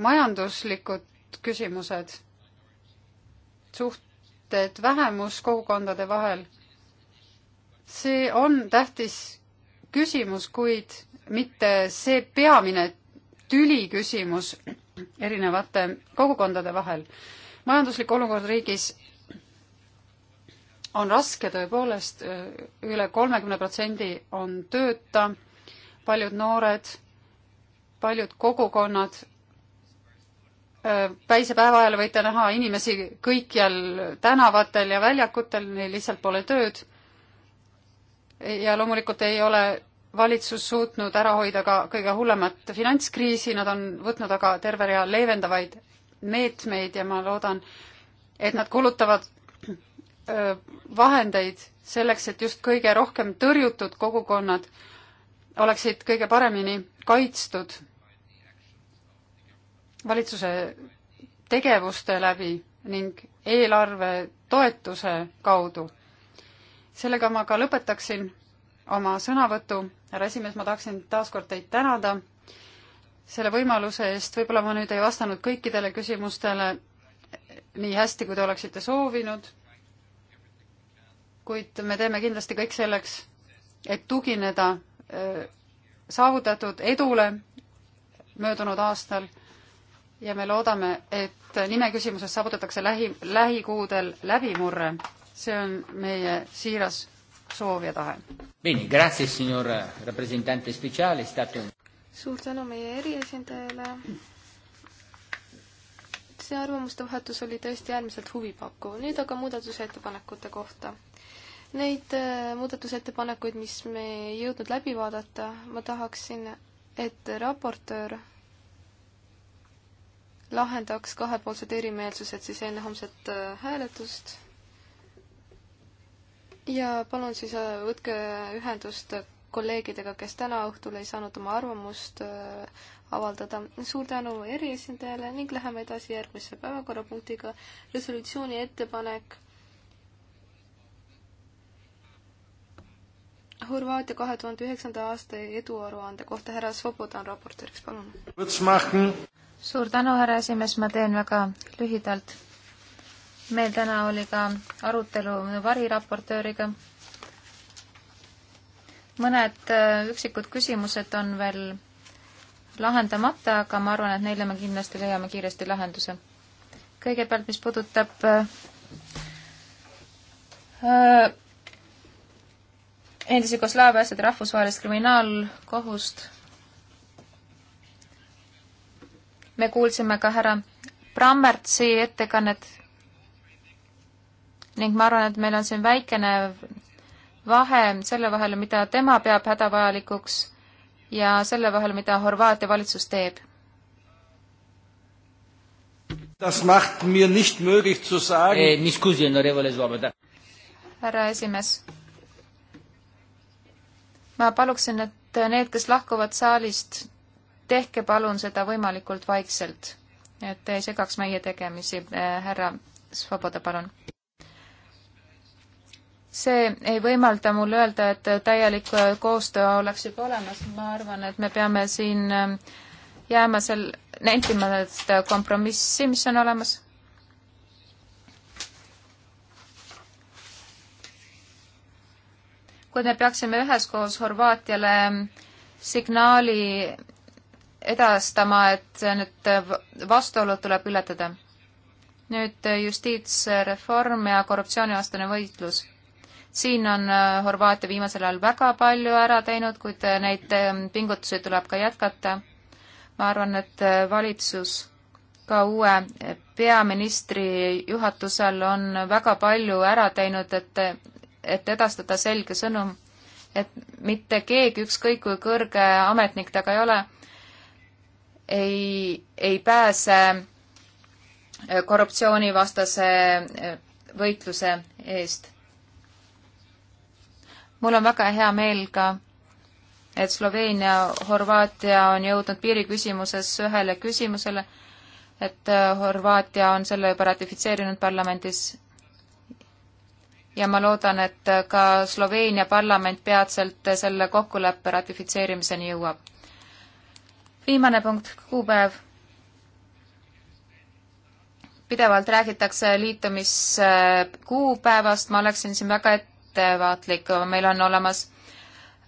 majanduslikud küsimused, suhted vähemuskogukondade vahel. see on tähtis küsimus, kuid mitte see peamine tüli küsimus erinevate kogukondade vahel. majanduslik olukord riigis on raske tõepoolest üle, üle kolmekümne protsendi on tööta, paljud noored, paljud kogukonnad, päise päeva ajal võite näha inimesi kõikjal tänavatel ja väljakutel, neil lihtsalt pole tööd. ja loomulikult ei ole valitsus suutnud ära hoida ka kõige hullemat finantskriisi, nad on võtnud aga terve rea leevendavaid meetmeid ja ma loodan, et nad kulutavad vahendeid selleks, et just kõige rohkem tõrjutud kogukonnad oleksid kõige paremini kaitstud valitsuse tegevuste läbi ning eelarve toetuse kaudu. sellega ma ka lõpetaksin oma sõnavõtu. härra esimees, ma tahaksin taaskord teid tänada selle võimaluse eest, võib-olla ma nüüd ei vastanud kõikidele küsimustele nii hästi, kui te oleksite soovinud, kuid me teeme kindlasti kõik selleks, et tugineda äh, saavutatud edule möödunud aastal ja me loodame, et nimeküsimuses saavutatakse lähi, lähikuudel läbimurre. see on meie siiras soov ja tahe. suur tänu meie eriesindajale. see arvamuste vahetus oli tõesti äärmiselt huvipakkuv. nüüd aga muudatusettepanekute kohta. Neid äh, muudatusettepanekuid, mis me ei jõudnud läbi vaadata, ma tahaksin, et raportöör lahendaks kahepoolsed erimeelsused siis enne homset äh, hääletust äh, ja palun siis äh, võtke ühendust kolleegidega, kes täna õhtul ei saanud oma arvamust äh, avaldada. suur tänu eriesindajale ning läheme edasi järgmise päevakorrapunktiga. resolutsiooni ettepanek Horvaatia kahe tuhande üheksanda aasta eduaruande kohta. härra Svoboda on raportööriks, palun. suur tänu, härra esimees, ma teen väga lühidalt meil täna oli ka arutelu variraportööriga. mõned äh, üksikud küsimused on veel lahendamata, aga ma arvan, et neile me kindlasti leiame kiiresti lahenduse. kõigepealt, mis puudutab äh, äh endise Jugoslaavia asjade rahvusvahelist kriminaalkohust. me kuulsime ka härra Brammertsi ettekannet ning ma arvan, et meil on siin väikene vahe selle vahel, mida tema peab hädavajalikuks ja selle vahel, mida Horvaatia valitsus teeb. Eh, härra esimees, ma paluksin, et need, kes lahkuvad saalist, tehke palun seda võimalikult vaikselt, et ei segaks meie tegemisi. Eh, härra Svoboda, palun see ei võimalda mul öelda, et täielik äh, koostöö oleks juba olemas, ma arvan, et me peame siin ähm, jääma seal, nentima seda kompromissi, mis on olemas kuid me peaksime üheskoos Horvaatiale ähm, signaali edastama, et need äh, vastuolud tuleb ületada. nüüd äh, justiitsreform ja korruptsioonivastane võitlus siin on äh, Horvaatia viimasel ajal väga palju ära teinud, kuid äh, neid ähm, pingutusi tuleb ka jätkata. ma arvan, et äh, valitsus ka uue peaministri juhatusel on väga palju ära teinud, et, et edastada selge sõnum, et mitte keegi, ükskõik kui kõrge ametnik ta ka ei ole, ei, ei pääse korruptsioonivastase võitluse eest mul on väga hea meel ka, et Sloveenia, Horvaatia on jõudnud piiriküsimuses ühele küsimusele, et äh, Horvaatia on selle juba ratifitseerinud parlamendis ja ma loodan, et äh, ka Sloveenia parlament peatselt äh, selle kokkuleppe ratifitseerimiseni jõuab. viimane punkt, kuupäev. pidevalt räägitakse liitumiskuupäevast, ma oleksin siin väga et-, ettevaatlik, meil on olemas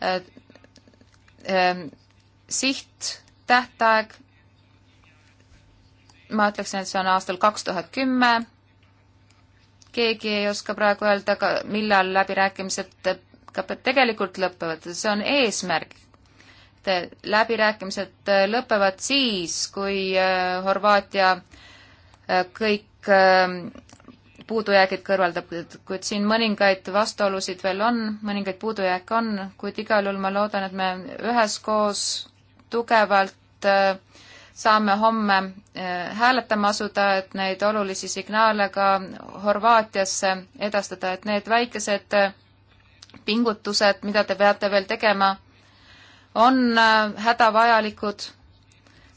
äh, äh, siht, tähtaeg, ma ütleksin, et see on aastal kaks tuhat kümme, keegi ei oska praegu öelda ka, millal läbirääkimised ka tegelikult lõpevad, see on eesmärk. läbirääkimised äh, lõpevad siis, kui Horvaatia kõik puudujäägid kõrvaldatud, kuid siin mõningaid vastuolusid veel on, mõningaid puudujääke on, kuid igal juhul ma loodan, et me üheskoos tugevalt äh, saame homme äh, hääletama asuda, et neid olulisi signaale ka Horvaatiasse edastada, et need väikesed äh, pingutused, mida te peate veel tegema, on hädavajalikud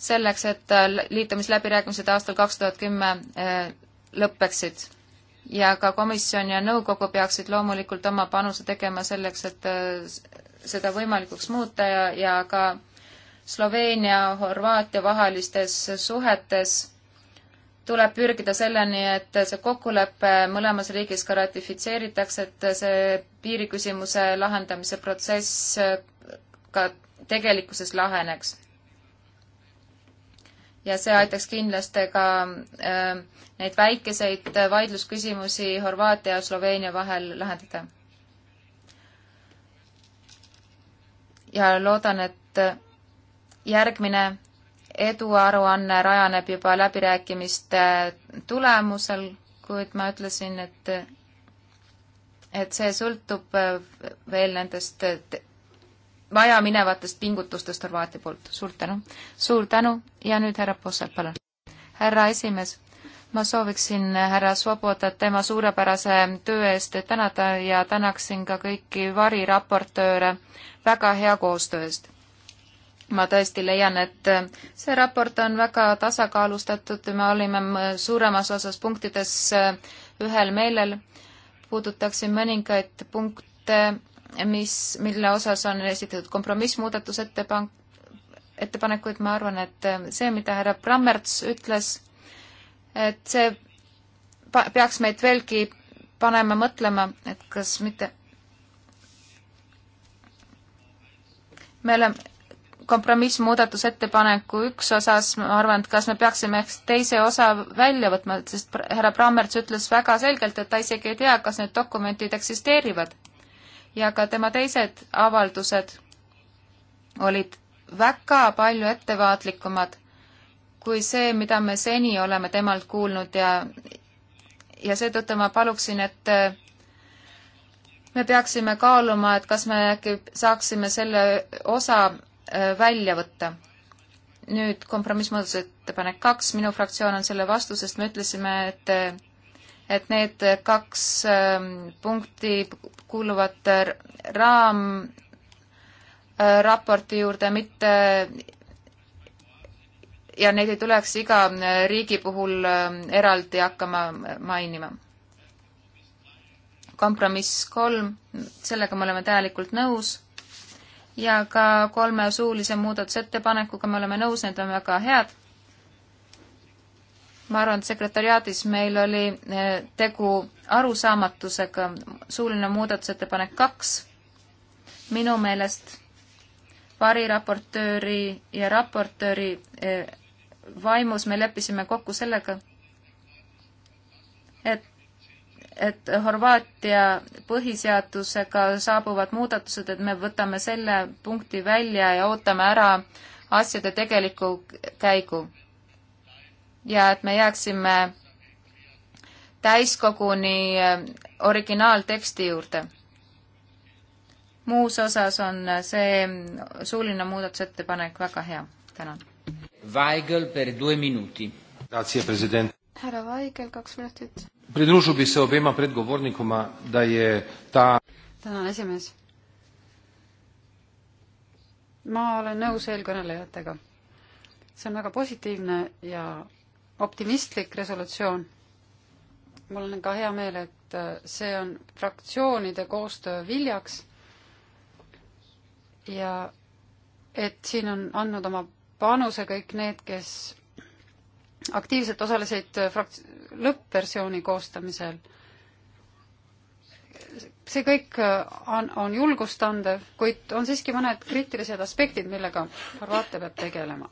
selleks, et liitumisläbirääkimised aastal kaks tuhat kümme lõppeksid ja ka komisjon ja nõukogu peaksid loomulikult oma panuse tegema selleks, et äh, seda võimalikuks muuta ja, ja ka Sloveenia-Horvaatia vahelistes suhetes tuleb pürgida selleni, et see kokkulepe mõlemas riigis ka ratifitseeritakse, et see piiriküsimuse lahendamise protsess ka tegelikkuses laheneks ja see aitaks kindlasti ka äh, neid väikeseid äh, vaidlusküsimusi Horvaatia ja Sloveenia vahel lahendada. ja loodan, et äh, järgmine eduaruanne rajaneb juba läbirääkimiste äh, tulemusel, kuid ma ütlesin, et et see sõltub veel nendest vajaminevatest pingutustest Horvaatia poolt. suur tänu! suur tänu ja nüüd härra Posselt, palun! härra esimees, ma sooviksin härra Svobodat tema suurepärase töö eest tänada ja tänaksin ka kõiki variraportööre väga hea koostöö eest. ma tõesti leian, et see raport on väga tasakaalustatud, me olime suuremas osas punktides ühel meelel, puudutaksin mõningaid punkte, mis, mille osas on esitatud kompromissmuudatusettepank, ettepanekuid, ma arvan, et see, mida härra Brammerts ütles, et see peaks meid veelgi panema mõtlema, et kas mitte me oleme kompromissmuudatusettepaneku üks osas, ma arvan, et kas me peaksime eks teise osa välja võtma, sest härra Brammerts ütles väga selgelt, et ta isegi ei tea, kas need dokumendid eksisteerivad ja ka tema teised avaldused olid väga palju ettevaatlikumad kui see, mida me seni oleme temalt kuulnud ja, ja seetõttu ma paluksin, et äh, me peaksime kaaluma, et kas me äkki saaksime selle osa äh, välja võtta. nüüd kompromissmuudatusettepanek kaks, minu fraktsioon on selle vastu, sest me ütlesime, et et need kaks äh, punkti kuuluvat raamraporti äh, juurde, mitte ja neid ei tuleks iga äh, riigi puhul äh, eraldi hakkama mainima. kompromiss kolm, sellega me oleme täielikult nõus ja ka kolme suulise muudatusettepanekuga me oleme nõus, need on väga head ma arvan, et sekretariaadis meil oli eh, tegu arusaamatusega, suuline muudatusettepanek kaks, minu meelest variraportööri ja raportööri eh, vaimus me leppisime kokku sellega, et, et Horvaatia põhiseadusega saabuvad muudatused, et me võtame selle punkti välja ja ootame ära asjade tegeliku käigu ja et me jääksime täiskoguni äh, originaalteksti juurde. muus osas on äh, see mm, suuline muudatusettepanek väga hea, tänan. Vaigel per due minuti. härra Vaigel, kaks minutit. Pridružil bi se obema predgovornikoma, da je ta tänan, esimees. ma olen nõus eelkõnelejatega. see on väga positiivne ja optimistlik resolutsioon. mul on ka hea meel, et äh, see on fraktsioonide koostöö viljaks ja et siin on andnud oma panuse kõik need, kes aktiivselt osalesid äh, frakt-, lõppversiooni koostamisel. see kõik äh, on, on julgustandev, kuid on siiski mõned kriitilised aspektid, millega Horvaatia peab tegelema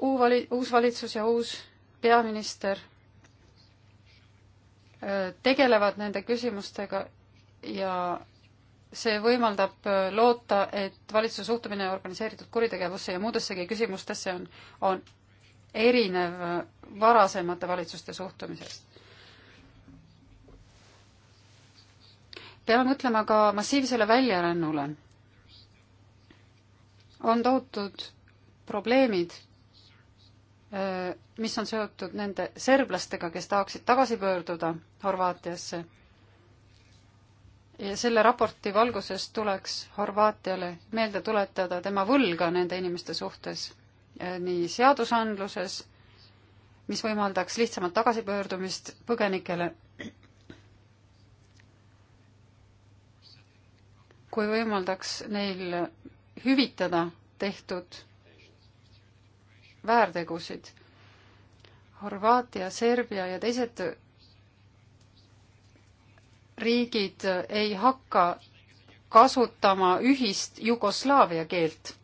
uu vali-, uus valitsus ja uus peaminister äh, tegelevad nende küsimustega ja see võimaldab äh, loota, et valitsuse suhtumine organiseeritud kuritegevusse ja muudessegi küsimustesse on, on erinev äh, varasemate valitsuste suhtumisest. peame mõtlema ka massiivsele väljarännule. on tohutud probleemid Äh, mis on seotud nende serblastega, kes tahaksid tagasi pöörduda Horvaatiasse. ja selle raporti valguses tuleks Horvaatiale meelde tuletada tema võlga nende inimeste suhtes äh, nii seadusandluses, mis võimaldaks lihtsamat tagasipöördumist põgenikele, kui võimaldaks neil hüvitada tehtud väärtegusid. Horvaatia, Serbia ja teised riigid ei hakka kasutama ühist Jugoslaavia keelt.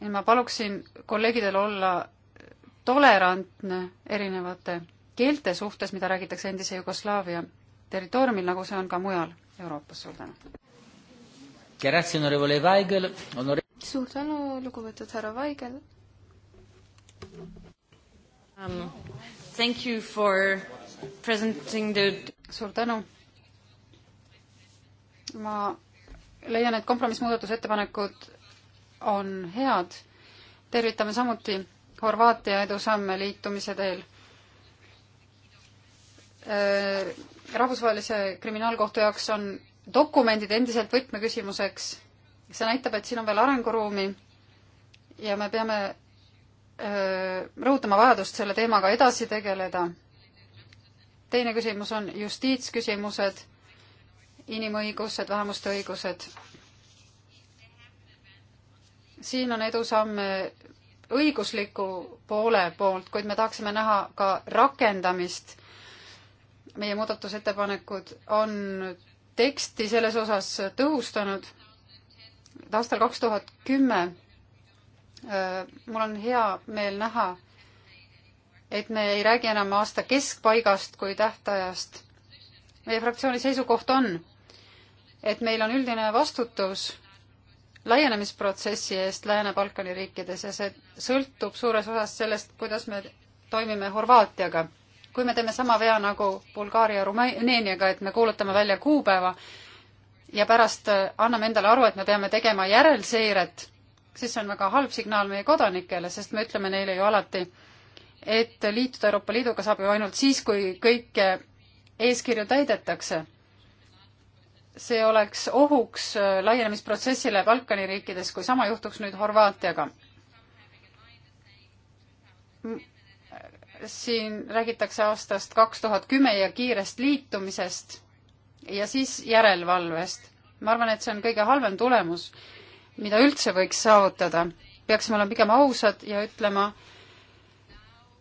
ja ma paluksin kolleegidel olla tolerantne erinevate keelte suhtes, mida räägitakse endise Jugoslaavia territooriumil, nagu see on ka mujal Euroopas. suur tänu! suur tänu, lugupeetud härra Vaigel um,. Thank you for presenting the. suur tänu. ma leian, et kompromissmuudatusettepanekud on head. tervitame samuti Horvaatia edusamme liitumise teel äh,. rahvusvahelise kriminaalkohtu jaoks on dokumendid endiselt võtmeküsimuseks. see näitab, et siin on veel arenguruumi ja me peame rõhutama vajadust selle teemaga edasi tegeleda. teine küsimus on justiitsküsimused, inimõigused, vähemuste õigused. siin on edusamme õigusliku poole poolt, kuid me tahaksime näha ka rakendamist. meie muudatusettepanekud on teksti selles osas tõhustanud. aastal kaks tuhat kümme Äh, mul on hea meel näha, et me ei räägi enam aasta keskpaigast kui tähtajast. meie fraktsiooni seisukoht on, et meil on üldine vastutus laienemisprotsessi eest Lääne-Balkani riikides ja see sõltub suures osas sellest, kuidas me toimime Horvaatiaga. kui me teeme sama vea nagu Bulgaaria Rumeeniaga, et me kuulutame välja kuupäeva ja pärast anname endale aru, et me peame tegema järelseiret siis see on väga halb signaal meie kodanikele, sest me ütleme neile ju alati, et liituda Euroopa Liiduga saab ju ainult siis, kui kõike eeskirju täidetakse. see oleks ohuks laienemisprotsessile Balkani riikides, kui sama juhtuks nüüd Horvaatiaga. siin räägitakse aastast kaks tuhat kümme ja kiirest liitumisest ja siis järelevalvest. ma arvan, et see on kõige halvem tulemus mida üldse võiks saavutada. peaksime olema pigem ausad ja ütlema,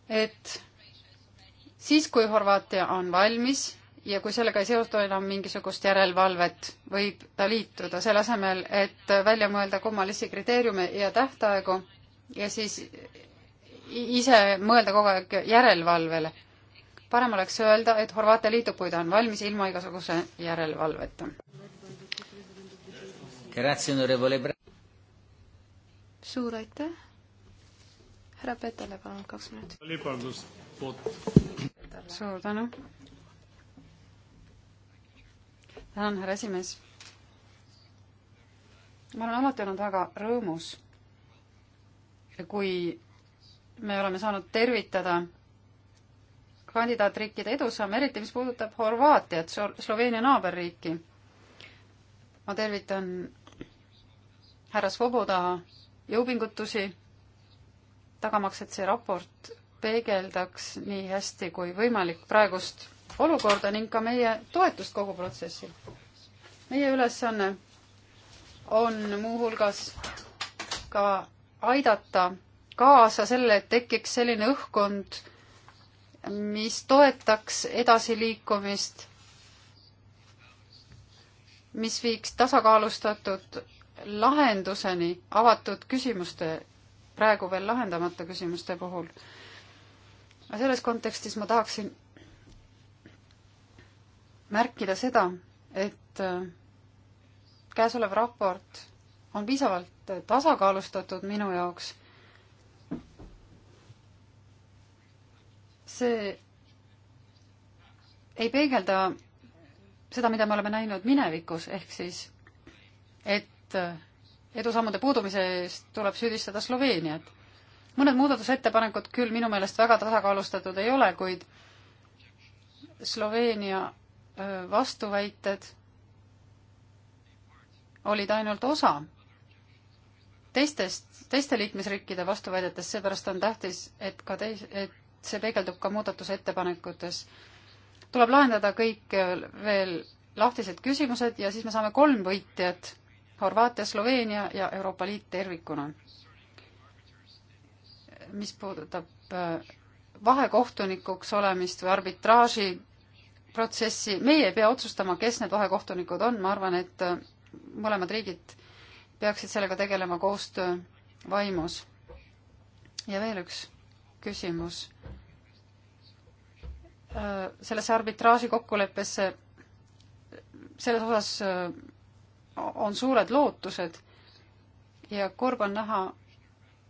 et siis, kui Horvaatia on valmis ja kui sellega ei seostu enam mingisugust järelevalvet, võib ta liituda, selle asemel, et välja mõelda kummalisi kriteeriume ja tähtaegu ja siis ise mõelda kogu aeg järelevalvele. parem oleks öelda, et Horvaatia liitub, kui ta on valmis, ilma igasuguse järelevalveta suur aitäh. härra Petele, palun kaks minutit. suur tänu. tänan, härra esimees. ma olen alati olnud väga rõõmus, kui me oleme saanud tervitada kandidaatriikide edusamme, eriti mis puudutab Horvaatiat, Sloveenia naaberriiki. ma tervitan härra Svoboda jõupingutusi, tagamaks, et see raport peegeldaks nii hästi kui võimalik praegust olukorda ning ka meie toetust kogu protsessil. meie ülesanne on muuhulgas ka aidata kaasa selle, et tekiks selline õhkkond, mis toetaks edasiliikumist, mis viiks tasakaalustatud lahenduseni avatud küsimuste, praegu veel lahendamata küsimuste puhul. aga selles kontekstis ma tahaksin märkida seda, et äh, käesolev raport on piisavalt tasakaalustatud minu jaoks. see ei peegelda seda, mida me oleme näinud minevikus, ehk siis et et äh, edusammude puudumise eest tuleb süüdistada Sloveeniat. mõned muudatusettepanekud küll minu meelest väga tasakaalustatud ei ole, kuid Sloveenia äh, vastuväited olid ainult osa teistest, teiste liikmesriikide vastuväidetest, seepärast on tähtis, et ka teis-, et see peegeldub ka muudatusettepanekutes. tuleb lahendada kõik äh, veel lahtised küsimused ja siis me saame kolm võitjat Horvaatia, Sloveenia ja Euroopa Liit tervikuna. mis puudutab äh, vahekohtunikuks olemist või arbitraaži protsessi, meie ei pea otsustama, kes need vahekohtunikud on, ma arvan, et äh, mõlemad riigid peaksid sellega tegelema koostöö vaimus. ja veel üks küsimus. Äh, sellesse arbitraaži kokkuleppesse, selles osas on suured lootused ja kurb on näha,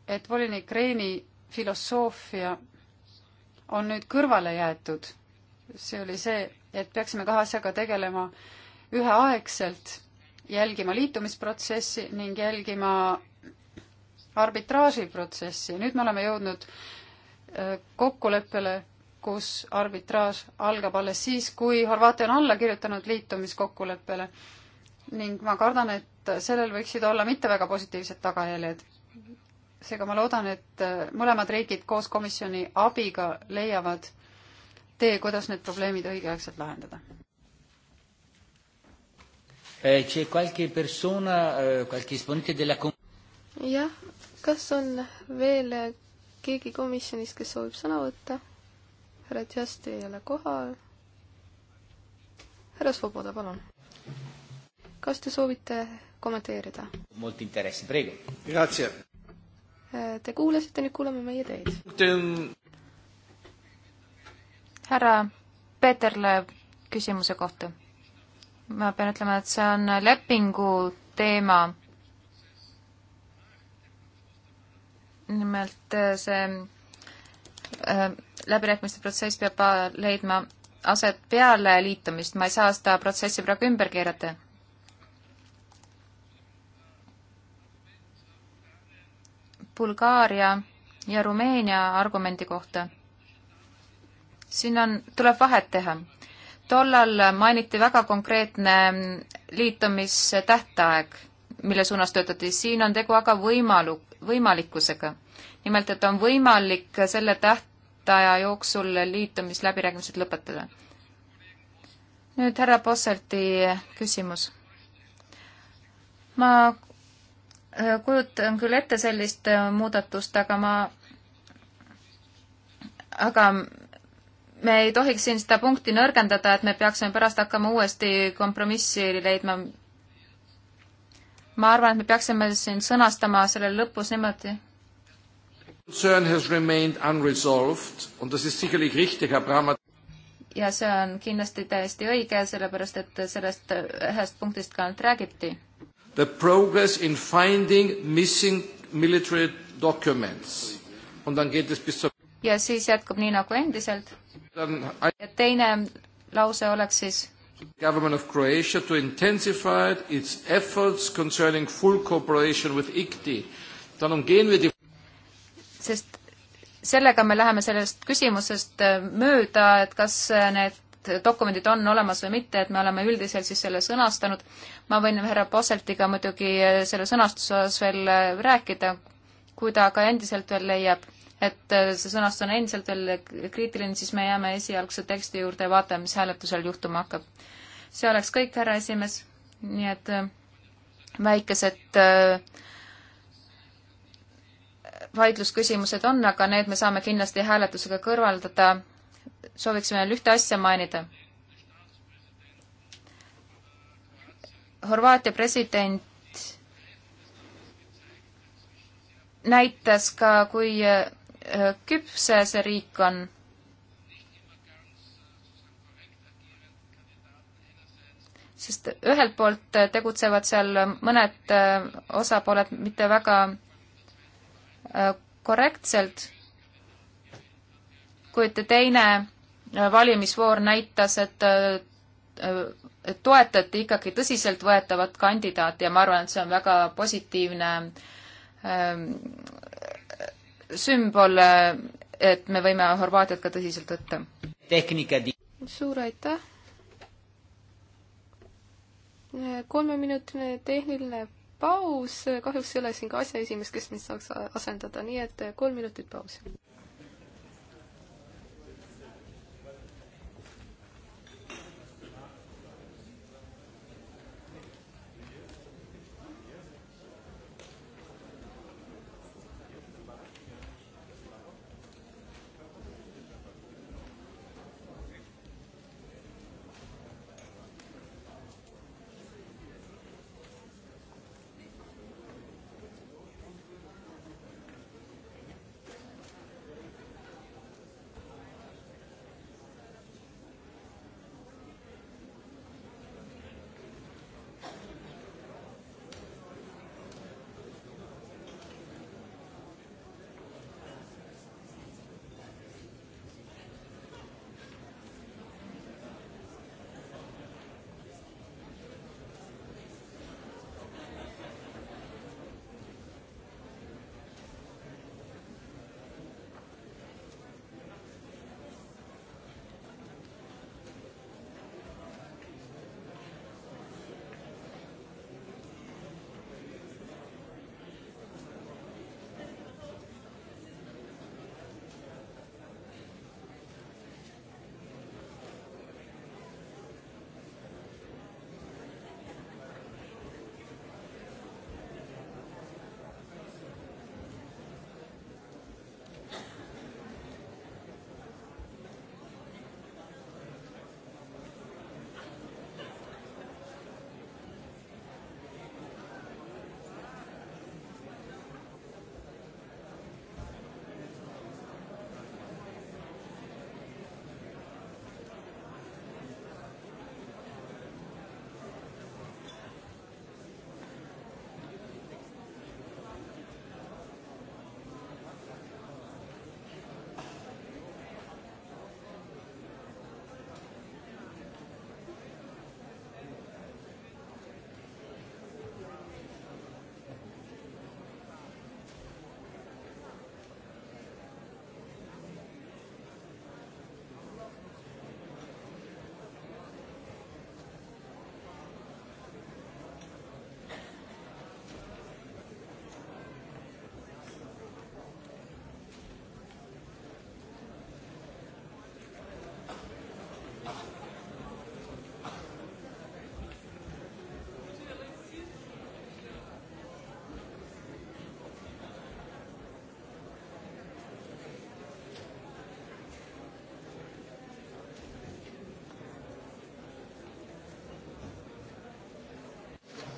et volinik Reini filosoofia on nüüd kõrvale jäetud. see oli see, et peaksime kahe asjaga tegelema üheaegselt, jälgima liitumisprotsessi ning jälgima arbitraažiprotsessi. nüüd me oleme jõudnud äh, kokkuleppele, kus arbitraaž algab alles siis, kui Horvaatia on alla kirjutanud liitumiskokkuleppele ning ma kardan, et sellel võiksid olla mitte väga positiivsed tagajäljed. seega ma loodan, et äh, mõlemad riigid koos komisjoni abiga leiavad tee, kuidas need probleemid õigeaegselt lahendada. Eh, eh, jah, kas on veel keegi komisjonist, kes soovib sõna võtta? härra Tšasti ei ole kohal. härra Svoboda, palun kas te soovite kommenteerida? Äh, te kuulasite, nüüd kuulame meie teid. härra Peeterle küsimuse kohta. ma pean ütlema, et see on lepingu teema. nimelt äh, see äh, läbirääkimiste protsess peab leidma aset peale liitumist, ma ei saa seda protsessi praegu ümber keerata Bulgaaria ja Rumeenia argumendi kohta. siin on, tuleb vahet teha. tollal mainiti väga konkreetne liitumistähtaeg, mille suunas töötati, siin on tegu aga võimalu, võimalikkusega. nimelt, et on võimalik selle tähtaja jooksul liitumisläbirääkimised lõpetada. nüüd härra Posselti küsimus ma kujutan küll ette sellist äh, muudatust, aga ma, aga me ei tohiks siin seda punkti nõrgendada, et me peaksime pärast hakkama uuesti kompromissi leidma. ma arvan, et me peaksime siin sõnastama selle lõpus niimoodi. Concern has remained unresolved und das ist sicherlich richtig, Herr Brammer ja see on kindlasti täiesti õige, sellepärast et sellest ühest punktist ka ainult räägiti the progress in finding missing military documents. ja siis jätkub nii nagu endiselt. ja teine lause oleks siis. Government of Croatia to intensify its efforts concerning full cooperation with ICTI. sest sellega me läheme sellest küsimusest äh, mööda, et kas äh, need need dokumendid on olemas või mitte, et me oleme üldiselt siis selle sõnastanud. ma võin härra Posseltiga muidugi selle sõnastuse osas veel rääkida, kui ta ka endiselt veel leiab, et see sõnastus on endiselt veel kriitiline, siis me jääme esialgse teksti juurde ja vaatame, mis hääletusel juhtuma hakkab. see oleks kõik, härra esimees, nii et äh, väikesed äh, vaidlusküsimused on, aga need me saame kindlasti hääletusega kõrvaldada sooviksin veel ühte asja mainida. Horvaatia president näitas ka, kui äh, küpse see riik on sest ühelt poolt tegutsevad seal mõned äh, osapooled mitte väga äh, korrektselt, kuid teine valimisvoor näitas, et, äh, et toetati ikkagi tõsiseltvõetavat kandidaati ja ma arvan, et see on väga positiivne ähm, sümbol, et me võime Horvaatiat ka tõsiselt võtta. suur aitäh! kolmeminutine tehniline paus, kahjuks ei ole siin ka asjaesimees, kes mind saaks asendada, nii et kolm minutit pausi.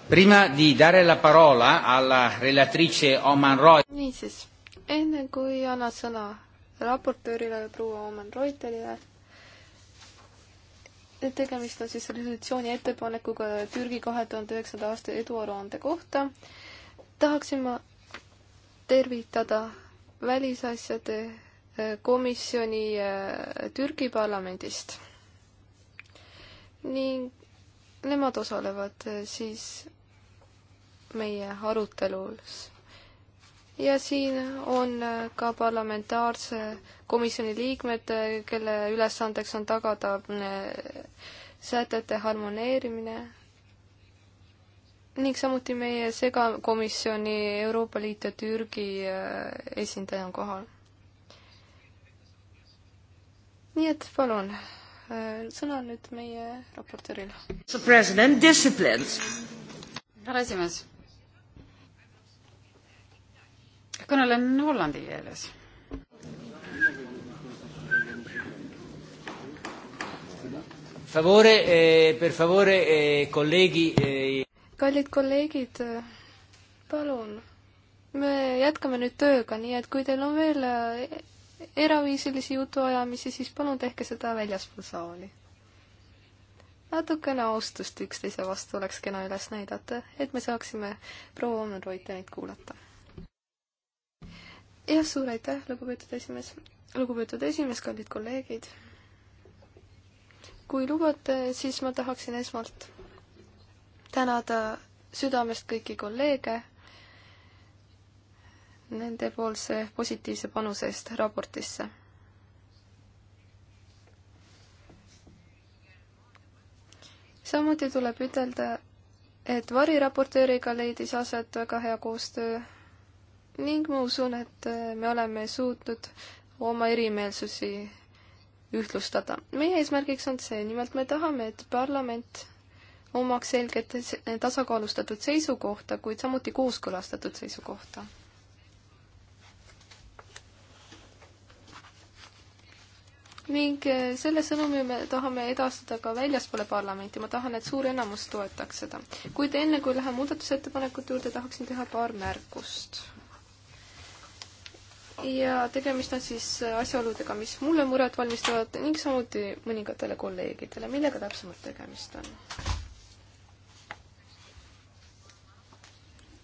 Prima di dare la parola alla relatrice Oman Roy-. niisiis, enne kui annan sõna raportöörile proua Oman Reuterile, tegemist on siis resolutsiooni ettepanekuga Türgi kahe tuhande üheksanda aasta eduaruande kohta, tahaksin ma tervitada välisasjade eh, komisjoni eh, Türgi parlamendist ning nemad osalevad eh, siis meie arutelus. ja siin on ka parlamentaarse komisjoni liikmed, kelle ülesandeks on tagada äh, sätete harmoneerimine ning samuti meie segakomisjoni Euroopa Liit ja Türgi äh, esindaja on kohal. nii et palun äh, sõna nüüd meie raportööril. härra esimees, kõnelen hollandi keeles. Favore eh,, per favore eh,, kolleegi eh.. kallid kolleegid, eh, palun, me jätkame nüüd tööga, nii et kui teil on veel eh, eraviisilisi jutuajamisi, siis palun tehke seda väljaspool saali. natukene austust üksteise vastu oleks kena üles näidata, et me saaksime proua Omenroitenit kuulata jah, suur aitäh, lugupeetud esimees. lugupeetud esimees, kallid kolleegid. kui lubate, siis ma tahaksin esmalt tänada südamest kõiki kolleege nendepoolse positiivse panuse eest raportisse. samuti tuleb ütelda, et variraportööriga leidis aset väga hea koostöö ning ma usun, et äh, me oleme suutnud oma erimeelsusi ühtlustada. meie eesmärgiks on see, nimelt me tahame, et parlament omaks selget tasakaalustatud seisukohta, kuid samuti kooskõlastatud seisukohta. ning äh, selle sõnumi me tahame edastada ka väljaspoole parlamenti, ma tahan, et suur enamus toetaks seda. kuid enne, kui lähen muudatusettepanekute juurde, tahaksin teha paar märkust ja tegemist on siis asjaoludega, mis mulle muret valmistavad ning samuti mõningatele kolleegidele, millega täpsemalt tegemist on.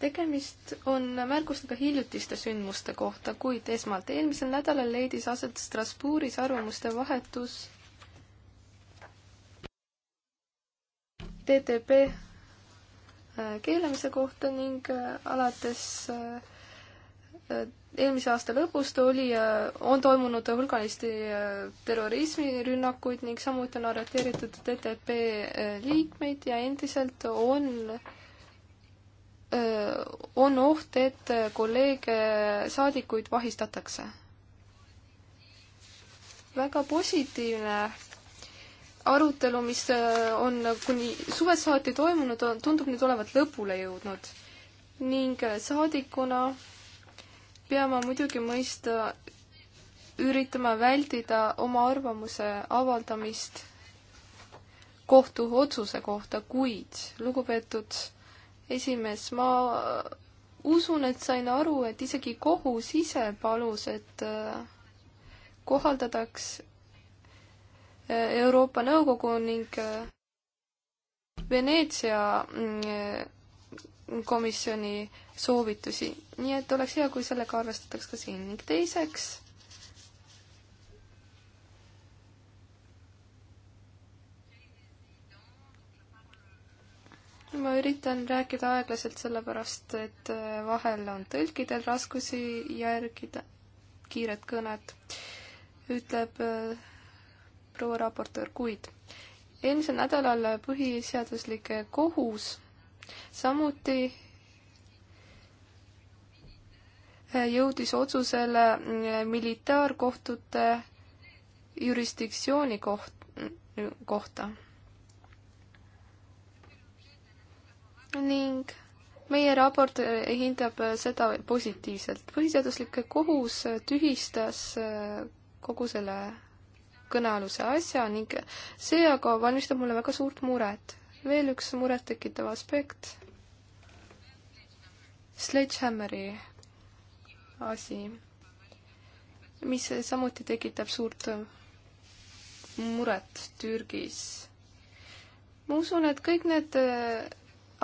tegemist on märgustega hiljutiste sündmuste kohta, kuid esmalt eelmisel nädalal leidis aset Strasbourgis arvamuste vahetus TTP äh, keelamise kohta ning äh, alates äh, eelmise aasta lõpust oli, äh, on toimunud hulganisti äh, terrorismirünnakuid ning samuti on arreteeritud TTP äh, liikmeid ja endiselt on, on oht, et kolleege, saadikuid vahistatakse. väga positiivne arutelu, mis on kuni suvest saati toimunud, tundub nüüd olevat lõpule jõudnud ning saadikuna peame muidugi mõista, üritama vältida oma arvamuse avaldamist kohtuotsuse kohta, kuid lugupeetud esimees, ma usun, et sain aru, et isegi kohus ise palus, et äh, kohaldataks äh, Euroopa Nõukogu ning äh, Veneetsia mm, komisjoni soovitusi, nii et oleks hea, kui sellega arvestataks ka siin ning teiseks ma üritan rääkida aeglaselt, sellepärast et äh, vahel on tõlkidel raskusi järgida kiiret kõnet, ütleb äh, proua raportöör, kuid eelmisel nädalal põhiseaduslik kohus samuti äh, jõudis otsusele äh, militaarkohtute jurisdiktsiooni koht, kohta. ning meie raport äh, hindab seda positiivselt. põhiseaduslik kohus tühistas kogu selle kõnealuse asja ning see aga valmistab mulle väga suurt muret veel üks murettekitav aspekt. Sledgehammeri asi, mis samuti tekitab suurt muret Türgis. ma usun, et kõik need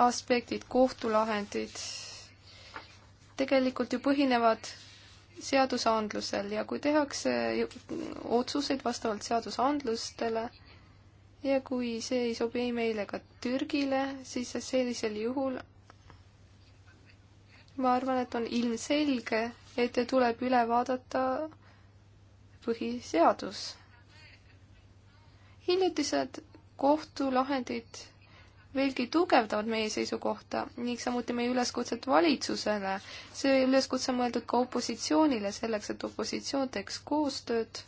aspektid, kohtulahendid tegelikult ju põhinevad seadusandlusel ja kui tehakse otsuseid vastavalt seadusandlustele, ja kui see ei sobi ei meile ega Türgile, siis sellisel juhul ma arvan, et on ilmselge, et tuleb üle vaadata põhiseadus. hiljutised kohtulahendid veelgi tugevdavad meie seisukohta ning samuti meie üleskutset valitsusele. see üleskutse on mõeldud ka opositsioonile, selleks et opositsioon teeks koostööd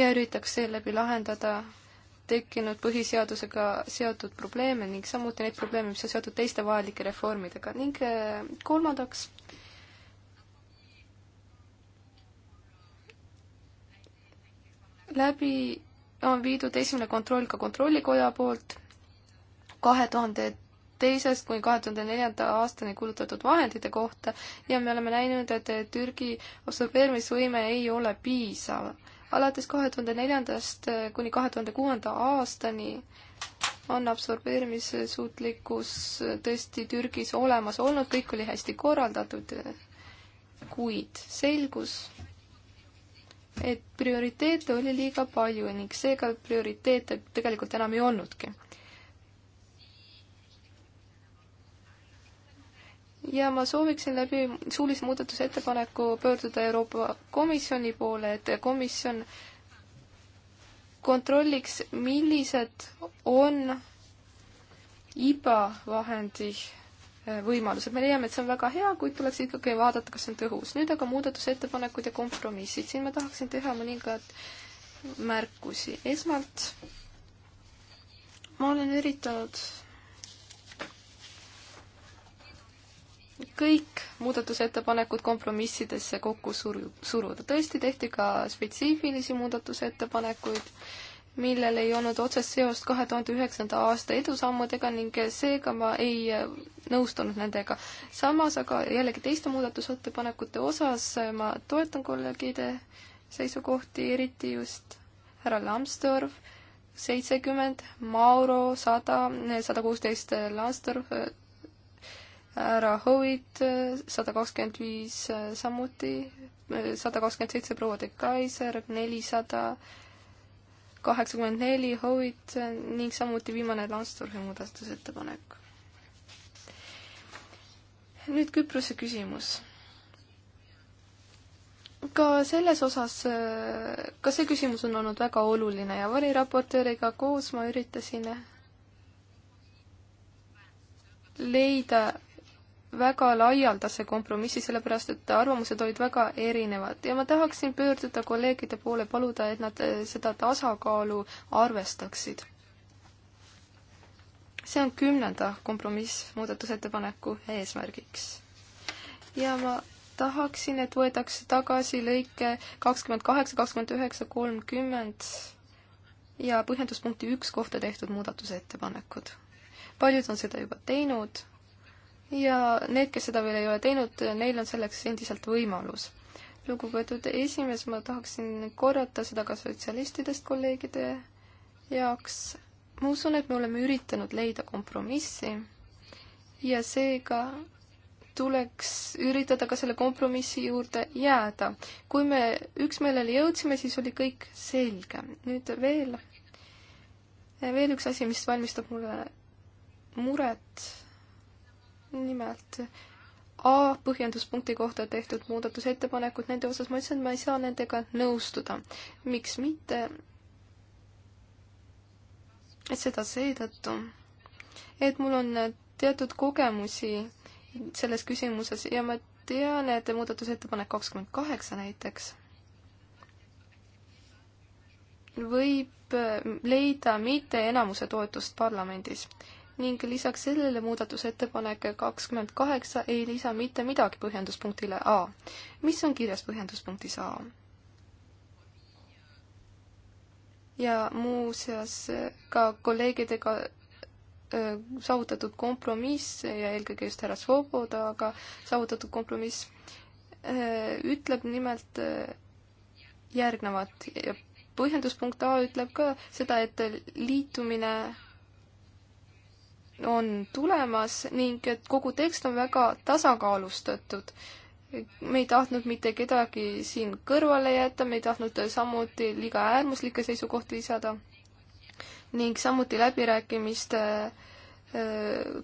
ja üritaks seeläbi lahendada tekkinud põhiseadusega seotud probleeme ning samuti neid probleeme, mis on seotud teiste vajalike reformidega ning äh, kolmandaks, läbi on viidud esimene kontroll ka Kontrollikoja poolt kahe tuhande teisest kuni kahe tuhande neljanda aastani kulutatud vahendite kohta ja me oleme näinud, et Türgi absorbeerimisvõime ei ole piisav alates kahe tuhande neljandast kuni kahe tuhande kuuenda aastani on absorbeerimissuutlikkus tõesti Türgis olemas olnud, kõik oli hästi korraldatud, kuid selgus, et prioriteete oli liiga palju ning seega prioriteete tegelikult enam ei olnudki ja ma sooviksin läbi suulise muudatusettepaneku pöörduda Euroopa Komisjoni poole, et komisjon kontrolliks, millised on IBA vahendi äh, võimalused. me leiame, et see on väga hea, kuid tuleks ikkagi vaadata, kas see on tõhus. nüüd aga muudatusettepanekud ja kompromissid. siin ma tahaksin teha mõningad märkusi. esmalt ma olen üritanud kõik muudatusettepanekud kompromissidesse kokku suru-, suruda. tõesti, tehti ka spetsiifilisi muudatusettepanekuid, millel ei olnud otsest seost kahe tuhande üheksanda aasta edusammudega ning seega ma ei nõustunud nendega. samas aga jällegi teiste muudatusettepanekute osas ma toetan kolleegide seisukohti, eriti just härra Lambsdorff, seitsekümmend, Mauro sada, sada kuusteist Lansdorff, härra Howitt sada kakskümmend viis äh, samuti, äh, sada kakskümmend seitse proua de Kaiser, nelisada kaheksakümmend neli Howitt äh, ning samuti viimane Lansdorfi muudatusettepanek. nüüd Küprose küsimus. ka selles osas, ka see küsimus on olnud väga oluline ja variraportööriga koos ma üritasin leida väga laialdase kompromissi, sellepärast et arvamused olid väga erinevad ja ma tahaksin pöörduda kolleegide poole, paluda, et nad eh, seda tasakaalu arvestaksid. see on kümnenda kompromiss muudatusettepaneku eesmärgiks. ja ma tahaksin, et võetakse tagasi lõike kakskümmend kaheksa, kakskümmend üheksa, kolmkümmend ja põhjenduspunkti üks kohta tehtud muudatusettepanekud. paljud on seda juba teinud ja need, kes seda veel ei ole teinud, neil on selleks endiselt võimalus. lugupeetud esimees, ma tahaksin korrata seda ka sotsialistidest kolleegide jaoks. ma usun, et me oleme üritanud leida kompromissi ja seega tuleks üritada ka selle kompromissi juurde jääda. kui me üksmeelele jõudsime, siis oli kõik selge. nüüd veel, veel üks asi, mis valmistab mulle muret nimelt A põhjenduspunkti kohta tehtud muudatusettepanekud, nende osas ma ütlesin, et ma ei saa nendega nõustuda. miks mitte? seda seetõttu, et mul on teatud kogemusi selles küsimuses ja ma tean, et muudatusettepanek kakskümmend kaheksa näiteks võib leida mitte enamuse toetust parlamendis ning lisaks sellele muudatusettepanek kakskümmend kaheksa ei lisa mitte midagi põhjenduspunktile A. mis on kirjas põhjenduspunktis A? ja muuseas ka kolleegidega äh, saavutatud kompromiss ja eelkõige just härra Svoboda, aga saavutatud kompromiss äh, ütleb nimelt äh, järgnevat ja põhjenduspunkt A ütleb ka seda, et liitumine on tulemas ning et kogu tekst on väga tasakaalustatud. me ei tahtnud mitte kedagi siin kõrvale jätta, me ei tahtnud samuti liiga äärmuslikke seisukohti lisada ning samuti läbirääkimiste äh,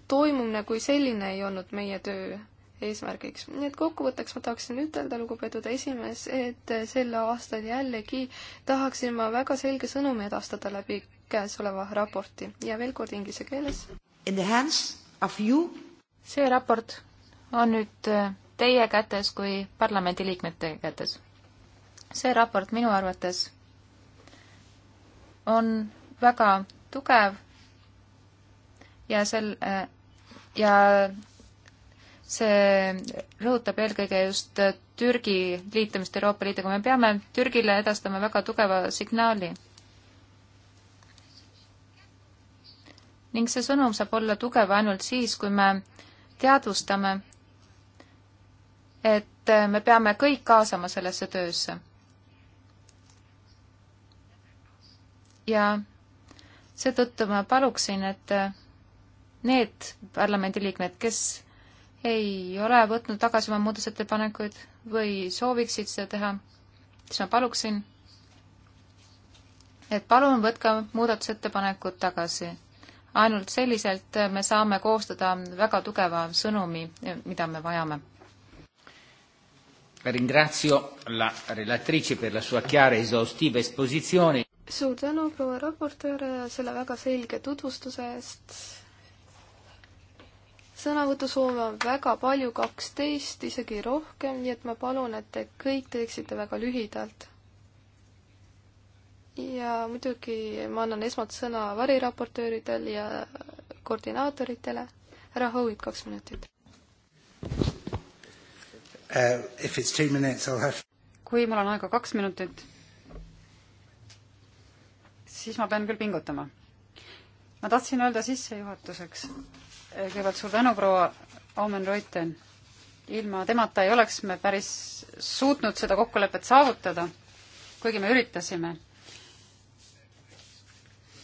toimumine kui selline ei olnud meie töö eesmärgiks. nii et kokkuvõtteks ma tahaksin ütelda, lugupeetud esimees, et sel aastal jällegi tahaksin ma väga selge sõnumi edastada läbi käesoleva raporti ja veel kord inglise keeles in the hands of you. see raport on nüüd äh, teie kätes kui parlamendiliikmete kätes. see raport minu arvates on väga tugev ja sel- äh, ja see rõhutab eelkõige just äh, Türgi liitumist Euroopa Liiduga. me peame Türgile edastama väga tugeva signaali ning see sõnum saab olla tugev ainult siis, kui me teadvustame, et me peame kõik kaasama sellesse töösse. ja seetõttu ma paluksin, et need parlamendiliikmed, kes ei ole võtnud tagasi oma muudatusettepanekuid või sooviksid seda teha, siis ma paluksin, et palun võtke muudatusettepanekud tagasi ainult selliselt me saame koostada väga tugeva sõnumi, mida me vajame. Ringrazio la relatrice per la sua chiara e esaustiva esposizione. suur tänu, proua raportöör, selle väga selge tutvustuse eest. sõnavõtusoove on väga palju, kaksteist, isegi rohkem, nii et ma palun, et te kõik teeksite väga lühidalt ja muidugi ma annan esmalt sõna variraportööridel ja koordinaatoritele. härra Howitt, kaks minutit uh,. Have... kui mul on aega kaks minutit, siis ma pean küll pingutama. ma tahtsin öelda sissejuhatuseks kõigepealt suur tänu, proua Omen Reuten. ilma temata ei oleks me päris suutnud seda kokkulepet saavutada, kuigi me üritasime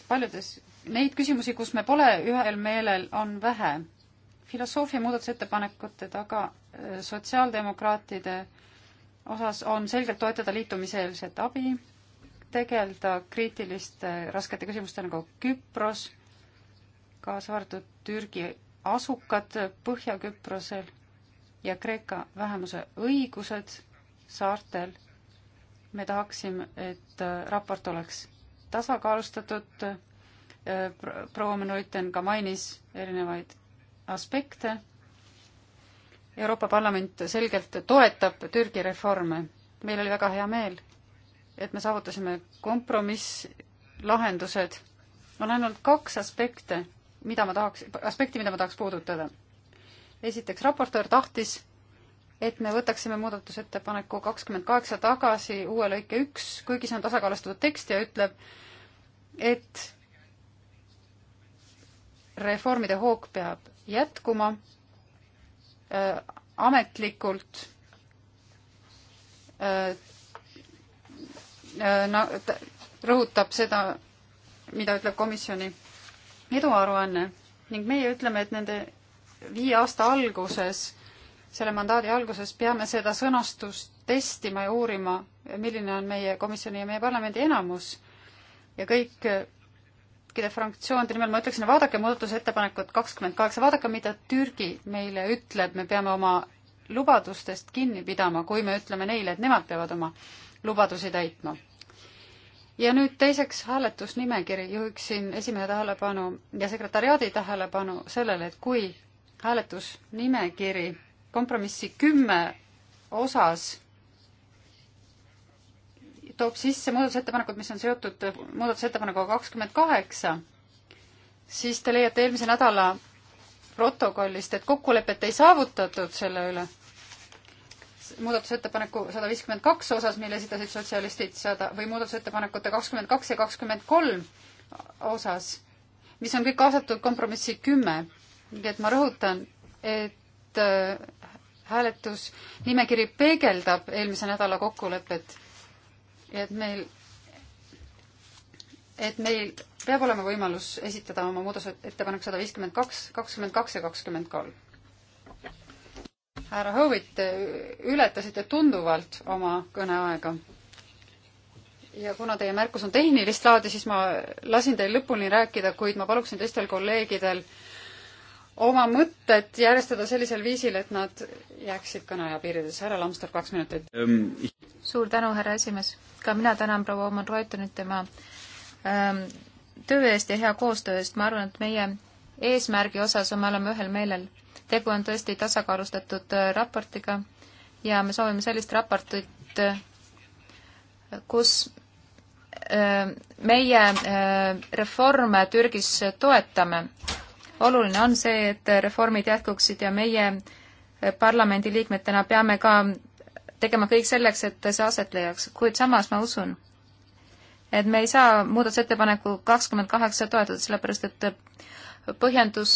paljudes, neid küsimusi, kus me pole ühel meelel, on vähe. filosoofia muudatusettepanekute taga äh, sotsiaaldemokraatide osas on selgelt toetada liitumiseelset abi, tegeleda kriitiliste raskete küsimustega nagu Küpros, kaasa arvatud Türgi asukad Põhja-Küprosel ja Kreeka vähemuse õigused saartel. me tahaksime, et äh, raport oleks tasakaalustatud. Äh, proua Menuiten ka mainis erinevaid aspekte. Euroopa Parlament selgelt toetab Türgi reforme. meil oli väga hea meel, et me saavutasime kompromisslahendused. on ainult kaks aspekte, mida ma tahaks, aspekti, mida ma tahaks puudutada. esiteks, raportöör tahtis et me võtaksime muudatusettepaneku kakskümmend kaheksa tagasi uue lõike üks, kuigi see on tasakaalustatud tekst ja ütleb, et reformide hoog peab jätkuma äh, ametlikult äh, äh na, rõhutab seda, mida ütleb komisjoni eduaruanne ning meie ütleme, et nende viie aasta alguses äh, selle mandaadi alguses peame seda sõnastust testima ja uurima, milline on meie komisjoni ja meie parlamendi enamus ja kõik kõikide fraktsioonide nimel ma ütleksin, vaadake muudatusettepanekut kakskümmend kaheksa, vaadake, mida Türgi meile ütleb, me peame oma lubadustest kinni pidama, kui me ütleme neile, et nemad peavad oma lubadusi täitma. ja nüüd teiseks hääletusnimekiri, juhiksin esimehe tähelepanu ja sekretäriaadi tähelepanu sellele, et kui hääletusnimekiri kompromissi kümme osas toob sisse muudatusettepanekud, mis on seotud muudatusettepanekuga kakskümmend kaheksa, siis te leiate eelmise nädala protokollist, et kokkulepet ei saavutatud selle üle muudatusettepaneku sada viiskümmend kaks osas, mille esitasid sotsialistid sada või muudatusettepanekute kakskümmend kaks ja kakskümmend kolm osas, mis on kõik kaasatud kompromissi kümme. nii et ma rõhutan, et et äh, hääletusnimekiri peegeldab eelmise nädala kokkulepet ja et meil, et meil peab olema võimalus esitada oma muudatusettepanek sada viiskümmend kaks, kakskümmend kaks ja kakskümmend kolm. härra Howitt, ületasite tunduvalt oma kõneaega ja kuna teie märkus on tehnilist laadi, siis ma lasin teil lõpuni rääkida, kuid ma paluksin teistel kolleegidel oma mõtted järjestada sellisel viisil, et nad jääksid kõneaja piiridesse. härra Lamstor, kaks minutit ähm,. suur tänu, härra esimees. ka mina tänan proua Oman Reutenit tema ähm, töö eest ja hea koostöö eest. ma arvan, et meie eesmärgi osas me oleme ühel meelel. tegu on tõesti tasakaalustatud äh, raportiga ja me soovime sellist raportit, äh, kus äh, meie reforme Türgis toetame oluline on see, et reformid jätkuksid ja meie parlamendiliikmetena peame ka tegema kõik selleks, et see aset leiaks, kuid samas ma usun, et me ei saa muudatusettepaneku kakskümmend kaheksa toetada, sellepärast et põhjendus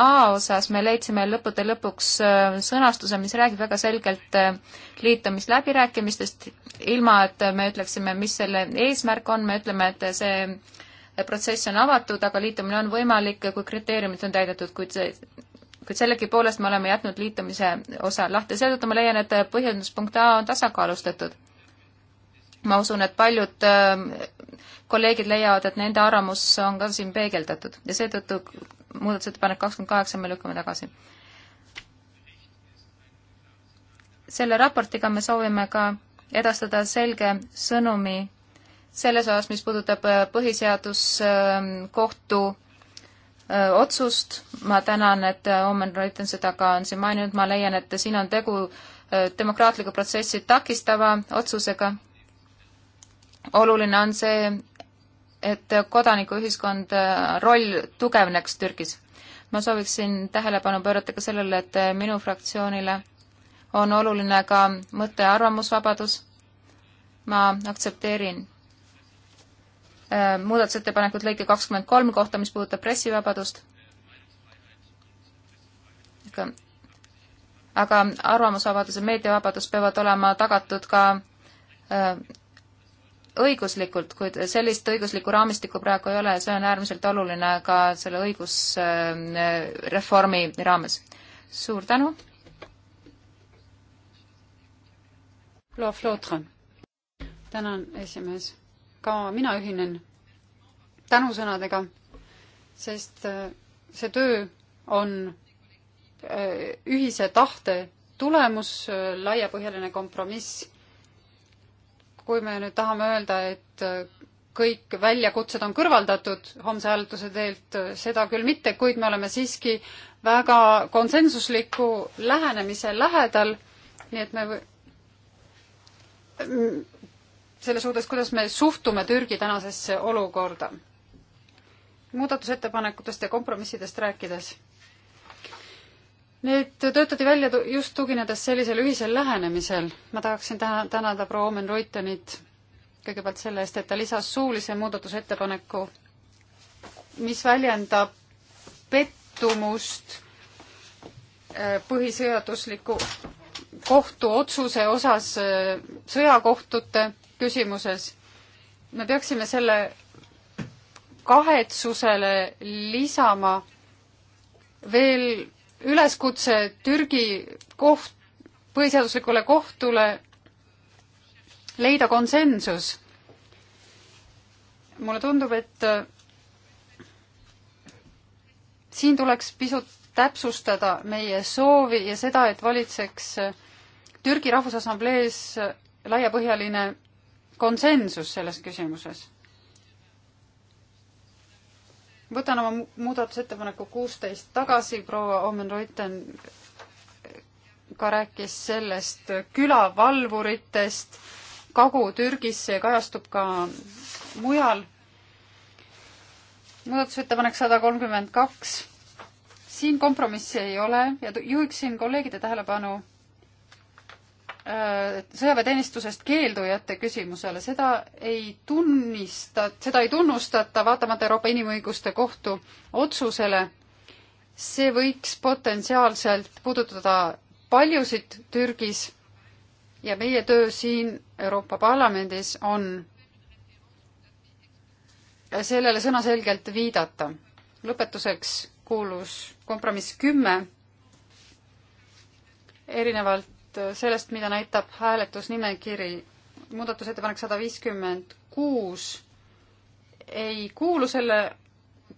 A osas me leidsime lõppude lõpuks äh, sõnastuse, mis räägib väga selgelt äh, liitumisläbirääkimistest, ilma et me ütleksime, mis selle eesmärk on, me ütleme, et see protsess on avatud, aga liitumine on võimalik, kui kriteeriumid on täidetud, kuid see kuid sellegipoolest me oleme jätnud liitumise osa lahti, seetõttu ma leian, et põhjenduspunkt A on tasakaalustatud. ma usun, et paljud ähm, kolleegid leiavad, et nende arvamus on ka siin peegeldatud ja seetõttu muudatusettepanek kakskümmend kaheksa me lükkame tagasi. selle raportiga me soovime ka edastada selge sõnumi selles osas, mis puudutab äh, põhiseaduskohtu äh, otsust, ma tänan, et äh, Omen Reuten seda ka on siin maininud, ma leian, et siin on tegu demokraatliku protsessi takistava otsusega. oluline on see, et kodanikuühiskond roll tugevneks Türgis. ma sooviksin tähelepanu pöörata ka sellele, et minu fraktsioonile on oluline ka mõtte- ja arvamusvabadus. ma aktsepteerin Äh, muudatusettepanekut lõike kakskümmend kolm kohta, mis puudutab pressivabadust. aga arvamusvabadus ja meediavabadus peavad olema tagatud ka äh, õiguslikult, kuid sellist õiguslikku raamistikku praegu ei ole ja see on äärmiselt oluline ka selle õigusreformi äh, raames. suur tänu! tänan, esimees ka mina ühinen tänusõnadega, sest äh, see töö on äh, ühise tahte tulemus, äh, laiapõhjaline kompromiss. kui me nüüd tahame öelda, et kõik väljakutsed on kõrvaldatud homse hääletuse teelt, seda küll mitte, kuid me oleme siiski väga konsensusliku lähenemise lähedal, nii et me selles suhtes, kuidas me suhtume Türgi tänasesse olukorda. muudatusettepanekutest ja kompromissidest rääkides. Need töötati välja just tuginedes sellisel ühisel lähenemisel. ma tahaksin täna, tänada proua Omen Reutenit kõigepealt selle eest, et ta lisas suulise muudatusettepaneku, mis väljendab pettumust äh, põhiseadusliku kohtuotsuse osas äh, sõjakohtute küsimuses. me peaksime selle kahetsusele lisama veel üleskutse Türgi koht, põhiseaduslikule kohtule leida konsensus. mulle tundub, et äh, siin tuleks pisut täpsustada meie soovi ja seda, et valitseks äh, Türgi Rahvusassamblees äh, laiapõhjaline konsensus selles küsimuses. võtan oma muudatusettepaneku kuusteist tagasi, proua Omen-Reuten ka rääkis sellest külavalvuritest Kagu-Türgis, see kajastub ka mujal. muudatusettepanek sada kolmkümmend kaks siin kompromissi ei ole ja juhiksin kolleegide tähelepanu Äh, sõjaväeteenistusest keeldujate küsimusele, seda ei tunnista, seda ei tunnustata vaatamata Euroopa Inimõiguste Kohtu otsusele. see võiks potentsiaalselt puudutada paljusid Türgis ja meie töö siin Euroopa Parlamendis on sellele sõnaselgelt viidata. lõpetuseks kuulus kompromiss kümme, erinevalt Äh, sellest, mida näitab hääletusnimekiri. muudatusettepanek sada viiskümmend kuus ei kuulu selle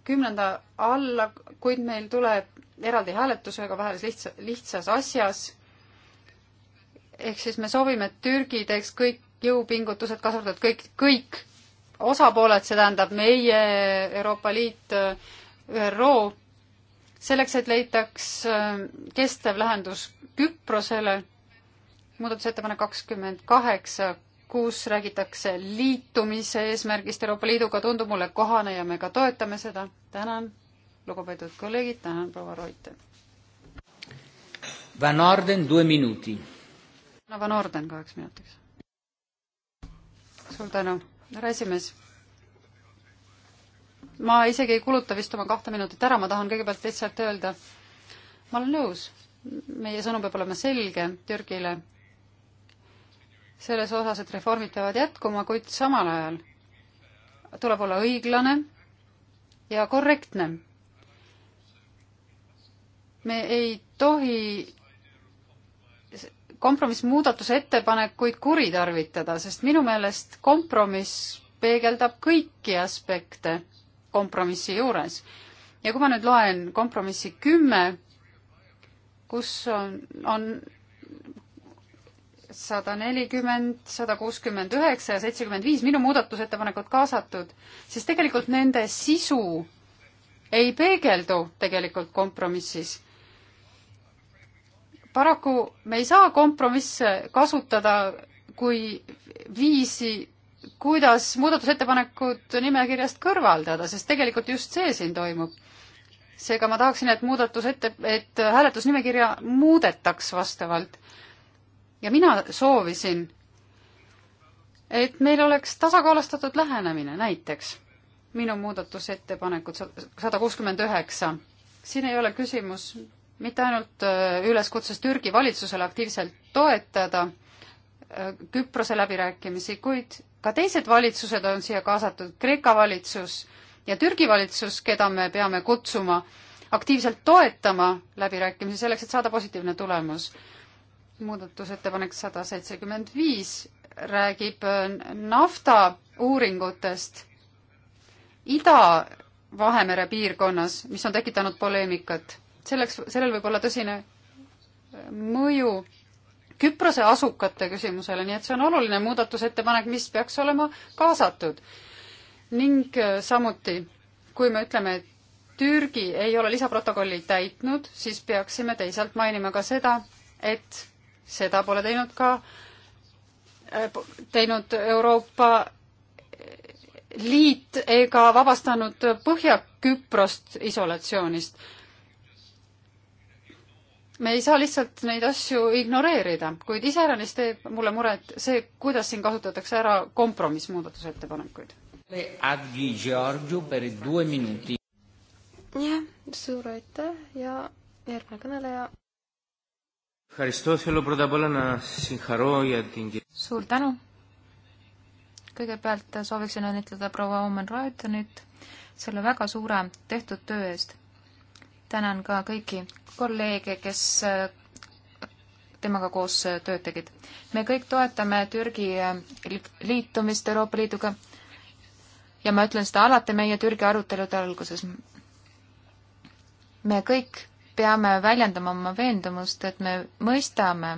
kümnenda alla, kuid meil tuleb eraldi hääletus väga vähes lihtsa, lihtsas asjas. ehk siis me soovime, et Türgi teeks kõik jõupingutused, kaasa arvatud kõik, kõik osapooled, see tähendab meie, Euroopa Liit, ÜRO, selleks, et leitaks äh, kestev lahendus Küprosele muudatusettepanek kakskümmend kaheksa, kus räägitakse liitumise eesmärgist Euroopa Liiduga, tundub mulle kohane ja me ka toetame seda. tänan, lugupeetud kolleegid, tänan, proua Reuter. Van Orden, kaks minuti. no Van Orden kaheks minutiks. suur tänu, härra esimees. ma isegi ei kuluta vist oma kahte minutit ära, ma tahan kõigepealt lihtsalt öelda, ma olen nõus meie sõnum peab olema selge Türgile selles osas, et reformid peavad jätkuma, kuid samal ajal tuleb olla õiglane ja korrektne. me ei tohi kompromissmuudatuse ettepanekuid kuritarvitada, sest minu meelest kompromiss peegeldab kõiki aspekte kompromissi juures. ja kui ma nüüd loen kompromissi kümme, kus on, on sada nelikümmend, sada kuuskümmend üheksa ja seitsekümmend viis minu muudatusettepanekud kaasatud, siis tegelikult nende sisu ei peegeldu tegelikult kompromissis. paraku me ei saa kompromisse kasutada kui viisi, kuidas muudatusettepanekud nimekirjast kõrvaldada, sest tegelikult just see siin toimub. seega ma tahaksin, et muudatusette, et hääletusnimekirja muudetaks vastavalt ja mina soovisin, et meil oleks tasakaalustatud lähenemine, näiteks minu muudatusettepanekud sada kuuskümmend üheksa. siin ei ole küsimus mitte ainult äh, üleskutses Türgi valitsusele aktiivselt toetada äh, Küprose läbirääkimisi, kuid ka teised valitsused on siia kaasatud, Kreeka valitsus ja Türgi valitsus, keda me peame kutsuma aktiivselt toetama läbirääkimisi selleks, et saada positiivne tulemus muudatusettepanek sada seitsekümmend viis räägib äh, nafta uuringutest Ida-Vahemere piirkonnas, mis on tekitanud poleemikat. selleks, sellel võib olla tõsine äh, mõju Küprose asukate küsimusele, nii et see on oluline muudatusettepanek, mis peaks olema kaasatud. ning äh, samuti, kui me ütleme, et Türgi ei ole lisaprotokolli täitnud, siis peaksime teisalt mainima ka seda, et seda pole teinud ka, äh, teinud Euroopa Liit ega vabastanud Põhja-Küprost isolatsioonist. me ei saa lihtsalt neid asju ignoreerida, kuid iseäranis teeb mulle muret see, kuidas siin kasutatakse ära kompromissmuudatusettepanekuid. jah, suur aitäh ja järgmine kõneleja suur tänu! kõigepealt sooviksin õnnitleda proua Omen Reutenit selle väga suure tehtud töö eest. tänan ka kõiki kolleege, kes äh, temaga koos äh, tööd tegid. me kõik toetame Türgi äh, liitumist Euroopa Liiduga ja ma ütlen seda alati meie Türgi arutelude alguses. me kõik peame väljendama oma veendumust, et me mõistame,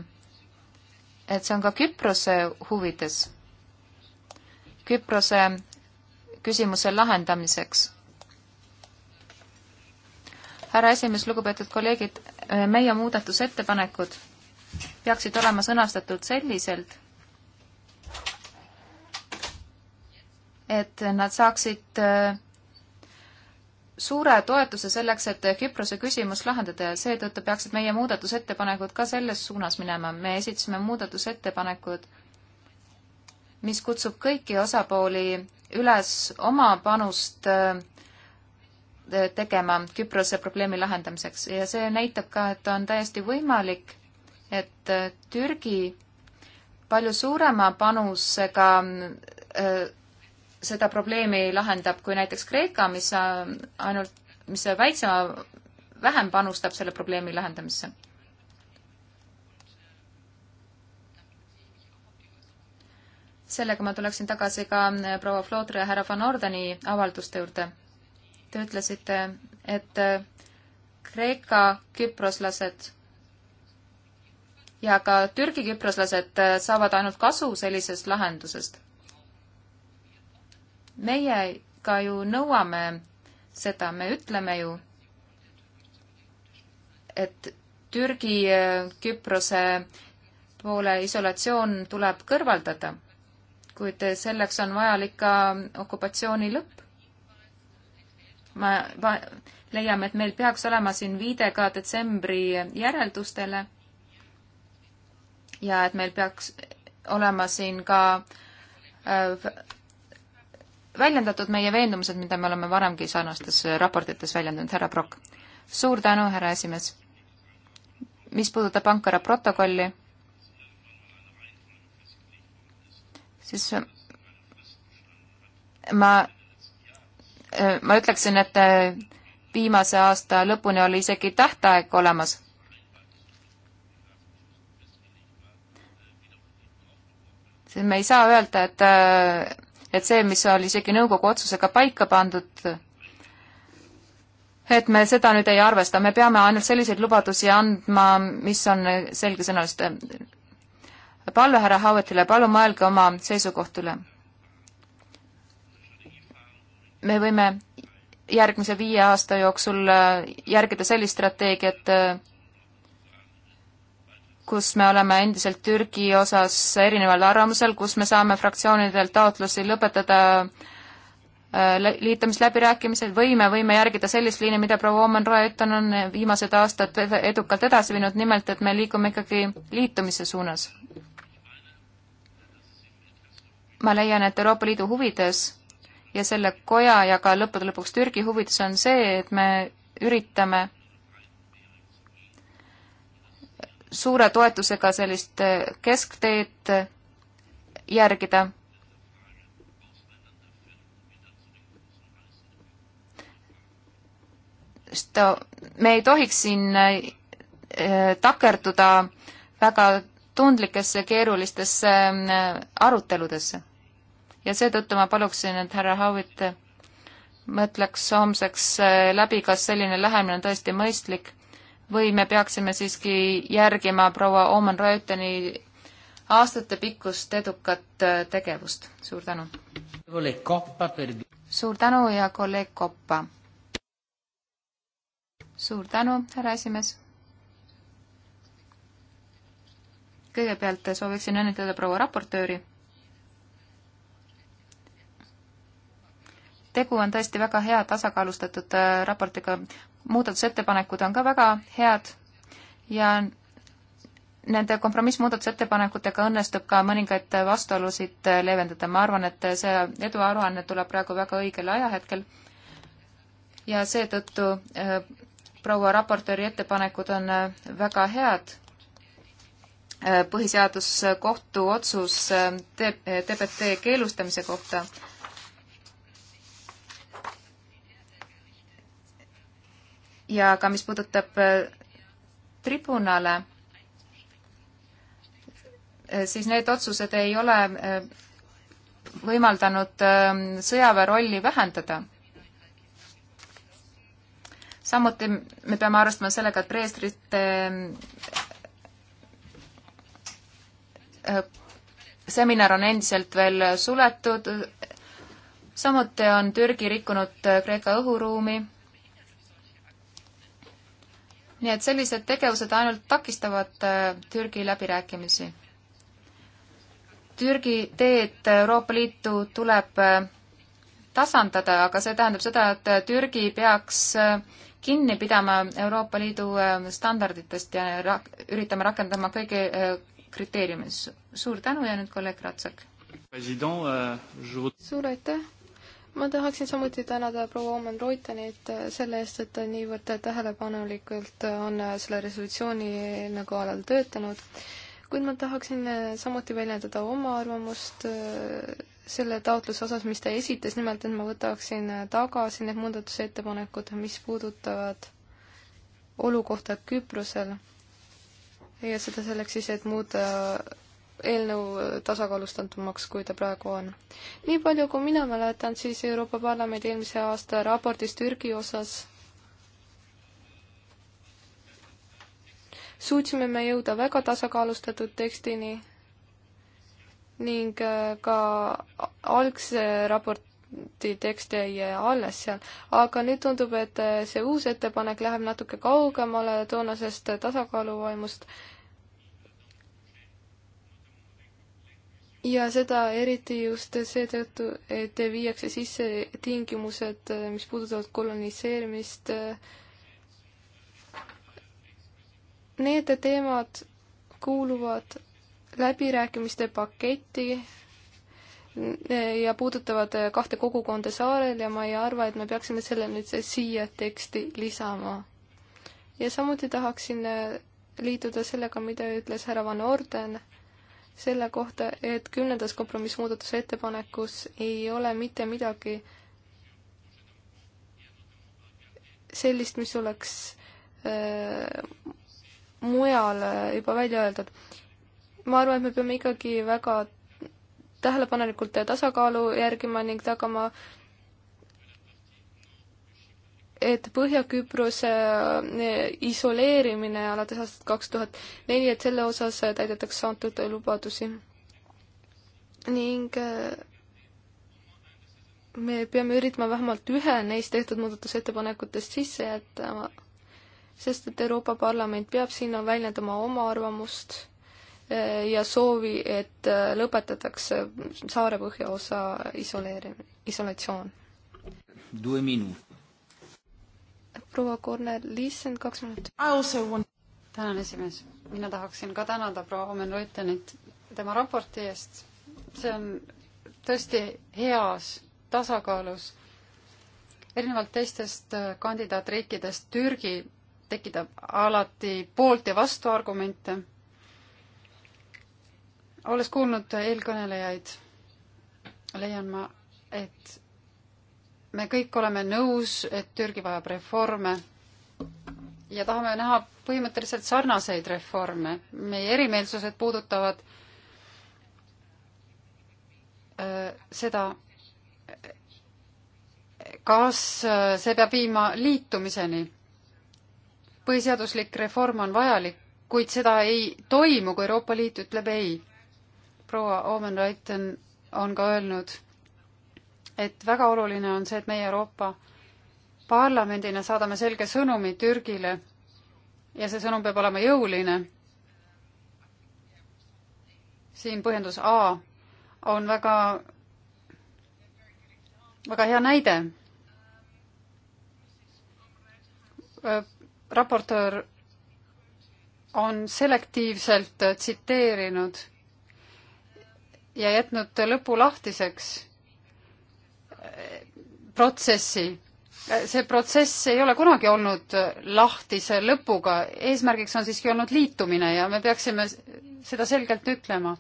et see on ka Küprose huvides, Küprose küsimuse lahendamiseks. härra esimees, lugupeetud kolleegid, meie muudatusettepanekud peaksid olema sõnastatud selliselt, et nad saaksid äh, suure toetuse selleks, et Küprose küsimus lahendada ja seetõttu peaksid meie muudatusettepanekud ka selles suunas minema. me esitasime muudatusettepanekud, mis kutsub kõiki osapooli üles oma panust äh, tegema Küprose probleemi lahendamiseks ja see näitab ka, et on täiesti võimalik, et äh, Türgi palju suurema panusega äh, seda probleemi lahendab kui näiteks Kreeka, mis äh, ainult, mis väiksema, vähem panustab selle probleemi lahendamisse. sellega ma tuleksin tagasi ka äh, proua Flootri ja härra Van Ordeni avalduste juurde. Te ütlesite, et äh, Kreeka küproslased ja ka Türgi küproslased saavad ainult kasu sellisest lahendusest meie ka ju nõuame seda, me ütleme ju, et Türgi äh, Küprose poole isolatsioon tuleb kõrvaldada, kuid äh, selleks on vajalik ka okupatsiooni lõpp. ma leiame, et meil peaks olema siin viide ka detsembri järeldustele ja et meil peaks olema siin ka äh, väljendatud meie veendumused, mida me oleme varemgi sarnastes raportites väljendanud, härra Brock. suur tänu, härra esimees. mis puudutab Ankara protokolli, siis ma, ma ütleksin, et viimase aasta lõpuni oli isegi tähtaeg olemas. me ei saa öelda, et et see, mis oli isegi nõukogu otsusega paika pandud, et me seda nüüd ei arvesta, me peame ainult selliseid lubadusi andma, mis on selgesõnalist. palun härra Howardile, palun mõelge oma seisukoht üle. me võime järgmise viie aasta jooksul järgida sellist strateegiat, kus me oleme endiselt Türgi osas erineval arvamusel, kus me saame fraktsioonidelt taotlusi lõpetada äh, liitumisläbirääkimised või me võime järgida sellist liini, mida proua Oman Roeton on viimased aastad edukalt edasi viinud, nimelt et me liigume ikkagi liitumise suunas. ma leian, et Euroopa Liidu huvides ja selle koja ja ka lõppude lõpuks Türgi huvides on see, et me üritame suure toetusega sellist eh, keskteed eh, järgida. sest eh, me ei tohiks siin takerduda väga tundlikesse keerulistesse aruteludesse. ja seetõttu ma paluksin, et härra Howitt mõtleks homseks läbi, kas selline lähemine on tõesti mõistlik või me peaksime siiski järgima proua Oman Rööteni aastatepikkust edukat äh, tegevust. suur tänu! suur tänu ja kolleeg Koppa! suur tänu, härra esimees! kõigepealt äh, sooviksin õnnitleda proua raportööri tegu on tõesti väga hea tasakaalustatud äh, raportiga. muudatusettepanekud on ka väga head ja nende kompromissmuudatusettepanekutega õnnestub ka mõningaid vastuolusid äh, leevendada. ma arvan, et see eduaruanne tuleb praegu väga õigel ajahetkel ja seetõttu äh, proua raportööri ettepanekud on äh, väga head äh,. põhiseaduskohtu otsus TBT äh, keelustamise kohta ja ka mis puudutab äh, tribunale, äh, siis need otsused ei ole äh, võimaldanud ähm, sõjaväe rolli vähendada. samuti me peame arvestama sellega, et preestrite seminar on endiselt veel suletud, samuti on Türgi rikkunud Kreeka õhuruumi nii et sellised tegevused ainult takistavad äh, Türgi läbirääkimisi. Türgi teed Euroopa Liitu tuleb äh, tasandada, aga see tähendab seda, et äh, Türgi peaks kinni pidama Euroopa Liidu standarditest ja rak-, üritama rakendama kõigi kriteeriumis. suur tänu ja nüüd kolleeg Ratsak. suur aitäh, ma tahaksin samuti tänada proua Oman Reutenit selle eest, et ta niivõrd tähelepanelikult on selle resolutsiooni eelnõu kallal töötanud, kuid ma tahaksin samuti väljendada oma arvamust äh, selle taotluse osas, mis ta esitas, nimelt et ma võtaksin tagasi need muudatusettepanekud, mis puudutavad olukorda Küprosel ja seda selleks siis, et muuta eelnõu tasakaalustatumaks, kui ta praegu on. nii palju, kui mina mäletan, siis Euroopa Parlamendi eelmise aasta raportis Türgi osas suutsime me jõuda väga tasakaalustatud tekstini ning äh, ka algse raporti tekst jäi alles seal, aga nüüd tundub, et äh, see uus ettepanek läheb natuke kaugemale toonasest tasakaaluvaimust ja seda eriti just seetõttu, et viiakse sisse tingimused, äh, mis puudutavad koloniseerimist. Need teemad kuuluvad läbirääkimiste paketti äh, ja puudutavad äh, kahte kogukonda saarel ja ma ei arva, et me peaksime selle nüüd siia teksti lisama. ja samuti tahaksin liituda sellega, mida ütles härra Van Orden selle kohta, et kümnendas kompromissmuudatuse ettepanekus ei ole mitte midagi sellist, mis oleks äh, mujal juba välja öeldud. ma arvan, et me peame ikkagi väga tähelepanelikult tasakaalu järgima ning tagama äh, et Põhja-Küprose eh, isoleerimine alates aastast kaks tuhat neli, et selle osas täidetakse antud lubadusi. ning eh, me peame üritama vähemalt ühe neist tehtud muudatusettepanekutest sisse jätta, sest et Euroopa Parlament peab siin väljendama oma arvamust eh, ja soovi, et lõpetatakse saare põhjaosa isoleerimine, isolatsioon proua Kornelissen, kaks minutit. tänan, esimees. mina tahaksin ka tänada proua Omen Reutenit tema raporti eest. see on tõesti heas tasakaalus. erinevalt teistest äh, kandidaatriikidest Türgi tekitab alati poolt- ja vastuargumente. olles kuulnud eelkõnelejaid, leian ma, et me kõik oleme nõus, et Türgi vajab reforme ja tahame näha põhimõtteliselt sarnaseid reforme. meie erimeelsused puudutavad äh, seda, kas äh, see peab viima liitumiseni. põhiseaduslik reform on vajalik, kuid seda ei toimu, kui Euroopa Liit ütleb ei. proua Omen-Reiten on ka öelnud et väga oluline on see, et meie Euroopa Parlamendina saadame selge sõnumi Türgile ja see sõnum peab olema jõuline. siin põhjendus A on väga, väga hea näide. raportöör on selektiivselt tsiteerinud ja jätnud lõpu lahtiseks protsessi. see protsess ei ole kunagi olnud lahtise lõpuga, eesmärgiks on siiski olnud liitumine ja me peaksime seda selgelt ütlema.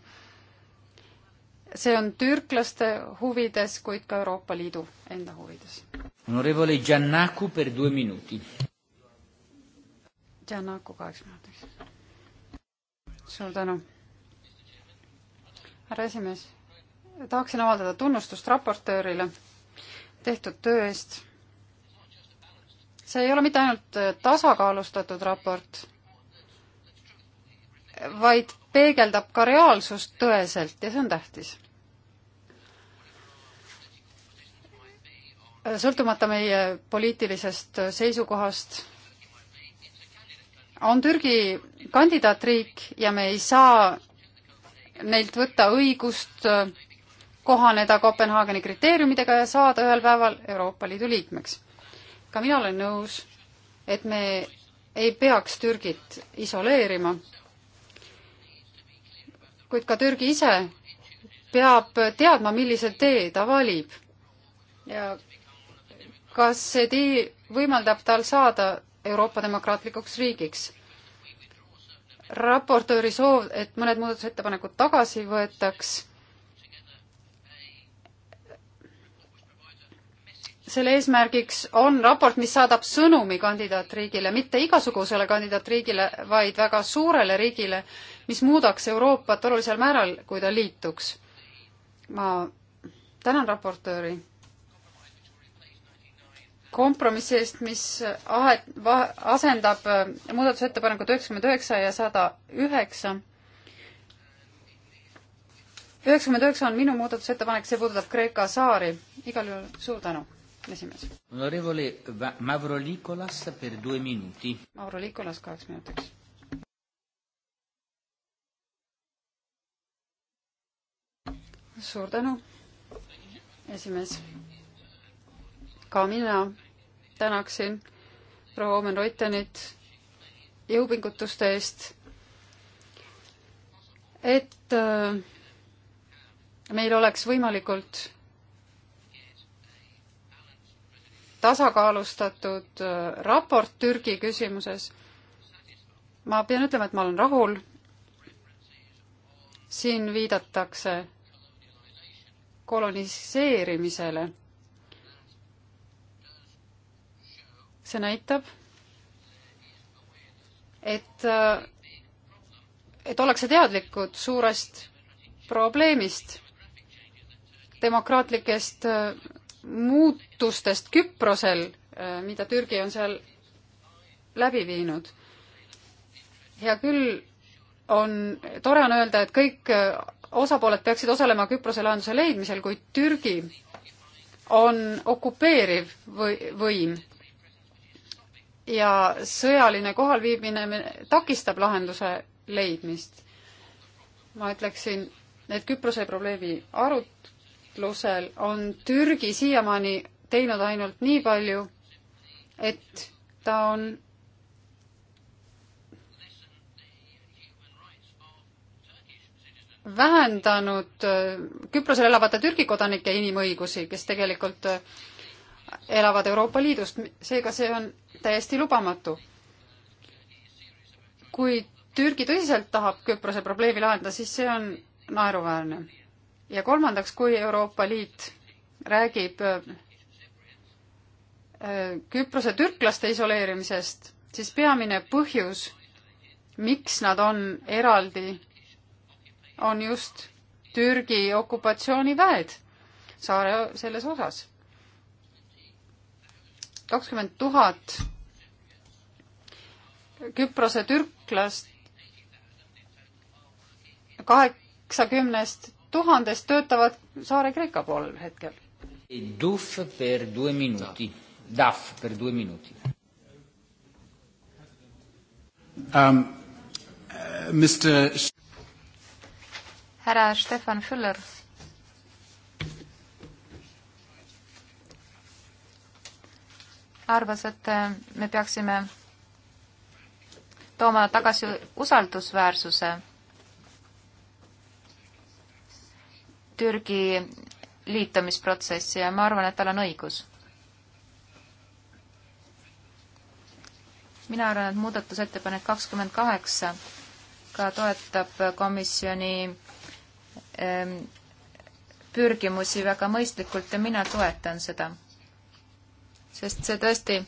see on türklaste huvides, kuid ka Euroopa Liidu enda huvides. Honorevole Giannaku per due minuti. Giannaku kaheks minutiks. suur tänu. härra esimees tahaksin avaldada tunnustust raportöörile tehtud töö eest. see ei ole mitte ainult äh, tasakaalustatud raport, vaid peegeldab ka reaalsust tõeselt ja see on tähtis. Äh, sõltumata meie poliitilisest äh, seisukohast, on Türgi kandidaatriik ja me ei saa neilt võtta õigust kohaneda Kopenhaageni kriteeriumidega ja saada ühel päeval Euroopa Liidu liikmeks. ka mina olen nõus, et me ei peaks Türgit isoleerima, kuid ka Türgi ise peab teadma, millise tee ta valib ja kas see tee võimaldab tal saada Euroopa demokraatlikuks riigiks. raportööri soov, et mõned muudatusettepanekud tagasi võetaks selle eesmärgiks on raport, mis saadab sõnumi kandidaatriigile, mitte igasugusele kandidaatriigile, vaid väga suurele riigile, mis muudaks Euroopat olulisel määral, kui ta liituks. ma tänan raportööri kompromissi eest, mis ahet-, asendab äh, muudatusettepanekud üheksakümmend üheksa ja sada üheksa. üheksakümmend üheksa on minu muudatusettepanek, see puudutab Kreeka saari. igal juhul suur tänu esimees. Honorevole Mavro-Nikolas per due minuti. Mavro-Nikolas kaheks minutiks. suur tänu, esimees. ka mina tänaksin proua Omen Reutenit jõupingutuste eest, et äh, meil oleks võimalikult tasakaalustatud äh, raport Türgi küsimuses. ma pean ütlema, et ma olen rahul. siin viidatakse koloniseerimisele. see näitab, et, äh, et ollakse teadlikud suurest probleemist, demokraatlikest äh, muutustest Küprosel, äh, mida Türgi on seal läbi viinud. hea küll, on, tore on öelda, et kõik äh, osapooled peaksid osalema Küprose lahenduse leidmisel, kuid Türgi on okupeeriv või, võim ja sõjaline kohalviibimine takistab lahenduse leidmist. ma ütleksin, et Küprose probleemi arut-, menetlusel on Türgi siiamaani teinud ainult nii palju, et ta on vähendanud äh, Küprosel elavate Türgi kodanike inimõigusi, kes tegelikult äh, elavad Euroopa Liidust, seega see on täiesti lubamatu. kui Türgi tõsiselt tahab Küprose probleemi lahendada, siis see on naeruväärne ja kolmandaks, kui Euroopa Liit räägib äh, Küprose türklaste isoleerimisest, siis peamine põhjus, miks nad on eraldi, on just Türgi okupatsiooniväed saare selles osas. kakskümmend tuhat Küprose türklast kaheksakümnest tuhandest töötavad saare Kreeka poolel hetkel. Duf per due minuti, Daf per due minuti um,. Uh, Mr. härra Stefan Füller. arvas, et äh, me peaksime tooma tagasi usaldusväärsuse Türgi liitumisprotsessi ja ma arvan, et tal on õigus. mina arvan, et muudatusettepanek kakskümmend kaheksa ka toetab komisjoni ähm, pürgimusi väga mõistlikult ja mina toetan seda. sest see tõesti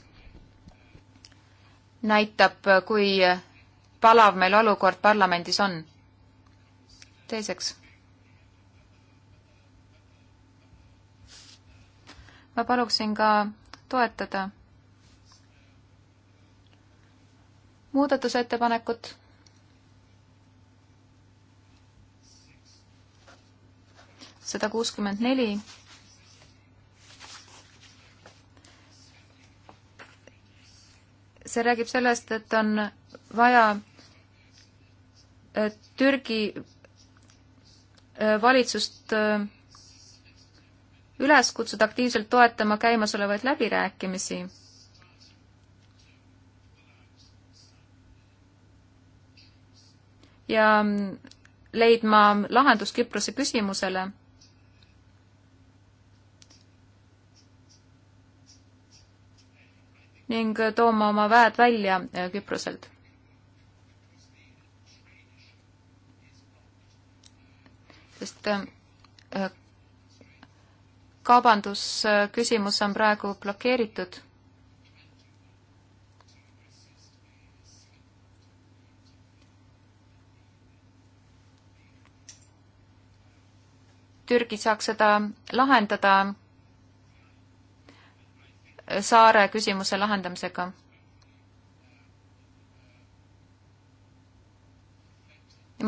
näitab, kui palav meil olukord parlamendis on. teiseks ma paluksin ka toetada muudatusettepanekut sada kuuskümmend neli. see räägib sellest, et on vaja Türgi äh, valitsust äh, üles kutsuda aktiivselt toetama käimasolevaid läbirääkimisi. ja leidma lahendus Küprose küsimusele. ning tooma oma väed välja eh, Küproselt sest eh, kaubandusküsimus on praegu blokeeritud. Türgi saaks seda lahendada saare küsimuse lahendamisega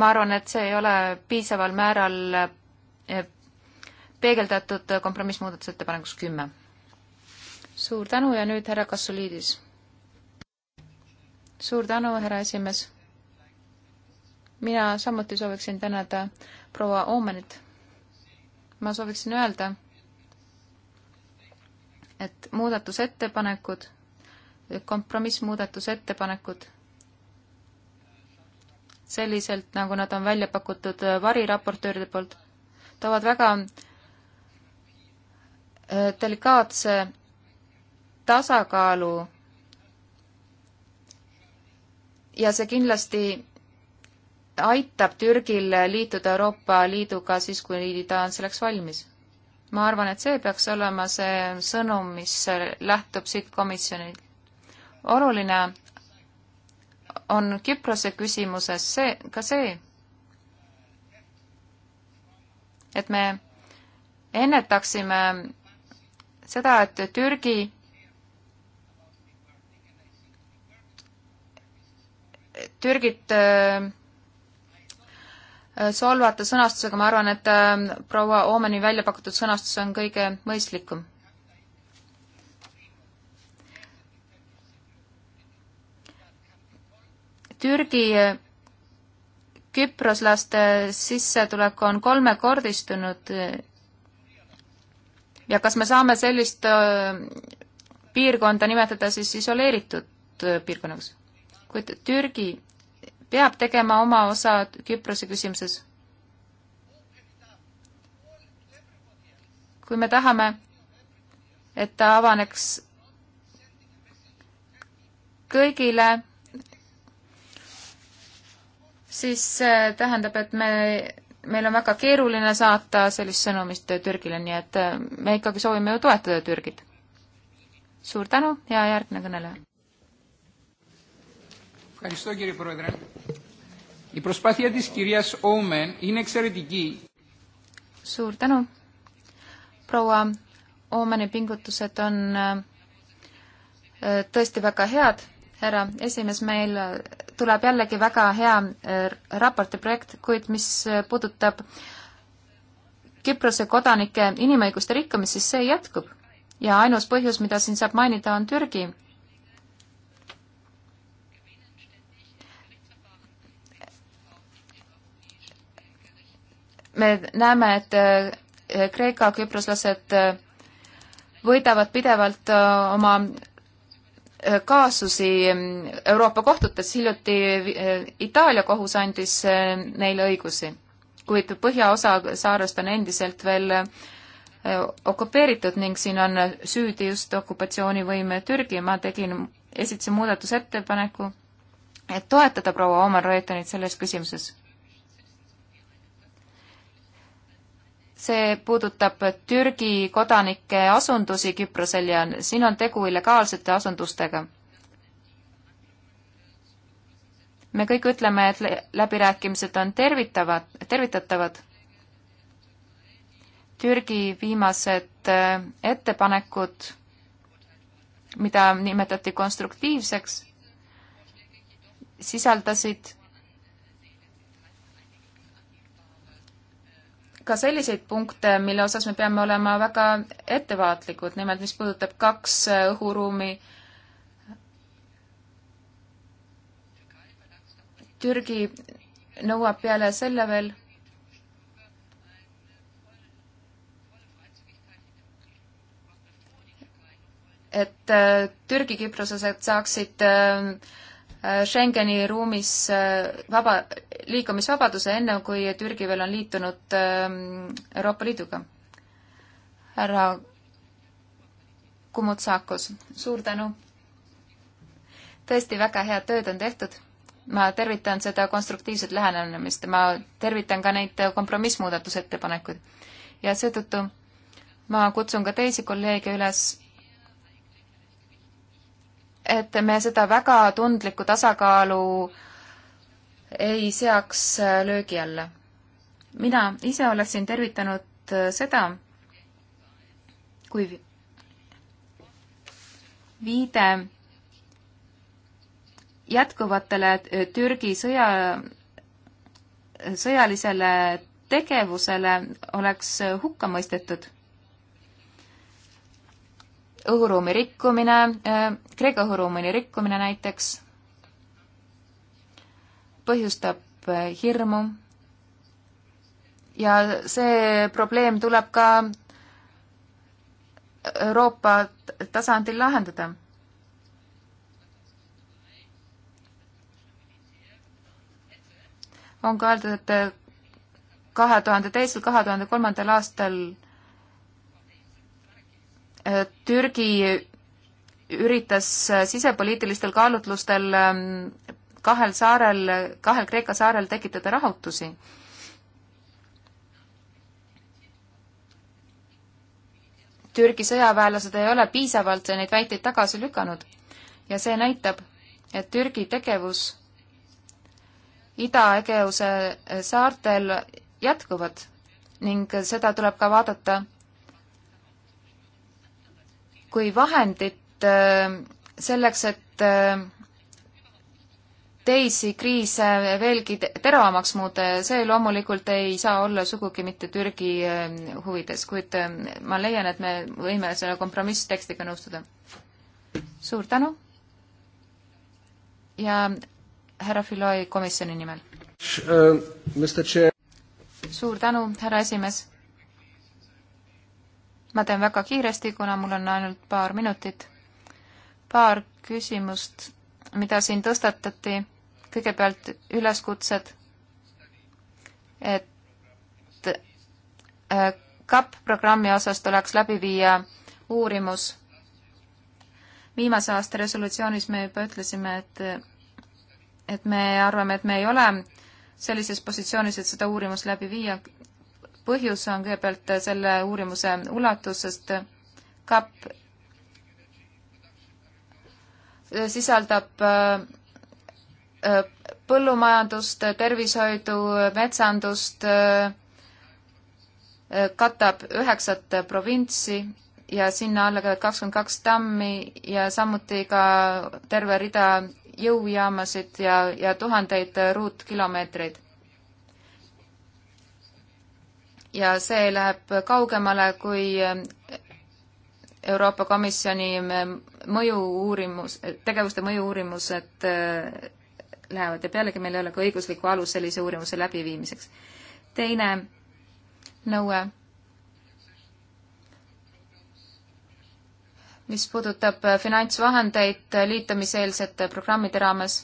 ma arvan, et see ei ole piisaval määral eh, peegeldatud kompromissmuudatusettepanekus kümme. suur tänu ja nüüd härra Kassuliidis. suur tänu, härra esimees. mina samuti sooviksin tänada proua Oomenit. ma sooviksin öelda, et muudatusettepanekud, kompromissmuudatusettepanekud, selliselt, nagu nad on välja pakutud variraportööride poolt, toovad väga Äh, delikaatse tasakaalu ja see kindlasti aitab Türgil liituda Euroopa Liiduga siis, kui ta on selleks valmis. ma arvan, et see peaks olema see sõnum, mis lähtub siit komisjonilt. oluline on Küprose küsimuses see, ka see, et me ennetaksime seda, et Türgi Türgit äh, solvata sõnastusega, ma arvan, et äh, proua Oomeni välja pakutud sõnastus on kõige mõistlikum. Türgi äh, küproslaste sissetulek on kolmekordistunud ja kas me saame sellist äh, piirkonda nimetada siis isoleeritud äh, piirkonnaks? kuid Türgi peab tegema oma osa Küprose küsimuses. kui me tahame, et ta avaneks kõigile, siis äh, tähendab, et me meil on väga keeruline saata sellist sõnumit Türgile, nii et äh, me ikkagi soovime ju toetada Türgit. suur tänu ja järgmine kõneleja. Ευχαριστώ κύριε Πρόεδρε. Η προσπάθεια της κυρίας Όμεν είναι εξαιρετική. Suur tänu. Proua Oomeni pingutused on äh, tõesti väga head. Härra esimees, meil tuleb jällegi väga hea äh, raporti projekt, kuid mis äh, puudutab Küprose kodanike inimõiguste rikkumist, siis see jätkub. ja ainus põhjus, mida siin saab mainida, on Türgi. me näeme, et äh, Kreeka küproslased võidavad pidevalt oma kaasusi mm, Euroopa kohtutes, hiljuti eh, Itaalia kohus andis eh, neile õigusi, kuid põhjaosa saarest on endiselt veel eh, okupeeritud ning siin on süüdi just okupatsioonivõime Türgi, ma tegin, esitasin muudatusettepaneku, et toetada proua Omar Reutenit selles küsimuses. see puudutab Türgi kodanike asundusi Küprosel ja siin on tegu illegaalsete asundustega. me kõik ütleme, et läbirääkimised on tervitavad, tervitatavad. Türgi viimased äh, ettepanekud, mida nimetati konstruktiivseks, sisaldasid ka selliseid punkte, mille osas me peame olema väga ettevaatlikud, nimelt mis puudutab kaks õhuruumi. Türgi nõuab peale selle veel et äh, Türgi-Küproslased saaksid äh, Äh, Schengeni ruumis äh, vaba, liikumisvabaduse, enne kui Türgi veel on liitunud ähm, Euroopa Liiduga. härra Kumutsakos, suur tänu! tõesti väga head tööd on tehtud. ma tervitan seda konstruktiivset lähenemist, ma tervitan ka neid kompromissmuudatusettepanekuid. ja seetõttu ma kutsun ka teisi kolleege üles et me seda väga tundlikku tasakaalu ei seaks löögi alla. mina ise oleksin tervitanud seda, kui viide jätkuvatele Türgi sõja, sõjalisele tegevusele oleks hukka mõistetud õhuruumi rikkumine, äh, Kreeka õhuruumi rikkumine näiteks põhjustab äh, hirmu ja see probleem tuleb ka Euroopa tasandil lahendada. on ka öeldud, et kahe tuhande teisel, kahe tuhande kolmandal aastal Türgi üritas sisepoliitilistel kaalutlustel ähm, kahel saarel, kahel Kreeka saarel tekitada rahutusi. Türgi sõjaväelased ei ole piisavalt neid väiteid tagasi lükanud ja see näitab, et Türgi tegevus Ida-Egeuse saartel jätkuvad ning seda tuleb ka vaadata kui vahendit äh, selleks, et äh, teisi kriise veelgi teravamaks muuta ja see loomulikult ei saa olla sugugi mitte Türgi äh, huvides, kuid ma leian, et me võime selle kompromisstekstiga nõustuda. suur tänu ja härra Filoi komisjoni nimel. suur tänu, härra esimees ma teen väga kiiresti, kuna mul on ainult paar minutit. paar küsimust, mida siin tõstatati. kõigepealt üleskutsed, et KAP äh, programmi osas tuleks läbi viia uurimus. viimase aasta resolutsioonis me juba ütlesime, et et me arvame, et me ei ole sellises positsioonis, et seda uurimust läbi viia, põhjus on kõigepealt selle uurimuse ulatus, sest kapp äh, sisaldab äh, äh, põllumajandust, tervishoidu, metsandust, katab üheksat provintsi ja sinna alla käivad kakskümmend kaks tammi ja samuti ka terve rida jõujaamasid ja, ja tuhandeid ruutkilomeetreid ja see läheb kaugemale kui Euroopa Komisjoni mõju-uurimus, tegevuste mõju-uurimused äh, lähevad ja pealegi meil ei ole ka õiguslikku alus sellise uurimuse läbiviimiseks. teine nõue, mis puudutab finantsvahendeid liitumiseelsete programmide raames,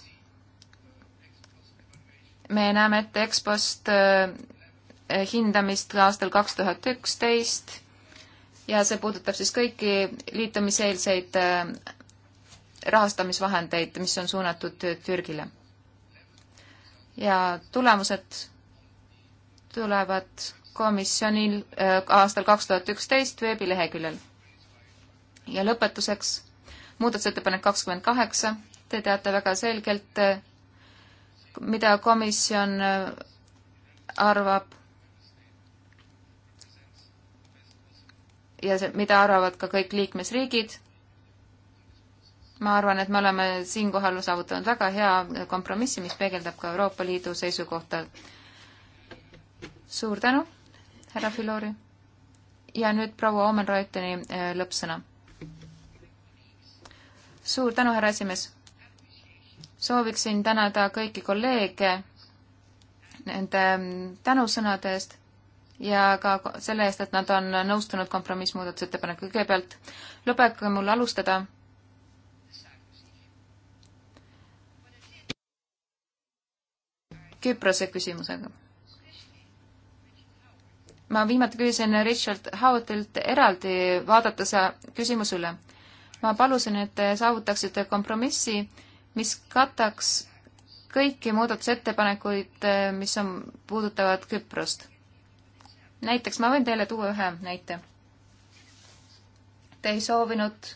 me näeme ette ekspost äh, Eh, hindamist ka aastal kaks tuhat üksteist ja see puudutab siis kõiki liitumiseelseid eh, rahastamisvahendeid, mis on suunatud Türgile. ja tulemused tulevad komisjonil eh, aastal kaks tuhat üksteist veebileheküljel. ja lõpetuseks muudatusettepanek kakskümmend kaheksa, te teate väga selgelt, mida komisjon arvab ja see, mida arvavad ka kõik liikmesriigid. ma arvan, et me oleme siinkohal saavutanud väga hea kompromissi, mis peegeldab ka Euroopa Liidu seisukohta. suur tänu, härra Filori. ja nüüd proua Omen Reuteni eh, lõppsõna. suur tänu, härra esimees. sooviksin tänada kõiki kolleege nende tänusõnade eest ja ka selle eest, et nad on nõustunud kompromissmuudatusettepaneku. kõigepealt lubage mul alustada Küprose küsimusega. ma viimati küsisin Richard Howardilt eraldi vaadata see küsimus üle. ma palusin, et te saavutaksite kompromissi, mis kataks kõiki muudatusettepanekuid, mis on, puudutavad Küprost näiteks ma võin teile tuua ühe näite. Te ei soovinud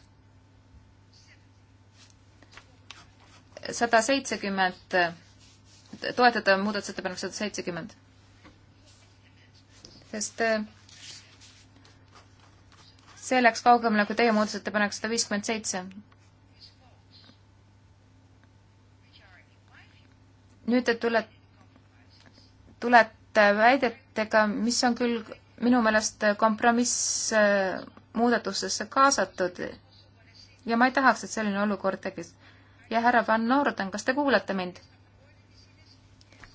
sada seitsekümmend, toetada muudatusettepanek sada seitsekümmend. sest eh, see läks kaugemale kui nagu teie muudatusettepanek sada viiskümmend seitse. nüüd te tule, tule, mingite väidetega, mis on küll minu meelest kompromiss äh, muudatustesse kaasatud ja ma ei tahaks, et selline olukord tekkis. ja härra Van Norden, kas te kuulate mind?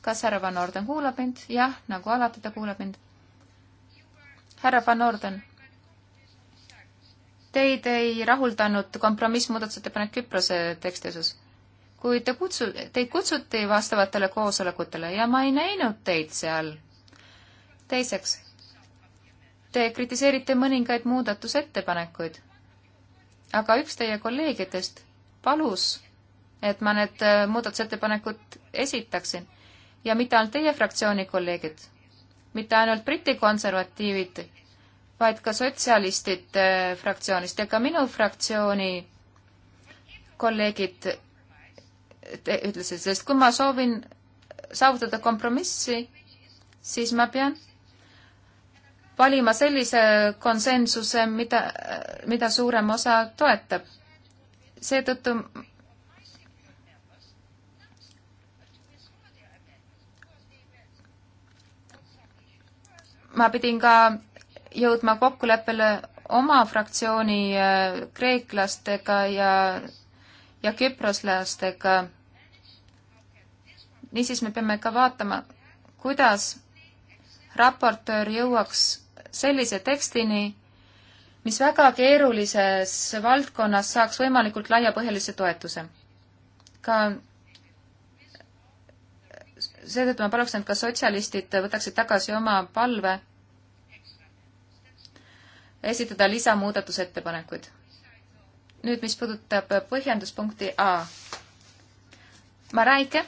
kas härra Van Norden kuulab mind? jah, nagu alati ta kuulab mind. härra Van Norden, teid ei rahuldanud kompromissmuudatusettepanek Küprose teksti osas? kui te kutsu-, teid kutsuti vastavatele koosolekutele ja ma ei näinud teid seal. teiseks, te kritiseerite mõningaid muudatusettepanekuid, aga üks teie kolleegidest palus, et ma need äh, muudatusettepanekud esitaksin ja mitte ainult teie fraktsiooni kolleegid, mitte ainult Briti konservatiivid, vaid ka sotsialistid äh, fraktsioonist ja ka minu fraktsiooni kolleegid te ütlesite, sest kui ma soovin saavutada kompromissi, siis ma pean valima sellise konsensuse, mida, mida suurem osa toetab. seetõttu ma pidin ka jõudma kokkuleppele oma fraktsiooni äh, kreeklastega ja ja küproslastega. niisiis me peame ka vaatama, kuidas raportöör jõuaks sellise tekstini, mis väga keerulises valdkonnas saaks võimalikult laiapõhjalise toetuse. ka seetõttu ma paluksin, et ka sotsialistid võtaksid tagasi oma palve esitada lisamuudatusettepanekuid nüüd, mis puudutab põhjenduspunkti A. Maräike,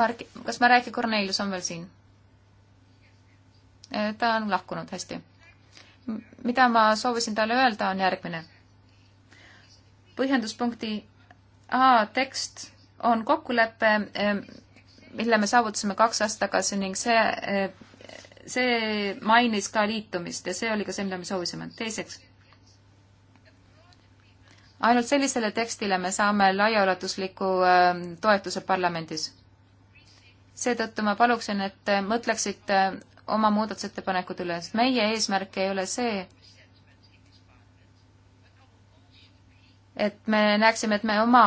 Mark, kas Maräike Kornelius on veel siin? Äh, ta on lahkunud, hästi. mida ma soovisin talle öelda, on järgmine. põhjenduspunkti A tekst on kokkulepe, äh, mille me saavutasime kaks aastat tagasi ning see, äh, see mainis ka liitumist ja see oli ka see, mida me soovisime. teiseks ainult sellisele tekstile me saame laiaulatusliku ähm, toetuse parlamendis. seetõttu ma paluksin, et mõtleksite äh, oma muudatusettepanekud üle, sest meie eesmärk ei ole see, et me näeksime, et me oma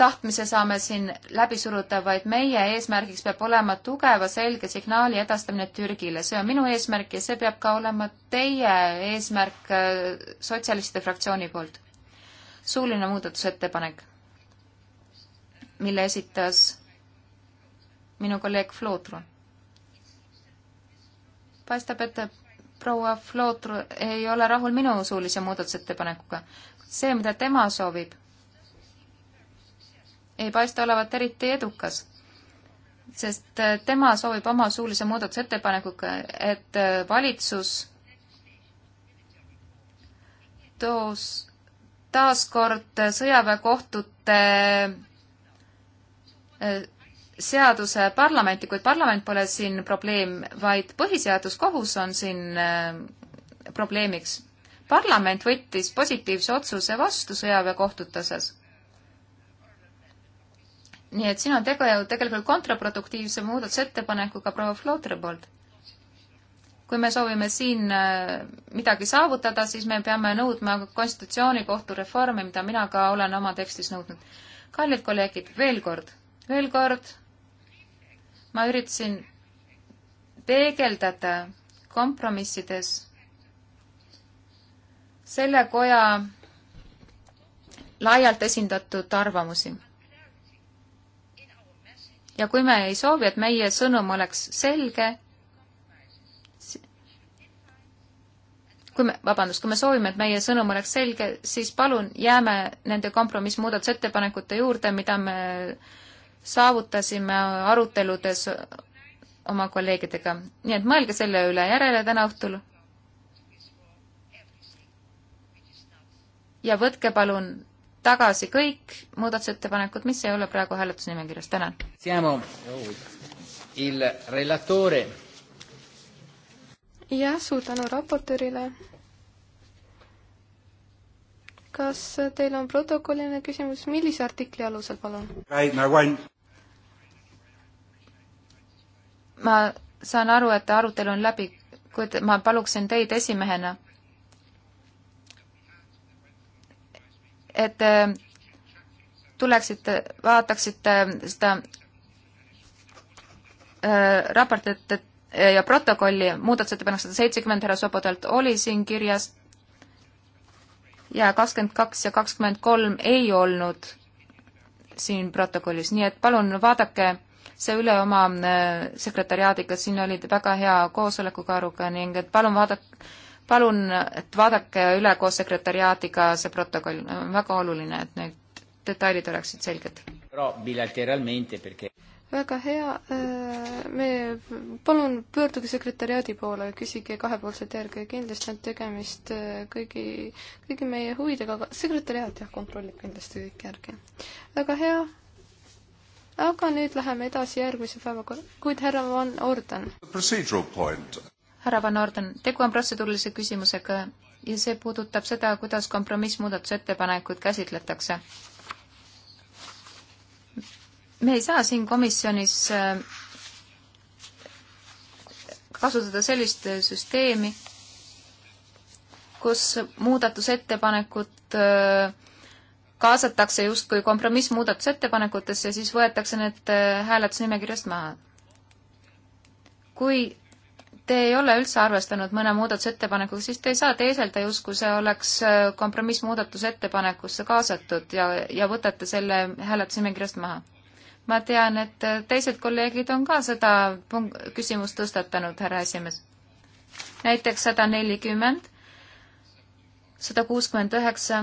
tahtmise saame siin läbi suruda, vaid meie eesmärgiks peab olema tugeva selge signaali edastamine Türgile. see on minu eesmärk ja see peab ka olema teie eesmärk äh, sotsialistide fraktsiooni poolt suuline muudatusettepanek, mille esitas minu kolleeg Flootru. paistab, et proua Flootru ei ole rahul minu suulise muudatusettepanekuga. see, mida tema soovib, ei paista olevat eriti edukas, sest tema soovib oma suulise muudatusettepanekuga, et valitsus toos taaskord sõjaväekohtute äh, seaduse parlamenti, kuid parlament pole siin probleem, vaid põhiseaduskohus on siin äh, probleemiks. parlament võttis positiivse otsuse vastu sõjaväekohtute osas. nii et siin on tegu ju tegelikult kontraproduktiivse muudatusettepanekuga proua Flootri poolt kui me soovime siin äh, midagi saavutada, siis me peame nõudma konstitutsioonikohtu reformi, mida mina ka olen oma tekstis nõudnud. kallid kolleegid, veel kord, veel kord, ma üritasin peegeldada kompromissides selle koja laialt esindatud arvamusi. ja kui me ei soovi, et meie sõnum oleks selge, kui me, vabandust, kui me soovime, et meie sõnum oleks selge, siis palun jääme nende kompromissmuudatusettepanekute juurde, mida me saavutasime aruteludes oma kolleegidega. nii et mõelge selle üle järele täna õhtul. ja võtke palun tagasi kõik muudatusettepanekud, mis ei ole praegu hääletusnimekirjas. tänan jah, suur tänu raportöörile. kas teil on protokolliline küsimus, millise artikli alusel, palun? ma saan aru, et arutelu on läbi, kuid ma paluksin teid esimehena, et äh, tuleksite, vaataksite seda äh, raportit, et ja protokolli muudatusettepanek sada seitsekümmend härra Sobodalt oli siin kirjas ja kakskümmend kaks ja kakskümmend kolm ei olnud siin protokollis, nii et palun vaadake see üle oma äh, sekretäriaadiga, siin oli väga hea koosolekukaruga ning et palun vaadake, palun, et vaadake üle koos sekretäriaadiga see protokoll, väga oluline, et need detailid oleksid selged väga hea, äh, me, palun pöörduge sekretäriaadi poole, küsige kahepoolselt järgi, kindlasti on tegemist äh, kõigi, kõigi meie huvidega, aga sekretäriaat jah, kontrollib kindlasti kõik järgi. väga hea, aga nüüd läheme edasi järgmise päevakorra, kuid härra Van Orden. härra Van Orden, tegu on protseduurilise küsimusega ja see puudutab seda, kuidas kompromissmuudatusettepanekuid käsitletakse me ei saa siin komisjonis äh, kasutada sellist äh, süsteemi, kus muudatusettepanekud äh, kaasatakse justkui kompromissmuudatusettepanekutesse ja siis võetakse need hääletusnimekirjast maha. kui te ei ole üldse arvestanud mõne muudatusettepanekuga, siis te ei saa teeselda justkui see oleks kompromissmuudatusettepanekusse kaasatud ja, ja võtate selle hääletusnimekirjast maha ma tean, et teised kolleegid on ka seda küsimust tõstatanud, härra esimees. näiteks sada nelikümmend, sada kuuskümmend üheksa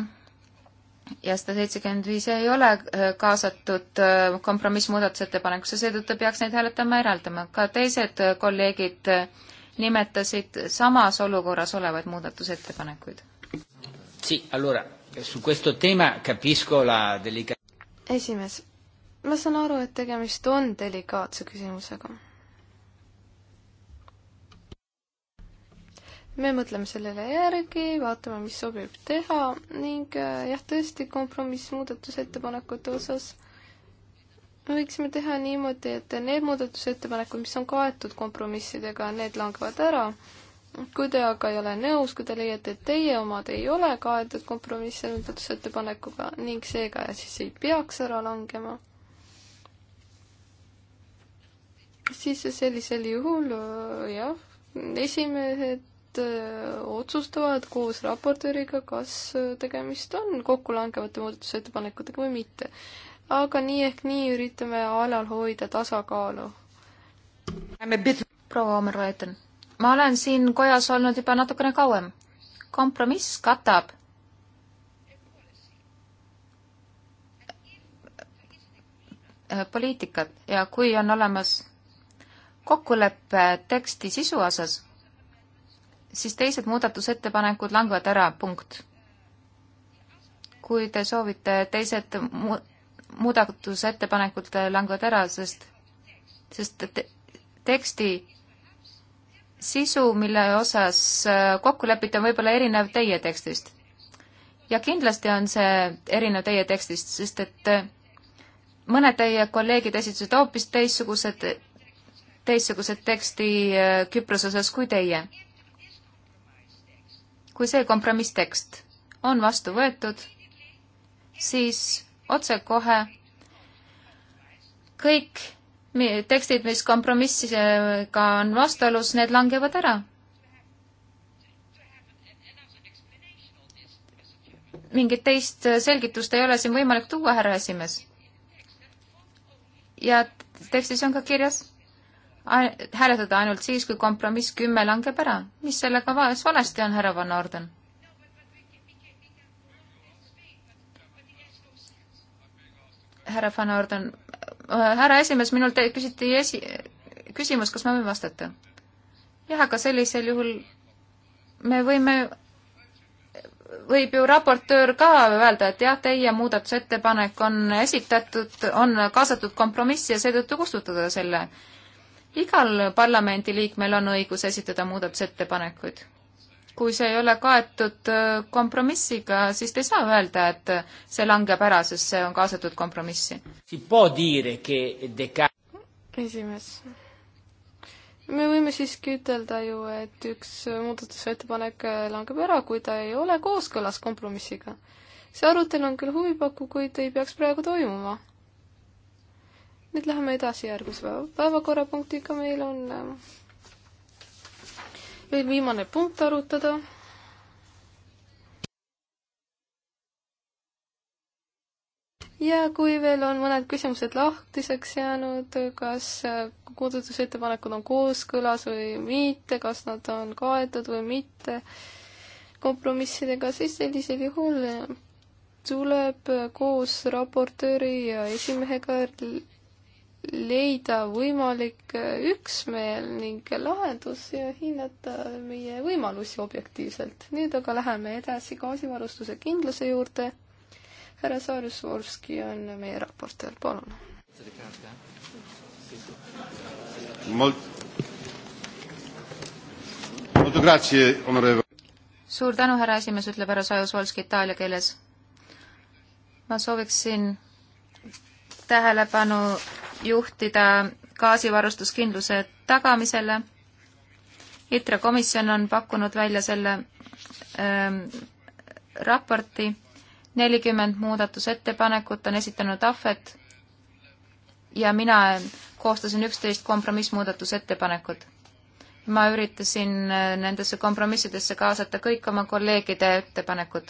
ja sada seitsekümmend viis ei ole äh, kaasatud äh, kompromissmuudatusettepanekusse, seetõttu peaks neid hääletama eraldama. ka teised äh, kolleegid nimetasid samas olukorras olevaid muudatusettepanekuid. Sì, allora, su questo tema capisco la delica- esimees ma saan aru, et tegemist on delikaatse küsimusega. me mõtleme sellele järgi, vaatame, mis sobib teha ning äh, jah, tõesti kompromiss muudatusettepanekute osas me võiksime teha niimoodi, et need muudatusettepanekud, mis on kaetud kompromissidega, need langevad ära. kui te aga ei ole nõus, kui te leiate, et teie omad ei ole kaetud kompromissi muudatusettepanekuga ning seega siis ei peaks ära langema siis sellisel juhul äh, jah, esimehed äh, otsustavad koos raportööriga, kas äh, tegemist on kokkulangevate muudatusettepanekutega või mitte. aga nii ehk nii üritame alal hoida tasakaalu. proua Omer-Vaeten, ma olen siin kojas olnud juba natukene kauem. kompromiss katab poliitikat ja kui on olemas kokkuleppe teksti sisu osas, siis teised muudatusettepanekud langevad ära, punkt. kui te soovite, teised mu-, muudatusettepanekud langevad ära, sest, sest te, teksti sisu, mille osas äh, kokku lepite, on võib-olla erinev teie tekstist. ja kindlasti on see erinev teie tekstist, sest et äh, mõned teie kolleegid esitasid hoopis teistsugused teistsugused teksti äh, Küprose osas kui teie. kui see kompromisstekst on vastu võetud, siis otsekohe kõik tekstid, mis kompromissiga on vastuolus, need langevad ära. mingit teist selgitust ei ole siin võimalik tuua, härra esimees. ja tekstis on ka kirjas hääletada ainult siis, kui kompromiss kümme langeb ära. mis sellega valesti on, härra Van Orden? härra Van Orden, äh, härra esimees, minult küsiti esi-, küsimus, kas ma võin vastata? jah, aga sellisel juhul me võime, võib ju raportöör ka öelda, et jah, teie muudatusettepanek on esitatud, on kaasatud kompromissi ja seetõttu kustutada selle igal parlamendiliikmel on õigus esitada muudatusettepanekuid. kui see ei ole kaetud äh, kompromissiga, siis te ei saa öelda, et see langeb ära, sest see on kaasatud kompromissi. esimees, me võime siiski ütelda ju, et üks muudatusettepanek langeb ära, kui ta ei ole kooskõlas kompromissiga. see arutelu on küll huvipakkuv, kuid ei peaks praegu toimuma nüüd läheme edasi järgmise päevakorrapunktiga, meil on äh, veel viimane punkt arutada. ja kui veel on mõned küsimused lahtiseks jäänud, kas äh, muudatusettepanekud on kooskõlas või mitte, kas nad on kaetud või mitte kompromissidega, siis sellisel juhul äh, tuleb koos raportööri ja esimehega leida võimalik üksmeel ning lahendus ja hinnata meie võimalusi objektiivselt. nüüd aga läheme edasi gaasivarustuse kindluse juurde. härra Saarjus-Vorski on meie raportöör, palun. suur tänu, härra esimees, ütleb härra Saarjus-Vorski itaalia keeles. ma sooviksin tähelepanu juhtida gaasivarustuskindluse tagamisele. ITRE komisjon on pakkunud välja selle ähm, raporti, nelikümmend muudatusettepanekut on esitanud Ahvet ja mina koostasin üksteist kompromissmuudatusettepanekut. ma üritasin äh, nendesse kompromissidesse kaasata kõik oma kolleegide ettepanekud.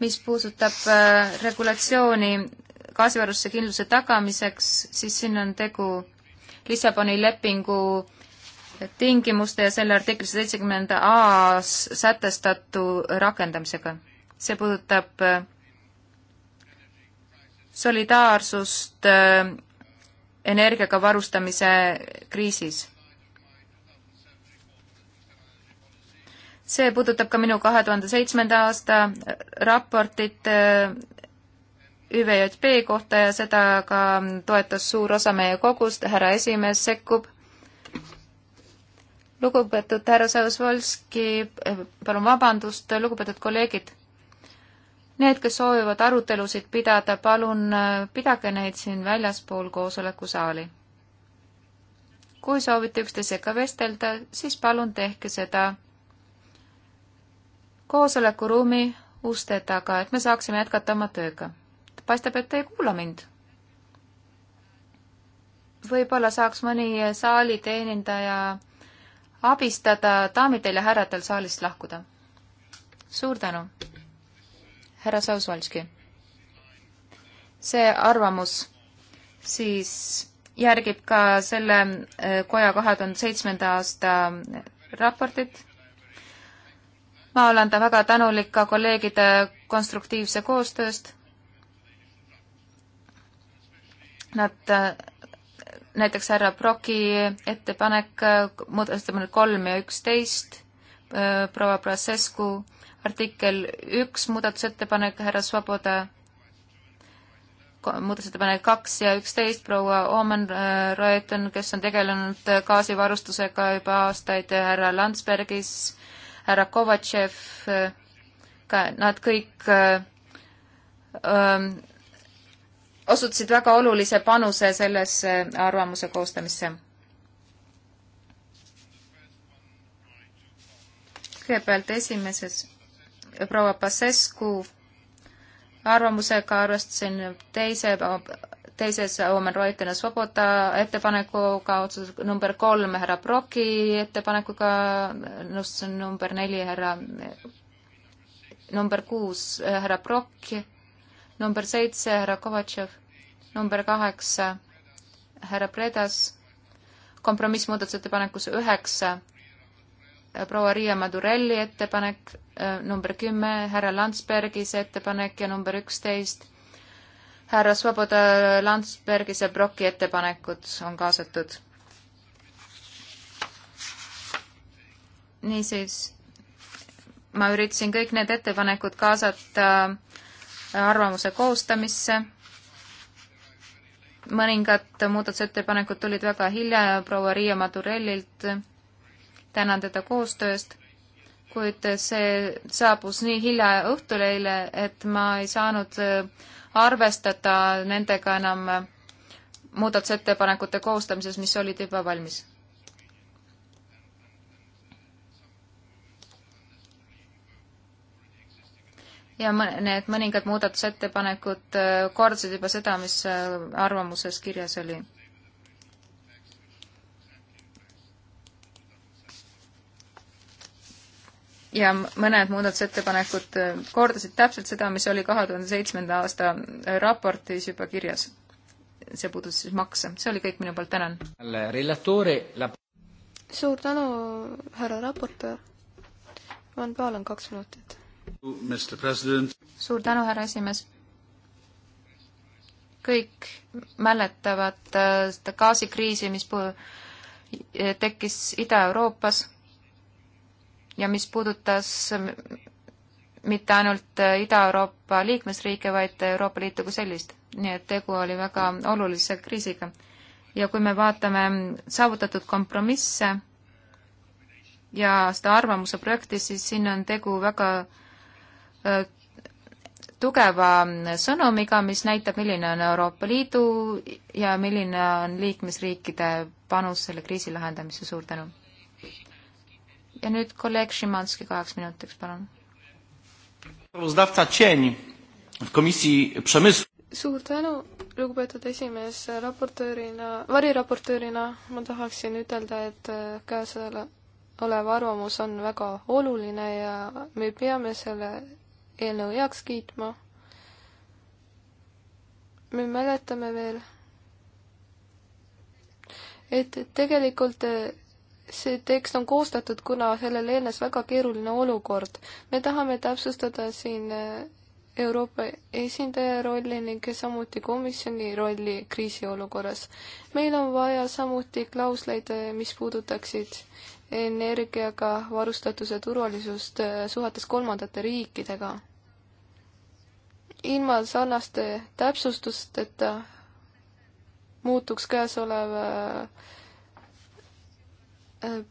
mis puudutab äh, regulatsiooni gaasivarustuskindluse tagamiseks, siis siin on tegu Lissaboni lepingu tingimuste ja selle artikli seitsekümmend A-s sätestatu rakendamisega. see puudutab äh, solidaarsust äh, energiaga varustamise kriisis. see puudutab ka minu kahe tuhande seitsmenda aasta raportit äh, ÜVJP kohta ja seda ka toetas suur osa meie kogust, härra esimees sekkub. lugupeetud härra Sausvolski, palun vabandust, lugupeetud kolleegid. Need, kes soovivad arutelusid pidada, palun äh, pidage neid siin väljaspool koosolekusaali. kui soovite üksteisega vestelda, siis palun tehke seda koosolekuruumi uste taga, et me saaksime jätkata oma tööga paistab, et te ei kuula mind. võib-olla saaks mõni saali teenindaja abistada daamidel ja härradel saalist lahkuda. suur tänu, härra Sausvalski. see arvamus siis järgib ka selle eh, koja kahe tuhande seitsmenda aasta raportit. ma olen ta väga tänulik ka kolleegide konstruktiivse koostööst nad äh, näiteks härra Proki ettepanek, äh, muudatusettepanek kolm ja üksteist, äh, proua Brasescu artikkel üks muudatusettepanek, härra Svoboda muudatusettepanek kaks ja üksteist, proua Oman Roeton, kes on tegelenud gaasivarustusega juba aastaid, härra Landsbergis, härra Kovatšev, ka nad kõik öö, ähm, osutasid väga olulise panuse sellesse arvamuse koostamisse. kõigepealt esimeses proua Pasescu arvamusega arvestasin teise, teises Omen Reutena Svoboda ettepanekuga, otsus number kolm härra Broki ettepanekuga, nõustus number neli härra, number kuus härra Brokk number seitse härra Kovatšev, number kaheksa härra Predas, kompromiss muudatusettepanekus üheksa proua Riia Madurelli ettepanek, äh, number kümme härra Landsbergis ettepanek ja number üksteist härra Svoboda Landsbergis ja Broki ettepanekud on kaasatud. niisiis, ma üritasin kõik need ettepanekud kaasata äh, arvamuse koostamisse. mõningad muudatusettepanekud tulid väga hilja ja proua Riia Madurellilt tänan teda koostöö eest, kuid see saabus nii hilja õhtul eile, et ma ei saanud äh, arvestada nendega enam äh, muudatusettepanekute koostamises, mis olid juba valmis ja need mõningad muudatusettepanekud äh, kordasid juba seda, mis äh, arvamuses kirjas oli. ja mõned muudatusettepanekud äh, kordasid täpselt seda, mis oli kahe tuhande seitsmenda aasta raportis juba kirjas. see puudutas siis makse, see oli kõik minu poolt, tänan. suur tänu, härra raportöör. Van Paal on kaks minutit suur tänu, härra esimees. kõik mäletavad äh, seda gaasikriisi, mis äh, tekkis Ida-Euroopas ja mis puudutas mitte ainult äh, Ida-Euroopa liikmesriike, vaid Euroopa Liitu kui sellist. nii et tegu oli väga olulise kriisiga. ja kui me vaatame saavutatud kompromisse ja seda arvamuse projekti, siis siin on tegu väga tugeva sõnumiga, mis näitab, milline on Euroopa Liidu ja milline on liikmesriikide panus selle kriisi lahendamisse, suur tänu. ja nüüd kolleeg Šimanski kaheks minutiks, palun. suur tänu, lugupeetud esimees, raportöörina, variraportöörina ma tahaksin ütelda, et äh, käesoleva olev arvamus on väga oluline ja me peame selle eelnõu heaks kiitma. me mäletame veel, et tegelikult see tekst on koostatud, kuna sellele eelnes väga keeruline olukord. me tahame täpsustada siin eh, Euroopa esindaja rolli ning samuti komisjoni rolli kriisiolukorras. meil on vaja samuti klausleid, eh, mis puudutaksid energiaga varustatuse turvalisust eh, suhetes kolmandate riikidega ilma sarnaste täpsustusteta muutuks käesolev äh,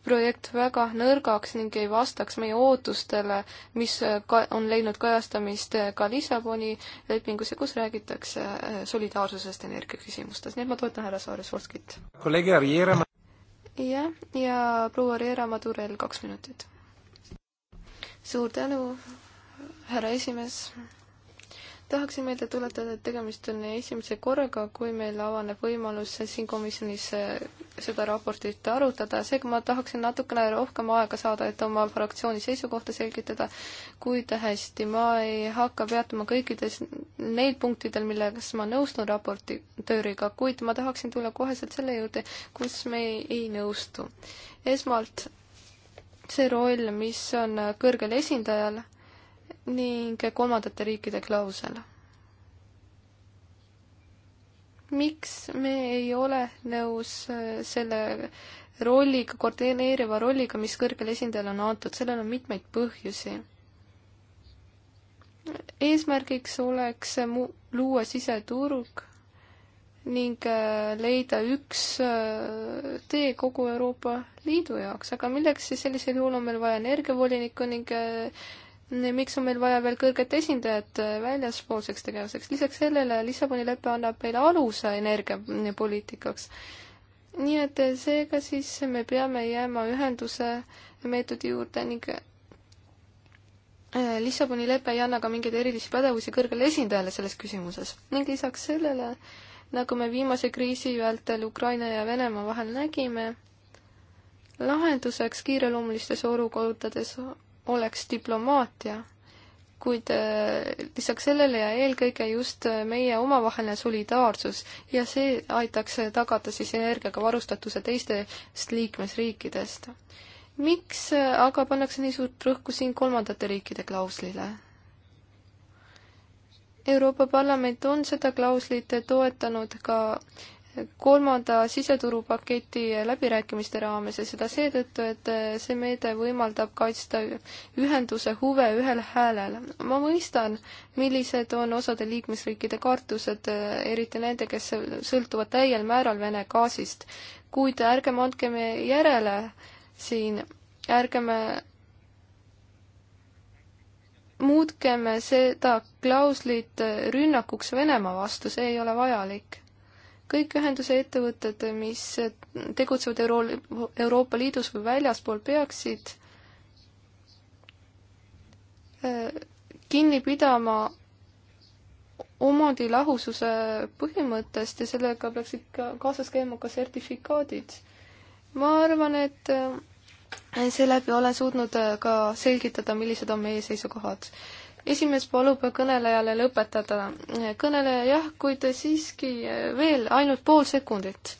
projekt väga nõrgaks ning ei vastaks meie ootustele, mis ka on leidnud kajastamist ka Lissaboni lepingus ja kus räägitakse äh, solidaarsusest energiaküsimustes, nii et ma toetan härra Saare-Solskit. jah, ja proua Riera Madurel kaks minutit. suur tänu, härra esimees tahaksin meelde tuletada, et tegemist on esimese korraga, kui meil avaneb võimalus siin komisjonis eh, seda raportit arutada, seega ma tahaksin natukene rohkem aega saada, et oma fraktsiooni seisukohta selgitada, kuid hästi, ma ei hakka peatuma kõikides neil punktidel, milles ma nõustun raportööriga, kuid ma tahaksin tulla koheselt selle juurde, kus me ei nõustu. esmalt see roll, mis on kõrgel esindajal ning kolmandate riikide klausel. miks me ei ole nõus äh, selle rolliga, koordineeriva rolliga, mis kõrgele esindajale on antud, sellel on mitmeid põhjusi. eesmärgiks oleks mu-, luua siseturg ning äh, leida üks äh, tee kogu Euroopa Liidu jaoks, aga milleks siis sellisel juhul on meil vaja energiavolinikku ning miks on meil vaja veel kõrget esindajat äh, väljaspoolseks tegevuseks? lisaks sellele Lissaboni lepe annab meile aluse energiapoliitikaks. nii et äh, seega siis me peame jääma ühenduse meetodi juurde ning äh, Lissaboni lepe ei anna ka mingeid erilisi pädevusi kõrgele esindajale selles küsimuses ning lisaks sellele, nagu me viimase kriisi vältel Ukraina ja Venemaa vahel nägime, lahenduseks kiireloomulistes olukordades oleks diplomaatia, kuid äh, lisaks sellele ja eelkõige just äh, meie omavaheline solidaarsus ja see aitaks tagada siis energiaga varustatuse teistest liikmesriikidest. miks äh, aga pannakse nii suurt rõhku siin kolmandate riikide klauslile? Euroopa Parlament on seda klauslit toetanud ka kolmanda siseturupaketi läbirääkimiste raames ja seda seetõttu, et see meede võimaldab kaitsta ühenduse huve ühel häälel. ma mõistan, millised on osade liikmesriikide kartused, eriti nende, kes sõltuvad täiel määral Vene gaasist, kuid ärgem andkem järele siin, ärgem muutkem seda klauslit rünnakuks Venemaa vastu, see ei ole vajalik kõik ühenduse ettevõtted, mis tegutsevad Euro-, Euroopa Liidus või väljaspool, peaksid äh, kinni pidama omandi lahususe põhimõttest ja sellega peaksid ka kaasas käima ka sertifikaadid. ma arvan, et äh, seeläbi olen suutnud äh, ka selgitada, millised on meie seisukohad esimees palub kõnelejale lõpetada. kõneleja jah, kuid siiski veel ainult pool sekundit.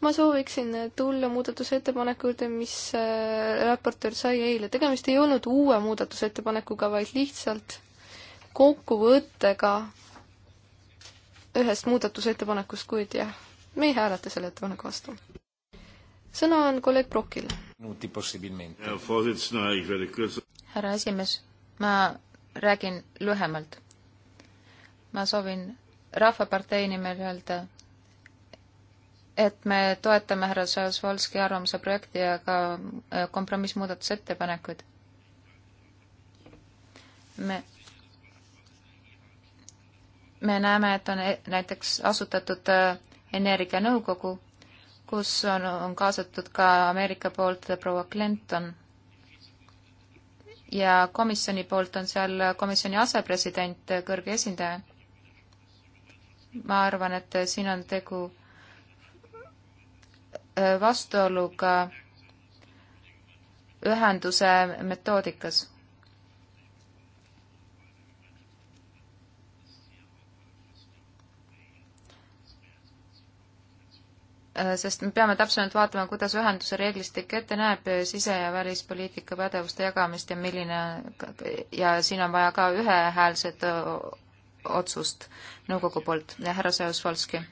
ma sooviksin tulla muudatusettepaneku juurde, mis äh, raportöör sai eile. tegemist ei olnud uue muudatusettepanekuga, vaid lihtsalt kokkuvõttega ühest muudatusettepanekust, kuid jah, me ei hääleta selle ettepaneku vastu. sõna on kolleeg Brokil. härra esimees, ma räägin lühemalt. ma soovin Rahvapartei nimel öelda, et me toetame härra Saasvolski arvamuse projekti ja ka äh, kompromissmuudatusettepanekuid. me, me näeme, et on e-, näiteks asutatud äh, energianõukogu, kus on, on kaasatud ka Ameerika poolt proua Clinton ja komisjoni poolt on seal komisjoni asepresident, kõrge esindaja. ma arvan, et siin on tegu äh, vastuoluga ühenduse metoodikas Äh, sest me peame täpsemalt vaatama, kuidas ühenduse reeglistik ette näeb äh, sise- ja välispoliitika pädevuste jagamist ja milline, ja siin on vaja ka ühehäälset otsust nõukogu poolt ja härra Seosvalski.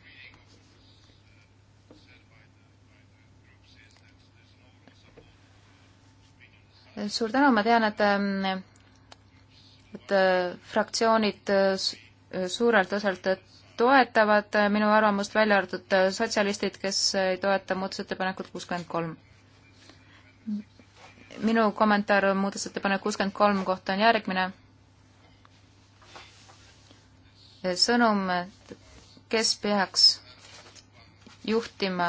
suur tänu, ma tean, et ähm, et äh, fraktsioonid suurelt osalt toetavad eh, minu arvamust, välja arvatud eh, sotsialistid, kes eh, ei toeta muudatusettepanekut kuuskümmend kolm. minu kommentaar muudatusettepanek kuuskümmend kolm kohta on järgmine. sõnum, kes peaks juhtima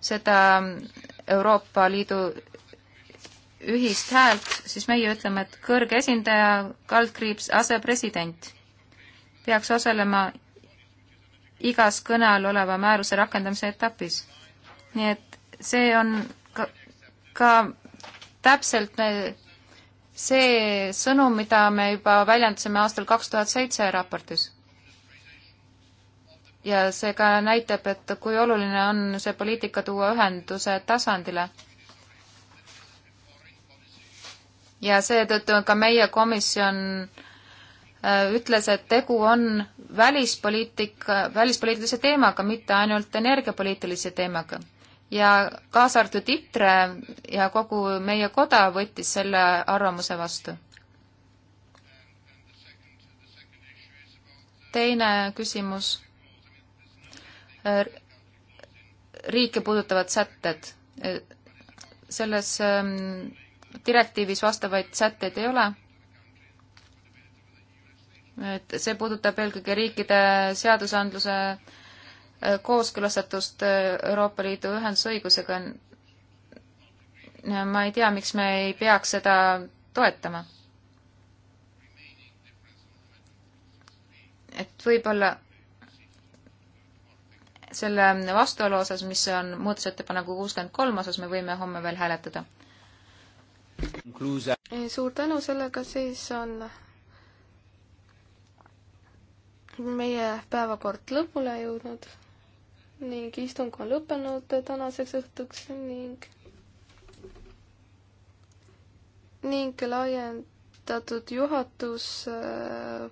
seda mm, Euroopa Liidu ühist häält, siis meie ütleme, et kõrge esindaja, kaldkriips, asepresident peaks osalema igas kõne all oleva määruse rakendamise etapis. nii et see on ka, ka täpselt see sõnum, mida me juba väljendasime aastal kaks tuhat seitse raportis. ja see ka näitab, et kui oluline on see poliitika tuua ühenduse tasandile. ja seetõttu on ka meie komisjon Äh, ütles, et tegu on välispoliitika, välispoliitilise teemaga, mitte ainult energiapoliitilise teemaga. ja kaasa arvatud ITRE ja kogu meie koda võttis selle arvamuse vastu. teine küsimus. riike puudutavad sätted. selles ähm, direktiivis vastavaid sätteid ei ole et see puudutab eelkõige riikide seadusandluse äh, kooskõlastatust äh, Euroopa Liidu ühendusõigusega. ma ei tea, miks me ei peaks seda toetama. et võib-olla selle vastuolu osas, mis on muudatusettepaneku kuuskümmend kolm osas, me võime homme veel hääletada. suur tänu, sellega siis on meie päevakord lõpule jõudnud ning istung on lõppenud tänaseks õhtuks ning ning laiendatud juhatus äh,